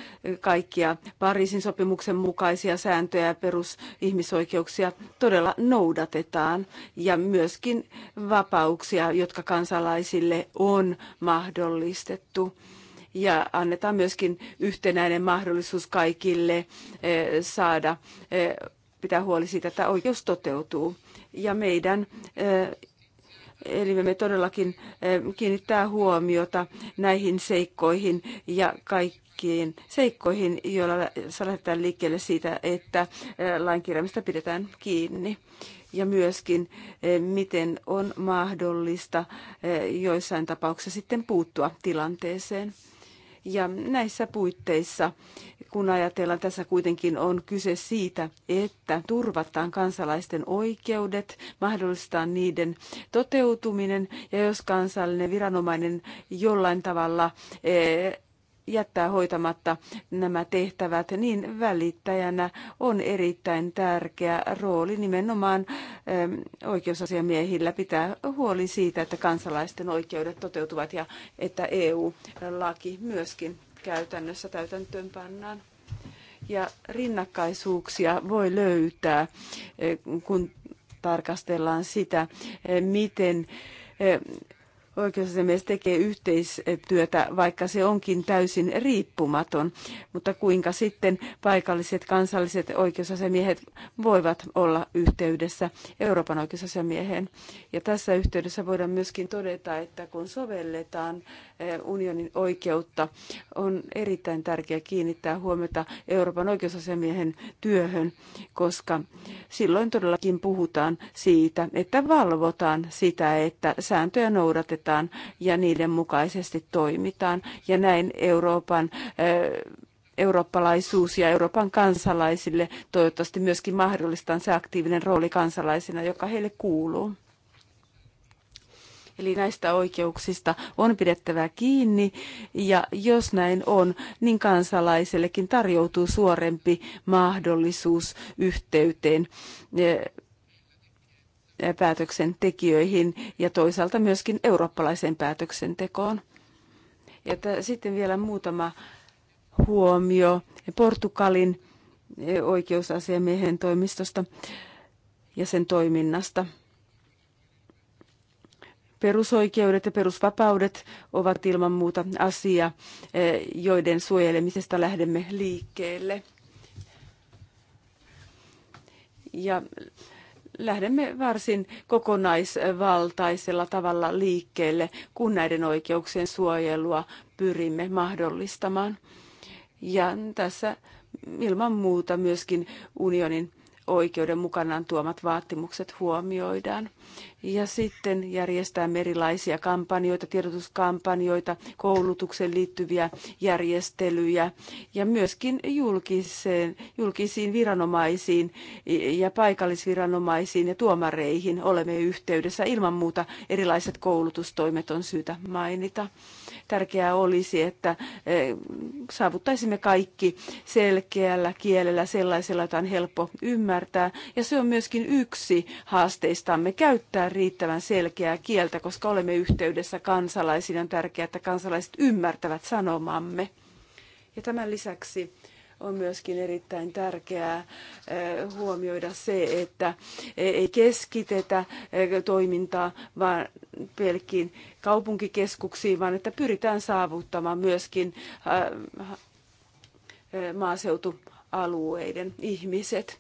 kaikkia Pariisin sopimuksen mukaisia sääntöjä ja perusihmisoikeuksia todella noudatetaan ja myöskin vapauksia, jotka kansalaisille on mahdollistettu ja annetaan myöskin yhtenäinen mahdollisuus kaikille eh, saada eh, pitää huoli siitä, että oikeus toteutuu. Ja meidän eh, Eli me todellakin kiinnittää huomiota näihin seikkoihin ja kaikkiin seikkoihin, joilla lähdetään liikkeelle siitä, että lainkirjaimista pidetään kiinni. Ja myöskin, miten on mahdollista joissain tapauksissa sitten puuttua tilanteeseen. Ja näissä puitteissa, kun ajatellaan, tässä kuitenkin on kyse siitä, että turvataan kansalaisten oikeudet, mahdollistetaan niiden toteutuminen, ja jos kansallinen viranomainen jollain tavalla eh, jättää hoitamatta nämä tehtävät, niin välittäjänä on erittäin tärkeä rooli nimenomaan ähm, oikeusasiamiehillä pitää huoli siitä, että kansalaisten oikeudet toteutuvat ja että EU-laki myöskin käytännössä täytäntöön pannaan. Ja rinnakkaisuuksia voi löytää, äh, kun tarkastellaan sitä, äh, miten äh, oikeusasiamies tekee yhteistyötä, vaikka se onkin täysin riippumaton. Mutta kuinka sitten paikalliset kansalliset oikeusasiamiehet voivat olla yhteydessä Euroopan oikeusasiamieheen? Ja tässä yhteydessä voidaan myöskin todeta, että kun sovelletaan eh, unionin oikeutta, on erittäin tärkeää kiinnittää huomiota Euroopan oikeusasiamiehen työhön, koska silloin todellakin puhutaan siitä, että valvotaan sitä, että sääntöjä noudatetaan tarvitaan ja niiden mukaisesti toimitaan. Ja näin Euroopan eh, eurooppalaisuus ja Euroopan kansalaisille toivottavasti myöskin mahdollistaan se aktiivinen rooli kansalaisina, joka heille kuuluu. Eli näistä oikeuksista on pidettävä kiinni ja jos näin on, niin kansalaisellekin tarjoutuu suorempi mahdollisuus yhteyteen eh, päätöksentekijöihin ja toisaalta myöskin eurooppalaiseen päätöksentekoon. Ja sitten vielä muutama huomio Portugalin e, oikeusasiamiehen toimistosta ja sen toiminnasta. Perusoikeudet ja perusvapaudet ovat ilman muuta asia, e, joiden suojelemisesta lähdemme liikkeelle. Ja lähdemme varsin kokonaisvaltaisella tavalla liikkeelle, kun näiden oikeuksien suojelua pyrimme mahdollistamaan. Ja tässä ilman muuta myöskin unionin oikeuden mukanaan tuomat vaatimukset huomioidaan. Ja sitten järjestää erilaisia kampanjoita, tiedotuskampanjoita, koulutukseen liittyviä järjestelyjä ja myöskin julkiseen, julkisiin viranomaisiin ja paikallisviranomaisiin ja tuomareihin olemme yhteydessä. Ilman muuta erilaiset koulutustoimet on syytä mainita. Tärkeää olisi, että eh, saavuttaisimme kaikki selkeällä kielellä sellaisella, jota on helppo ymmärtää. Ja se on myöskin yksi haasteistamme käyttää riittävän selkeää kieltä, koska olemme yhteydessä kansalaisiin. On tärkeää, että kansalaiset ymmärtävät sanomamme. Ja tämän lisäksi on myöskin erittäin tärkeää eh, huomioida se, että ei keskitetä eh, toimintaa vaan pelkkiin kaupunkikeskuksiin, vaan että pyritään saavuttamaan myöskin eh, maaseutualueiden ihmiset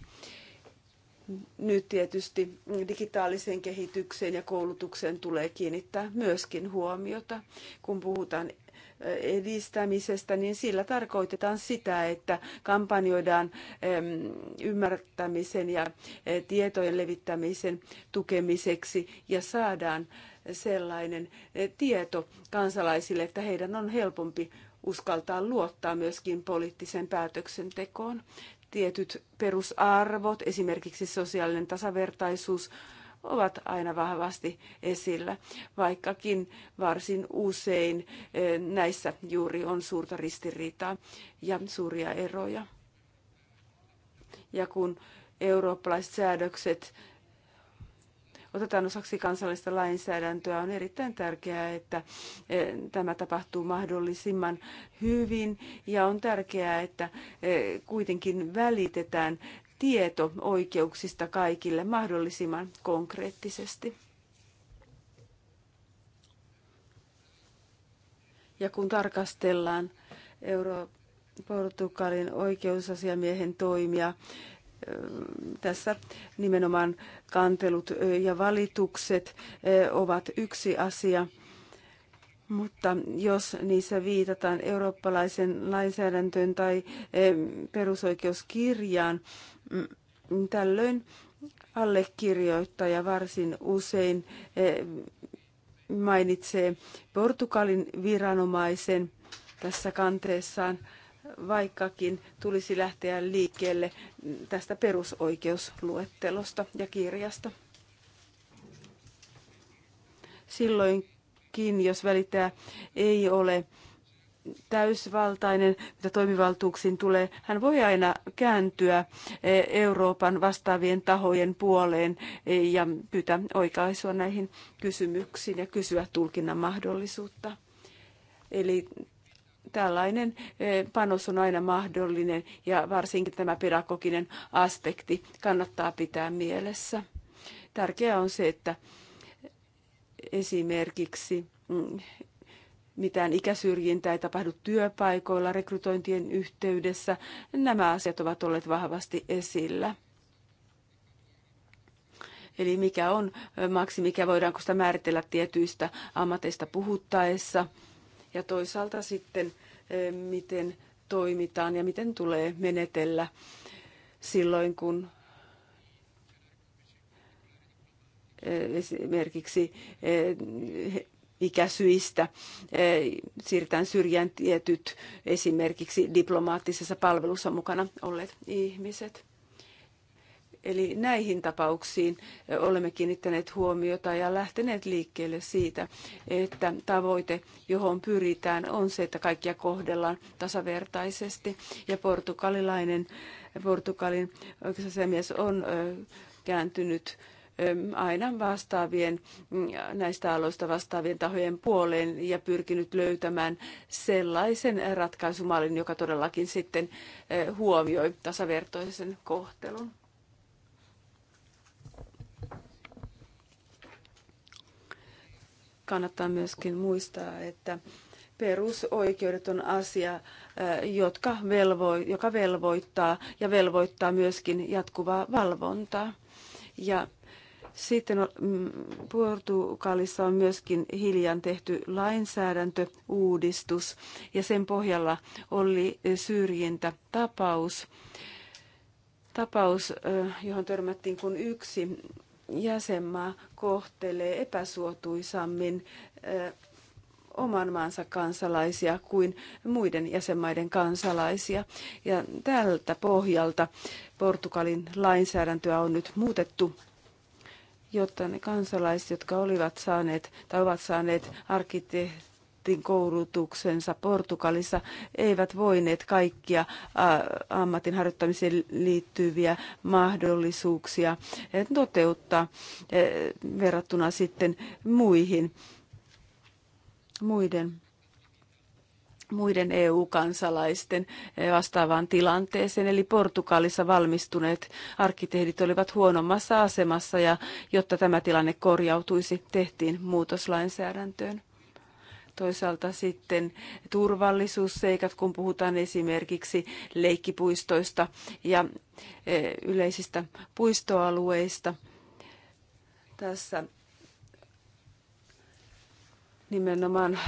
nyt tietysti digitaaliseen kehitykseen ja koulutukseen tulee kiinnittää myöskin huomiota, kun puhutaan edistämisestä, niin sillä tarkoitetaan sitä, että kampanjoidaan ymmärtämisen ja e, tietojen levittämisen tukemiseksi ja saadaan sellainen e, tieto kansalaisille, että heidän on helpompi uskaltaa luottaa myöskin poliittiseen päätöksentekoon. Tietyt perusarvot, esimerkiksi sosiaalinen tasavertaisuus, ovat aina vahvasti esillä, vaikkakin varsin usein eh, näissä juuri on suurta ristiriitaa ja suuria eroja. Ja kun eurooppalaiset säädökset otetaan osaksi kansallista lainsäädäntöä, on erittäin tärkeää, että eh, tämä tapahtuu mahdollisimman hyvin ja on tärkeää, että eh, kuitenkin välitetään tieto oikeuksista kaikille mahdollisimman konkreettisesti. Ja kun tarkastellaan Euro-Portugalin oikeusasiamiehen toimia, tässä nimenomaan kantelut ja valitukset ovat yksi asia. Mutta jos niissä viitataan eurooppalaisen lainsäädäntöön tai perusoikeuskirjaan, Mm, tällöin allekirjoittaja varsin usein eh, mainitsee Portugalin viranomaisen tässä kanteessaan, vaikkakin tulisi lähteä liikkeelle tästä perusoikeusluettelosta ja kirjasta. Silloinkin, jos välittäjä ei ole täysvaltainen, mitä toimivaltuuksiin tulee, hän voi aina kääntyä eh, Euroopan vastaavien tahojen puoleen eh, ja pyytää oikaisua näihin kysymyksiin ja kysyä tulkinnan mahdollisuutta. Eli tällainen eh, panos on aina mahdollinen ja varsinkin tämä pedagoginen aspekti kannattaa pitää mielessä. Tärkeää on se, että esimerkiksi mm, mitään ikäsyrjintää ei tapahdu työpaikoilla rekrytointien yhteydessä. Nämä asiat ovat olleet vahvasti esillä. Eli mikä on maksimi, mikä voidaanko sitä määritellä tietyistä ammateista puhuttaessa. Ja toisaalta sitten, miten toimitaan ja miten tulee menetellä silloin, kun esimerkiksi ikäsyistä. E, siirretään syrjään tietyt esimerkiksi diplomaattisessa palvelussa mukana olleet ihmiset. Eli näihin tapauksiin olemme kiinnittäneet huomiota ja lähteneet liikkeelle siitä, että tavoite, johon pyritään, on se, että kaikkia kohdellaan tasavertaisesti. Ja portugalilainen, Portugalin oikeusasiamies on kääntynyt aina vastaavien mm, näistä aloista vastaavien tahojen puoleen ja pyrkinyt löytämään sellaisen ratkaisumallin, joka todellakin sitten huomioi tasavertoisen kohtelun. Kannattaa myöskin muistaa, että perusoikeudet on asia, jotka velvo, joka velvoittaa ja velvoittaa myöskin jatkuvaa valvontaa. Ja sitten mm, Portugalissa on myöskin hiljan tehty lainsäädäntöuudistus ja sen pohjalla oli syrjintätapaus, tapaus, johon törmättiin kun yksi jäsenmaa kohtelee epäsuotuisammin oman maansa kansalaisia kuin muiden jäsenmaiden kansalaisia. Ja tältä pohjalta Portugalin lainsäädäntöä on nyt muutettu jotta ne kansalaiset, jotka olivat saaneet tai ovat saaneet arkkitehtin koulutuksensa Portugalissa, eivät voineet kaikkia ammatin harjoittamiseen liittyviä mahdollisuuksia toteuttaa verrattuna sitten muihin muiden muiden EU-kansalaisten eh, vastaavaan tilanteeseen. Eli Portugalissa valmistuneet arkkitehdit olivat huonommassa asemassa ja jotta tämä tilanne korjautuisi, tehtiin muutoslainsäädäntöön. Toisaalta sitten turvallisuusseikat, kun puhutaan esimerkiksi leikkipuistoista ja eh, yleisistä puistoalueista. Tässä nimenomaan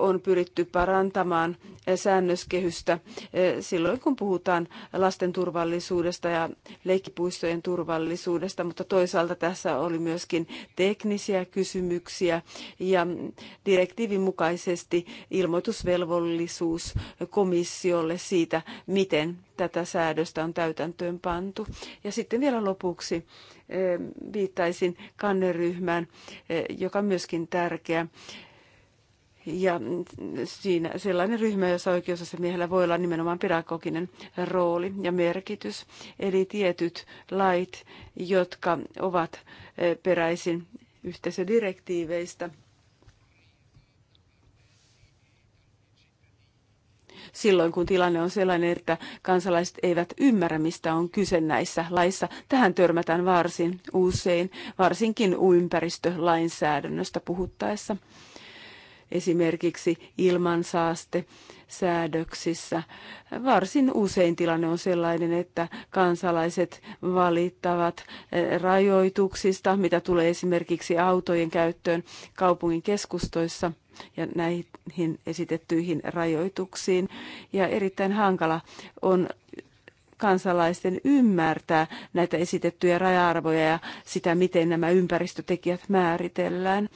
on pyritty parantamaan säännöskehystä silloin, kun puhutaan lasten turvallisuudesta ja leikkipuistojen turvallisuudesta, mutta toisaalta tässä oli myöskin teknisiä kysymyksiä ja direktiivin mukaisesti ilmoitusvelvollisuus komissiolle siitä, miten tätä säädöstä on täytäntöön pantu. Ja sitten vielä lopuksi eh, viittaisin kanneryhmään, eh, joka on myöskin tärkeä. Ja siinä sellainen ryhmä, jossa oikeusasiamiehellä voi olla nimenomaan pedagoginen rooli ja merkitys. Eli tietyt lait, jotka ovat eh, peräisin yhteisödirektiiveistä – silloin, kun tilanne on sellainen, että kansalaiset eivät ymmärrä, mistä on kyse näissä laissa. Tähän törmätään varsin usein, varsinkin ympäristölainsäädännöstä puhuttaessa esimerkiksi ilmansaaste säädöksissä. Varsin usein tilanne on sellainen, että kansalaiset valittavat eh, rajoituksista, mitä tulee esimerkiksi autojen käyttöön kaupungin keskustoissa ja näihin esitettyihin rajoituksiin. Ja erittäin hankala on kansalaisten ymmärtää näitä esitettyjä raja-arvoja ja sitä, miten nämä ympäristötekijät määritellään.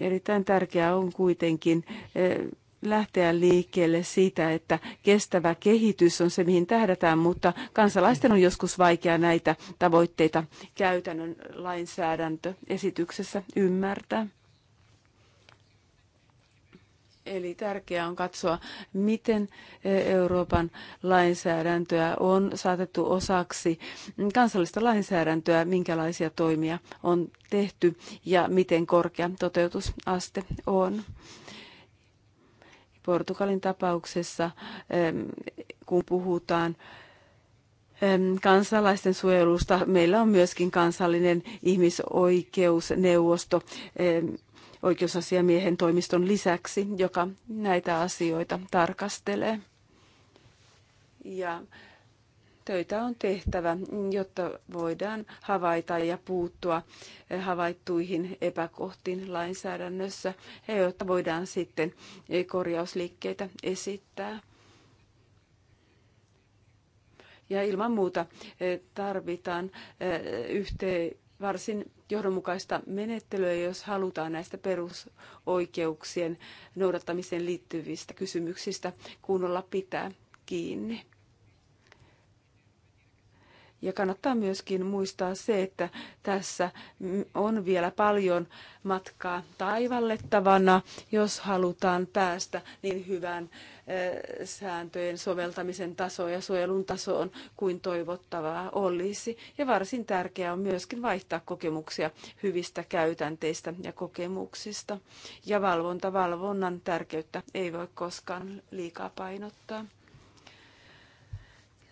Erittäin tärkeää on kuitenkin eh, lähteä liikkeelle siitä, että kestävä kehitys on se, mihin tähdätään, mutta kansalaisten on joskus vaikea näitä tavoitteita käytännön lainsäädäntöesityksessä ymmärtää. Eli tärkeää on katsoa, miten e, Euroopan lainsäädäntöä on saatettu osaksi kansallista lainsäädäntöä, minkälaisia toimia on tehty ja miten korkea toteutusaste on. Portugalin tapauksessa, kun puhutaan kansalaisten suojelusta, meillä on myöskin kansallinen ihmisoikeusneuvosto, oikeusasiamiehen toimiston lisäksi, joka näitä asioita tarkastelee. Ja töitä on tehtävä, jotta voidaan havaita ja puuttua havaittuihin epäkohtiin lainsäädännössä ja jotta voidaan sitten korjausliikkeitä esittää. Ja ilman muuta eh, tarvitaan eh, yhteen varsin johdonmukaista menettelyä, jos halutaan näistä perusoikeuksien noudattamiseen liittyvistä kysymyksistä kunnolla pitää kiinni. Ja kannattaa myöskin muistaa se, että tässä on vielä paljon matkaa taivallettavana, jos halutaan päästä niin hyvään eh, sääntöjen soveltamisen tasoon ja suojelun tasoon kuin toivottavaa olisi. Ja varsin tärkeää on myöskin vaihtaa kokemuksia hyvistä käytänteistä ja kokemuksista. Ja valvonta valvonnan tärkeyttä ei voi koskaan liikaa painottaa.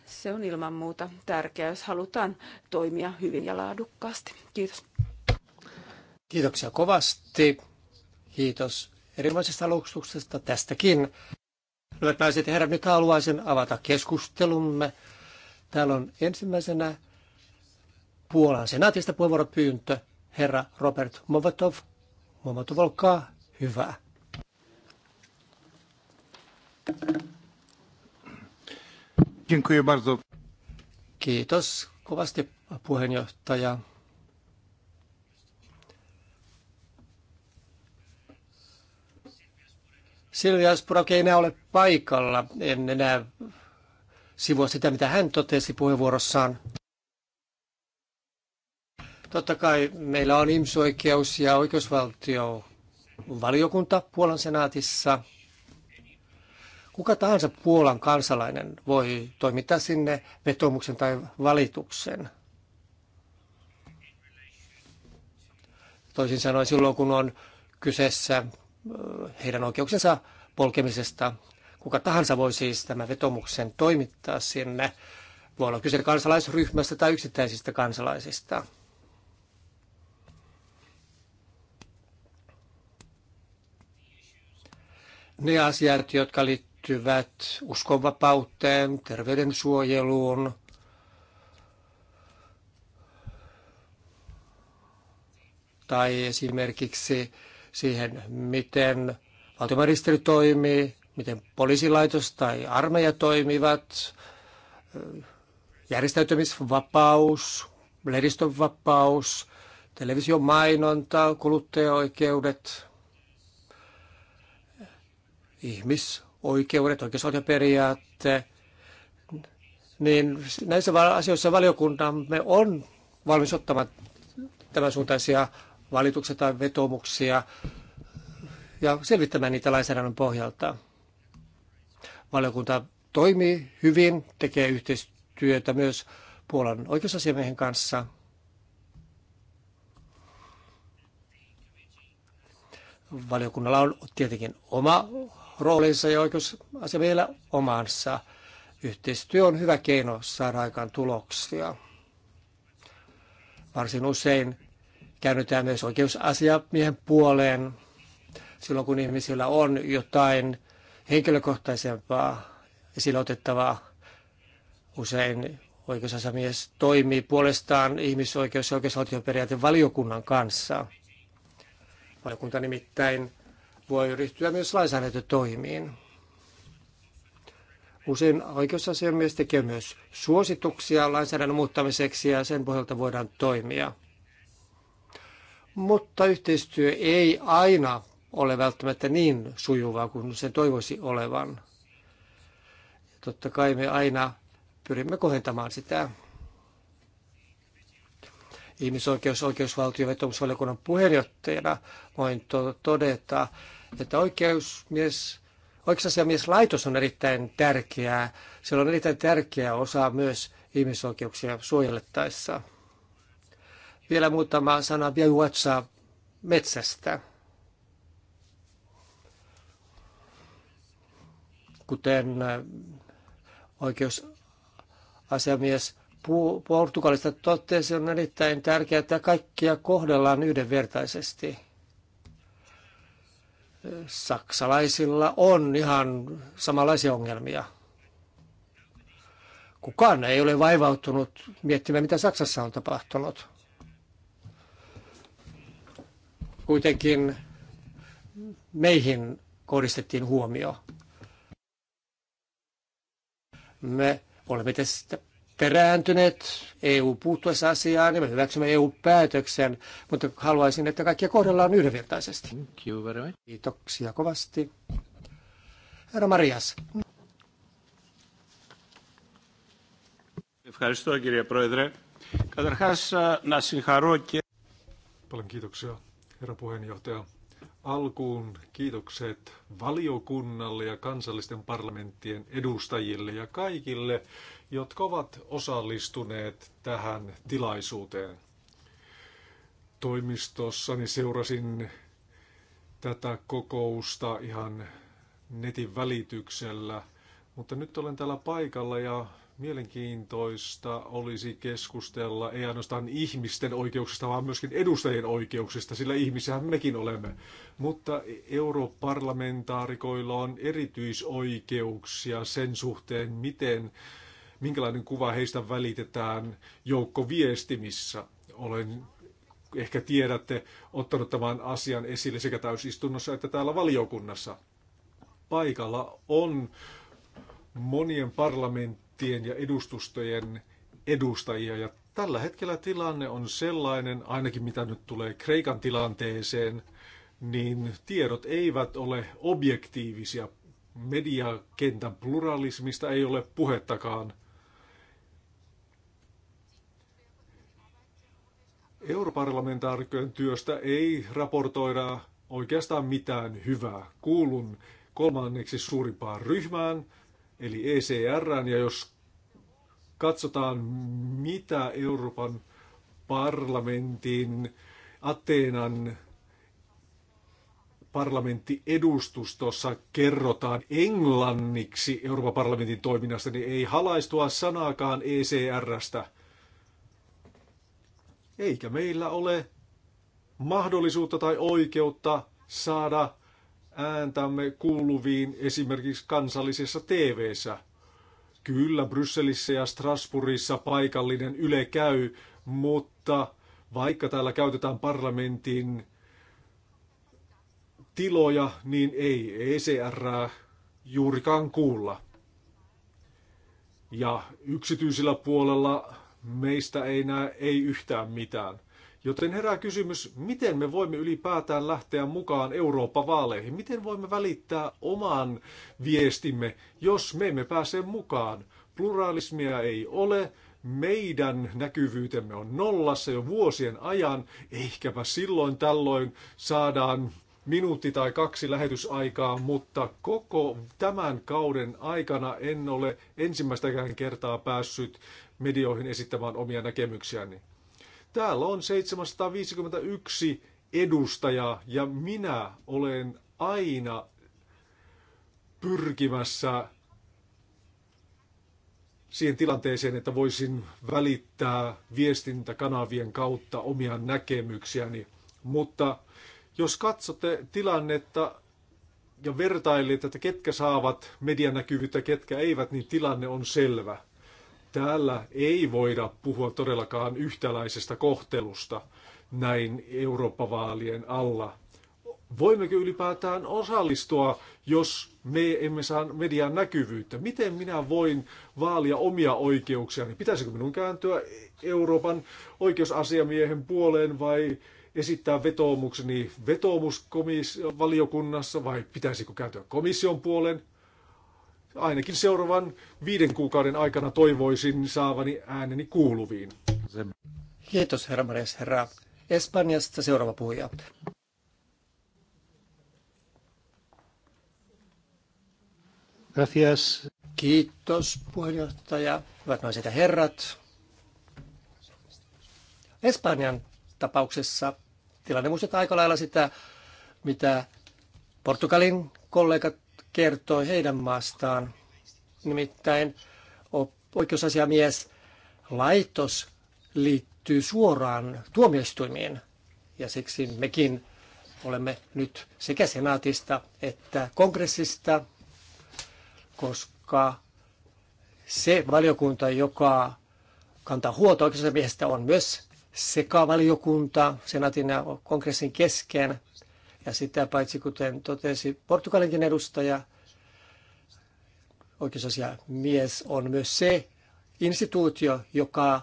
Se on ilman muuta tärkeää, jos halutaan toimia hyvin ja laadukkaasti. Kiitos. Kiitoksia kovasti. Kiitos erinomaisesta alustuksesta tästäkin. Hyvät naiset ja herrat, nyt haluaisin avata keskustelumme. Täällä on ensimmäisenä Puolan senaatista puheenvuoropyyntö herra Robert Movatov. Movatov, olkaa hyvä. Thank you. Dziękuję bardzo. Kiitos kovasti puheenjohtaja. Silvia Spurake ei enää ole paikalla. En enää sivua sitä, mitä hän totesi puheenvuorossaan. Totta kai meillä on ihmisoikeus- ja oikeusvaltio valiokunta Puolan senaatissa – Kuka tahansa Puolan kansalainen voi toimittaa sinne vetomuksen tai valituksen. Toisin sanoen silloin, kun on kyseessä heidän oikeuksensa polkemisesta, kuka tahansa voi siis tämän vetomuksen toimittaa sinne. Voi olla kyse kansalaisryhmästä tai yksittäisistä kansalaisista. ne asiat, jotka liittyvät liittyvät uskonvapauteen, terveydensuojeluun, tai esimerkiksi siihen, miten valtiomaristeri toimii, miten poliisilaitos tai armeija toimivat, järjestäytymisvapaus, lehdistönvapaus, televisiomainonta, kuluttajaoikeudet, ihmis oikeudet, oikeusvaltioperiaatte, niin näissä asioissa valiokuntamme on valmis ottamaan tämän suuntaisia valituksia tai vetomuksia ja selvittämään niitä lainsäädännön pohjalta. Valiokunta toimii hyvin, tekee yhteistyötä myös Puolan oikeusasiamiehen kanssa. Valiokunnalla on tietenkin oma roolinsa ja vielä omansa. Yhteistyö on hyvä keino saada aikaan tuloksia. Varsin usein käännytään myös oikeusasiamiehen puoleen silloin, kun ihmisillä on jotain henkilökohtaisempaa sillä otettavaa. Usein oikeusasiamies toimii puolestaan ihmisoikeus- ja oikeusvaltioperiaatevaliokunnan kanssa. Valiokunta nimittäin voi ryhtyä myös lainsäädäntötoimiin. Usein oikeusasiamies tekee myös suosituksia lainsäädännön muuttamiseksi ja sen pohjalta voidaan toimia. Mutta yhteistyö ei aina ole välttämättä niin sujuvaa kuin sen toivoisi olevan. Totta kai me aina pyrimme kohentamaan sitä. Ihmisoikeus- ja oikeusvaltiovetomusvaliokunnan puheenjohtajana voin to- todeta, että oikeusmies, oikeusasiamieslaitos on erittäin tärkeää. Siellä on erittäin tärkeä osa myös ihmisoikeuksia suojellettaessa. Vielä muutama sana Biawatsa metsästä. Kuten äh, oikeusasiamies Portugalista totesi, on erittäin tärkeää, että kaikkia kohdellaan yhdenvertaisesti – saksalaisilla on ihan samanlaisia ongelmia. Kukaan ei ole vaivautunut miettimään, mitä Saksassa on tapahtunut. Kuitenkin meihin kohdistettiin huomio. Me olemme tästä perääntyneet EU puuttuessa asiaan ja me hyväksymme EU-päätöksen, mutta haluaisin, että kaikkia kohdellaan yhdenvertaisesti. Kiitoksia kovasti. Herra Marias. Paljon kiitoksia, herra puheenjohtaja. Alkuun kiitokset valiokunnalle ja kansallisten parlamenttien edustajille ja kaikille, jotka ovat osallistuneet tähän tilaisuuteen. Toimistossani seurasin tätä kokousta ihan netin välityksellä, mutta nyt olen täällä paikalla ja Mielenkiintoista olisi keskustella ei ainoastaan ihmisten oikeuksista, vaan myöskin edustajien oikeuksista, sillä ihmisiä mekin olemme. Mutta europarlamentaarikoilla on erityisoikeuksia sen suhteen, miten, minkälainen kuva heistä välitetään joukkoviestimissä. Olen ehkä tiedätte, ottanut tämän asian esille sekä täysistunnossa että täällä valiokunnassa. Paikalla on monien parlamentti parlamenttien ja edustustojen edustajia. Ja tällä hetkellä tilanne on sellainen, ainakin mitä nyt tulee Kreikan tilanteeseen, niin tiedot eivät ole objektiivisia. Mediakentän pluralismista ei ole puhettakaan. Europarlamentaarikkojen työstä ei raportoida oikeastaan mitään hyvää. Kuulun kolmanneksi suurimpaan ryhmään eli ECR, ja jos katsotaan, mitä Euroopan parlamentin Ateenan parlamenttiedustustossa kerrotaan englanniksi Euroopan parlamentin toiminnasta, niin ei halaistua sanaakaan ECRstä. Eikä meillä ole mahdollisuutta tai oikeutta saada ääntämme kuuluviin esimerkiksi kansallisessa tv -sä. Kyllä, Brysselissä ja Strasbourgissa paikallinen Yle käy, mutta vaikka täällä käytetään parlamentin tiloja, niin ei ECR juurikaan kuulla. Ja yksityisellä puolella meistä ei näe ei yhtään mitään. Joten herää kysymys, miten me voimme ylipäätään lähteä mukaan Eurooppa-vaaleihin? Miten voimme välittää oman viestimme, jos me emme pääse mukaan? Pluralismia ei ole, meidän näkyvyytemme on nollassa jo vuosien ajan. Ehkäpä silloin tällöin saadaan minuutti tai kaksi lähetysaikaa, mutta koko tämän kauden aikana en ole ensimmäistäkään kertaa päässyt medioihin esittämään omia näkemyksiäni. Täällä on 751 edustajaa ja minä olen aina pyrkimässä siihen tilanteeseen, että voisin välittää viestintäkanavien kautta omia näkemyksiäni. Mutta jos katsotte tilannetta ja vertailet, että ketkä saavat medianäkyvyyttä, ketkä eivät, niin tilanne on selvä. Täällä ei voida puhua todellakaan yhtäläisestä kohtelusta näin Eurooppa-vaalien alla. Voimmeko ylipäätään osallistua, jos me emme saa median näkyvyyttä? Miten minä voin vaalia omia oikeuksiani? Pitäisikö minun kääntyä Euroopan oikeusasiamiehen puoleen vai esittää vetoomukseni valiokunnassa vai pitäisikö kääntyä komission puoleen? ainakin seuraavan viiden kuukauden aikana toivoisin saavani ääneni kuuluviin. Kiitos herra Marias, herra. Espanjasta seuraava puhuja. Gracias. Kiitos puheenjohtaja. Hyvät naiset ja herrat. Espanjan tapauksessa tilanne muistetaan aika lailla sitä, mitä Portugalin kollegat kertoi heidän maastaan. Nimittäin oikeusasiamies laitos liittyy suoraan tuomioistuimiin ja siksi mekin olemme nyt sekä senaatista että kongressista, koska se valiokunta, joka kantaa huolta oikeusasiamiehestä, on myös sekavaliokunta senaatin ja kongressin kesken. Ja sitä paitsi, kuten totesi Portugalinkin edustaja, oikeusasia mies on myös se instituutio, joka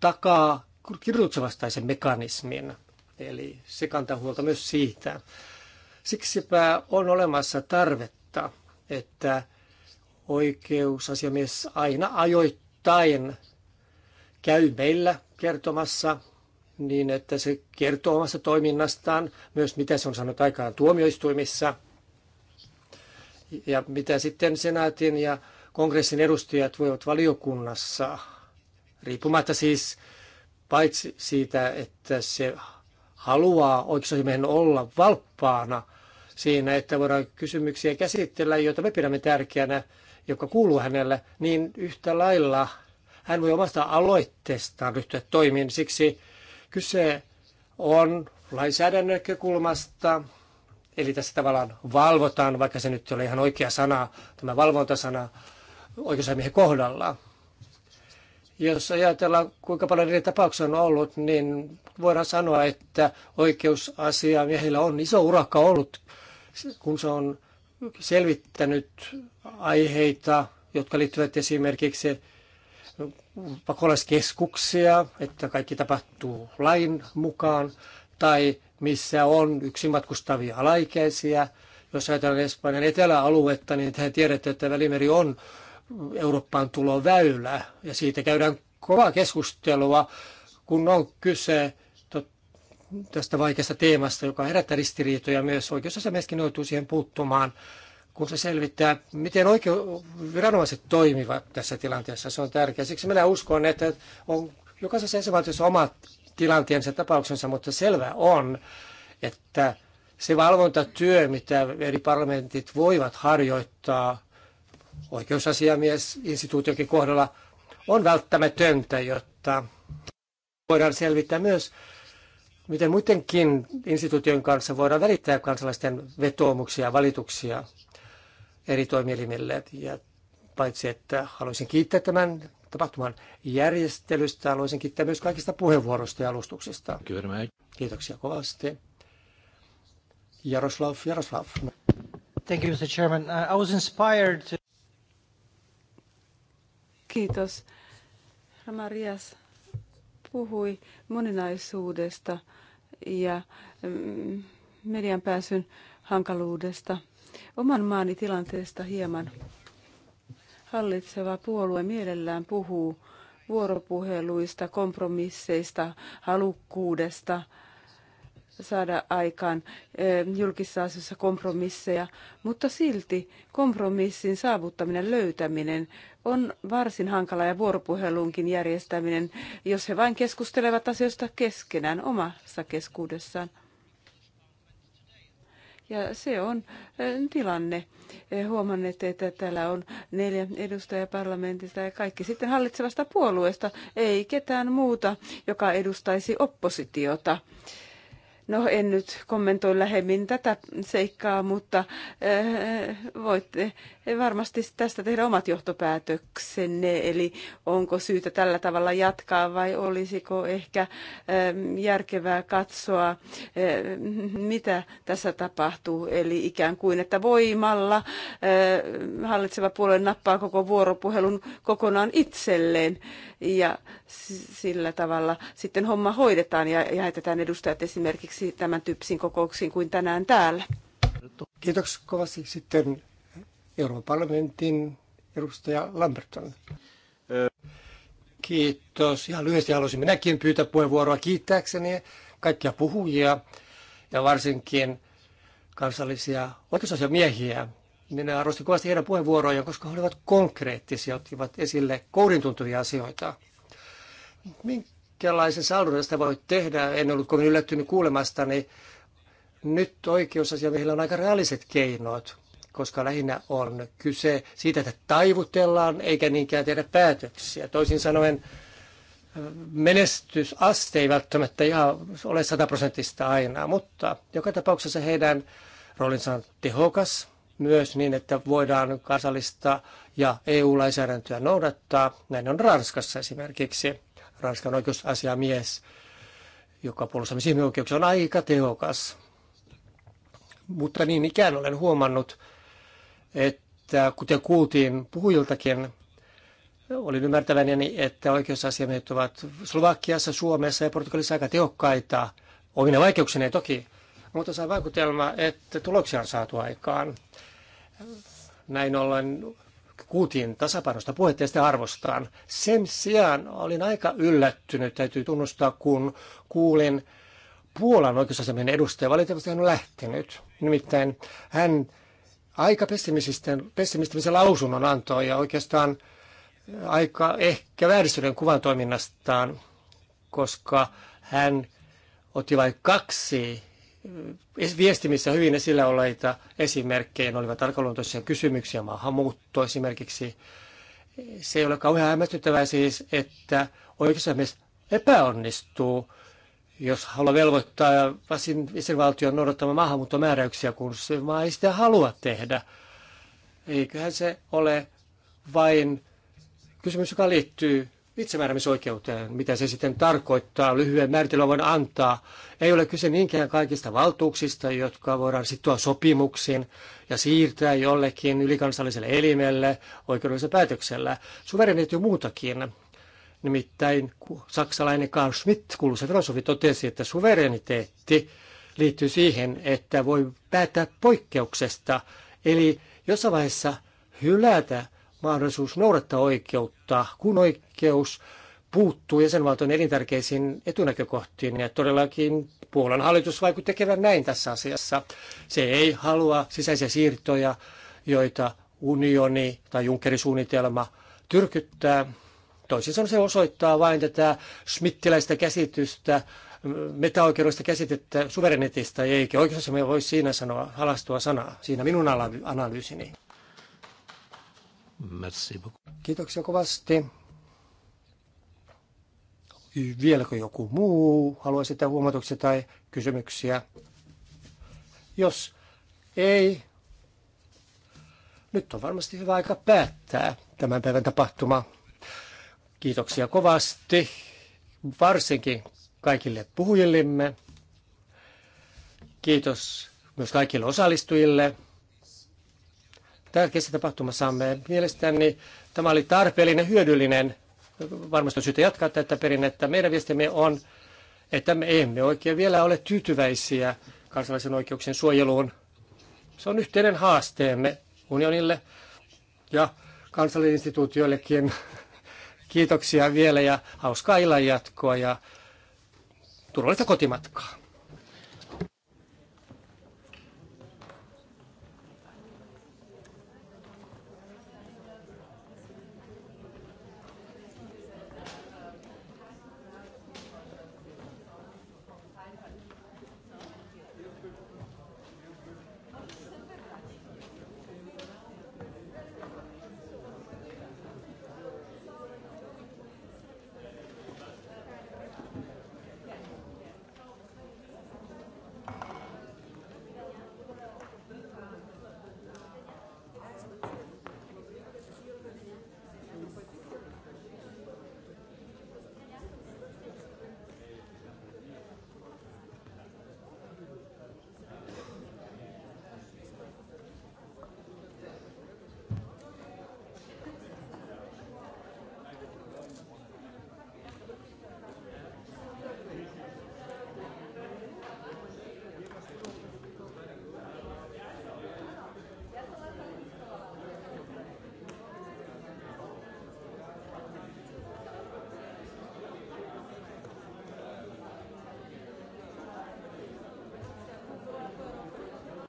takaa kirjoituksen mekanismin. Eli se kantaa huolta myös siitä. Siksipä on olemassa tarvetta, että oikeusasiamies aina ajoittain käy meillä kertomassa niin että se kertoo omasta toiminnastaan, myös mitä se on saanut aikaan tuomioistuimissa ja mitä sitten senaatin ja kongressin edustajat voivat valiokunnassa, riippumatta siis paitsi siitä, että se haluaa oikeusasiamiehen olla valppaana siinä, että voidaan kysymyksiä käsitellä, joita me pidämme tärkeänä, joka kuuluu hänelle, niin yhtä lailla hän voi omasta aloitteestaan ryhtyä toimiin. Siksi Kyse on lainsäädännön näkökulmasta, eli tässä tavallaan valvotaan, vaikka se nyt ei ole ihan oikea sana, tämä valvontasana oikeusasiamiehen kohdalla. Jos ajatellaan, kuinka paljon eri tapauksia on ollut, niin voidaan sanoa, että oikeusasiamiehillä on iso urakka ollut, kun se on selvittänyt aiheita, jotka liittyvät esimerkiksi pakolaiskeskuksia, että kaikki tapahtuu lain mukaan, tai missä on yksin matkustavia alaikäisiä. Jos ajatellaan Espanjan eteläaluetta, niin tehän tiedätte, että Välimeri on Eurooppaan tulon väylä, ja siitä käydään kovaa keskustelua, kun on kyse tästä vaikeasta teemasta, joka herättää ristiriitoja myös. Oikeusasemieskin joutuu siihen puuttumaan kun se selvittää, miten oikeu- viranomaiset toimivat tässä tilanteessa. Se on tärkeää. Siksi minä uskon, että on jokaisessa jäsenvaltiossa omat tilanteensa tapauksensa, mutta selvä on, että se valvontatyö, mitä eri parlamentit voivat harjoittaa oikeusasiamiesinstituutiokin kohdalla, on välttämätöntä, jotta voidaan selvittää myös, miten muidenkin instituutioiden kanssa voidaan välittää kansalaisten vetoomuksia ja valituksia eri toimielimille. Ja paitsi, että haluaisin kiittää tämän tapahtuman järjestelystä, haluaisin kiittää myös kaikista puheenvuoroista ja alustuksista. Kyllä, Kiitoksia kovasti. Jaroslav, Jaroslav. Thank you, Mr. Chairman. Uh, I was inspired to... Kiitos. Marias puhui moninaisuudesta ja mm, median pääsyn hankaluudesta – oman maani tilanteesta hieman. Hallitseva puolue mielellään puhuu vuoropuheluista, kompromisseista, halukkuudesta saada aikaan eh, julkisissa asioissa kompromisseja, mutta silti kompromissin saavuttaminen, löytäminen on varsin hankala ja vuoropuhelunkin järjestäminen, jos he vain keskustelevat asioista keskenään omassa keskuudessaan. Ja se on eh, tilanne. Eh, huomannette, että täällä on neljä edustajaa parlamentista ja kaikki sitten hallitsevasta puolueesta. Ei ketään muuta, joka edustaisi oppositiota. No en nyt kommentoi lähemmin tätä seikkaa, mutta äh, voitte varmasti tästä tehdä omat johtopäätöksenne, eli onko syytä tällä tavalla jatkaa vai olisiko ehkä ähm, järkevää katsoa, ähm, mitä tässä tapahtuu. Eli ikään kuin, että voimalla äh, hallitseva puolue nappaa koko vuoropuhelun kokonaan itselleen ja sillä tavalla sitten homma hoidetaan ja jätetään edustajat esimerkiksi tämän tyyppisiin kokouksiin kuin tänään täällä. Kiitos kovasti sitten Euroopan parlamentin edustaja Lamberton. Kiitos. ja lyhyesti haluaisin minäkin pyytää puheenvuoroa kiittääkseni kaikkia puhujia ja varsinkin kansallisia oikeusasiamiehiä. Minä arvostin kovasti heidän puheenvuoroja, koska he olivat konkreettisia, ottivat esille kourintuntuvia asioita. Minkälaisen saldon tästä voi tehdä? En ollut kovin yllättynyt kuulemastani. Nyt oikeusasiamiehillä on aika reaaliset keinot koska lähinnä on kyse siitä, että taivutellaan eikä niinkään tehdä päätöksiä. Toisin sanoen menestysaste ei välttämättä ihan ole sataprosenttista aina, mutta joka tapauksessa heidän roolinsa on tehokas myös niin, että voidaan kansallista ja EU-lainsäädäntöä noudattaa. Näin on Ranskassa esimerkiksi. Ranskan oikeusasiamies, joka puolustamisen oikeuksia on aika tehokas. Mutta niin ikään olen huomannut, että kuten kuultiin puhujiltakin, olin ymmärtäväni, että oikeusasiamiehet ovat Slovakiassa, Suomessa ja Portugalissa aika tehokkaita, omina vaikeuksineen toki, mutta saa vaikutelma, että tuloksia on saatu aikaan. Näin ollen kuultiin tasapainosta puhetta arvostaan. Sen sijaan olin aika yllättynyt, täytyy tunnustaa, kun kuulin Puolan oikeusasemien edustaja. Valitettavasti hän on lähtenyt. Nimittäin hän aika pessimistisen, pessimistisen lausunnon antoi ja oikeastaan aika ehkä vääristyneen kuvan toiminnastaan, koska hän otti vain kaksi viestimissä hyvin esillä oleita esimerkkejä. Ne olivat tarkaluontoisia kysymyksiä, maahanmuutto esimerkiksi. Se ei ole kauhean hämmästyttävää siis, että oikeusasiamies epäonnistuu jos haluaa velvoittaa jäsenvaltion noudattamaan maahanmuuttomääräyksiä, kun se maa ei sitä halua tehdä. Eiköhän se ole vain kysymys, joka liittyy itsemääräämisoikeuteen, mitä se sitten tarkoittaa, lyhyen määritelmän voin antaa. Ei ole kyse niinkään kaikista valtuuksista, jotka voidaan sitoa sopimuksiin ja siirtää jollekin ylikansalliselle elimelle oikeudellisella päätöksellä. Suvereniteetti on muutakin. Nimittäin saksalainen Karl Schmidt, kuuluisa filosofi, totesi, että suvereniteetti liittyy siihen, että voi päättää poikkeuksesta, eli jossain vaiheessa hylätä mahdollisuus noudattaa oikeutta, kun oikeus puuttuu jäsenvaltion elintärkeisiin etunäkökohtiin. Ja todellakin Puolan hallitus vaikutti tekevän näin tässä asiassa. Se ei halua sisäisiä siirtoja, joita unioni tai Junckerin suunnitelma tyrkyttää Toisin sanoen se osoittaa vain tätä smittiläistä käsitystä, metaoikeudesta käsitettä suverenitista, eikä oikeastaan me voi siinä sanoa halastua sanaa. Siinä minun analyysini. Merci Kiitoksia kovasti. Vieläkö joku muu haluaisi sitä huomautuksia tai kysymyksiä? Jos ei, nyt on varmasti hyvä aika päättää tämän päivän tapahtuma. Kiitoksia kovasti, varsinkin kaikille puhujillemme. Kiitos myös kaikille osallistujille. Tärkeässä tapahtumassamme mielestäni tämä oli tarpeellinen, hyödyllinen. Varmasti on syytä jatkaa tätä perinnettä. Meidän viestimme on, että me emme oikein vielä ole tyytyväisiä kansalaisen oikeuksien suojeluun. Se on yhteinen haasteemme unionille ja kansallisinstituutioillekin. Kiitoksia vielä ja hauskaa illan jatkoa ja turvallista kotimatkaa.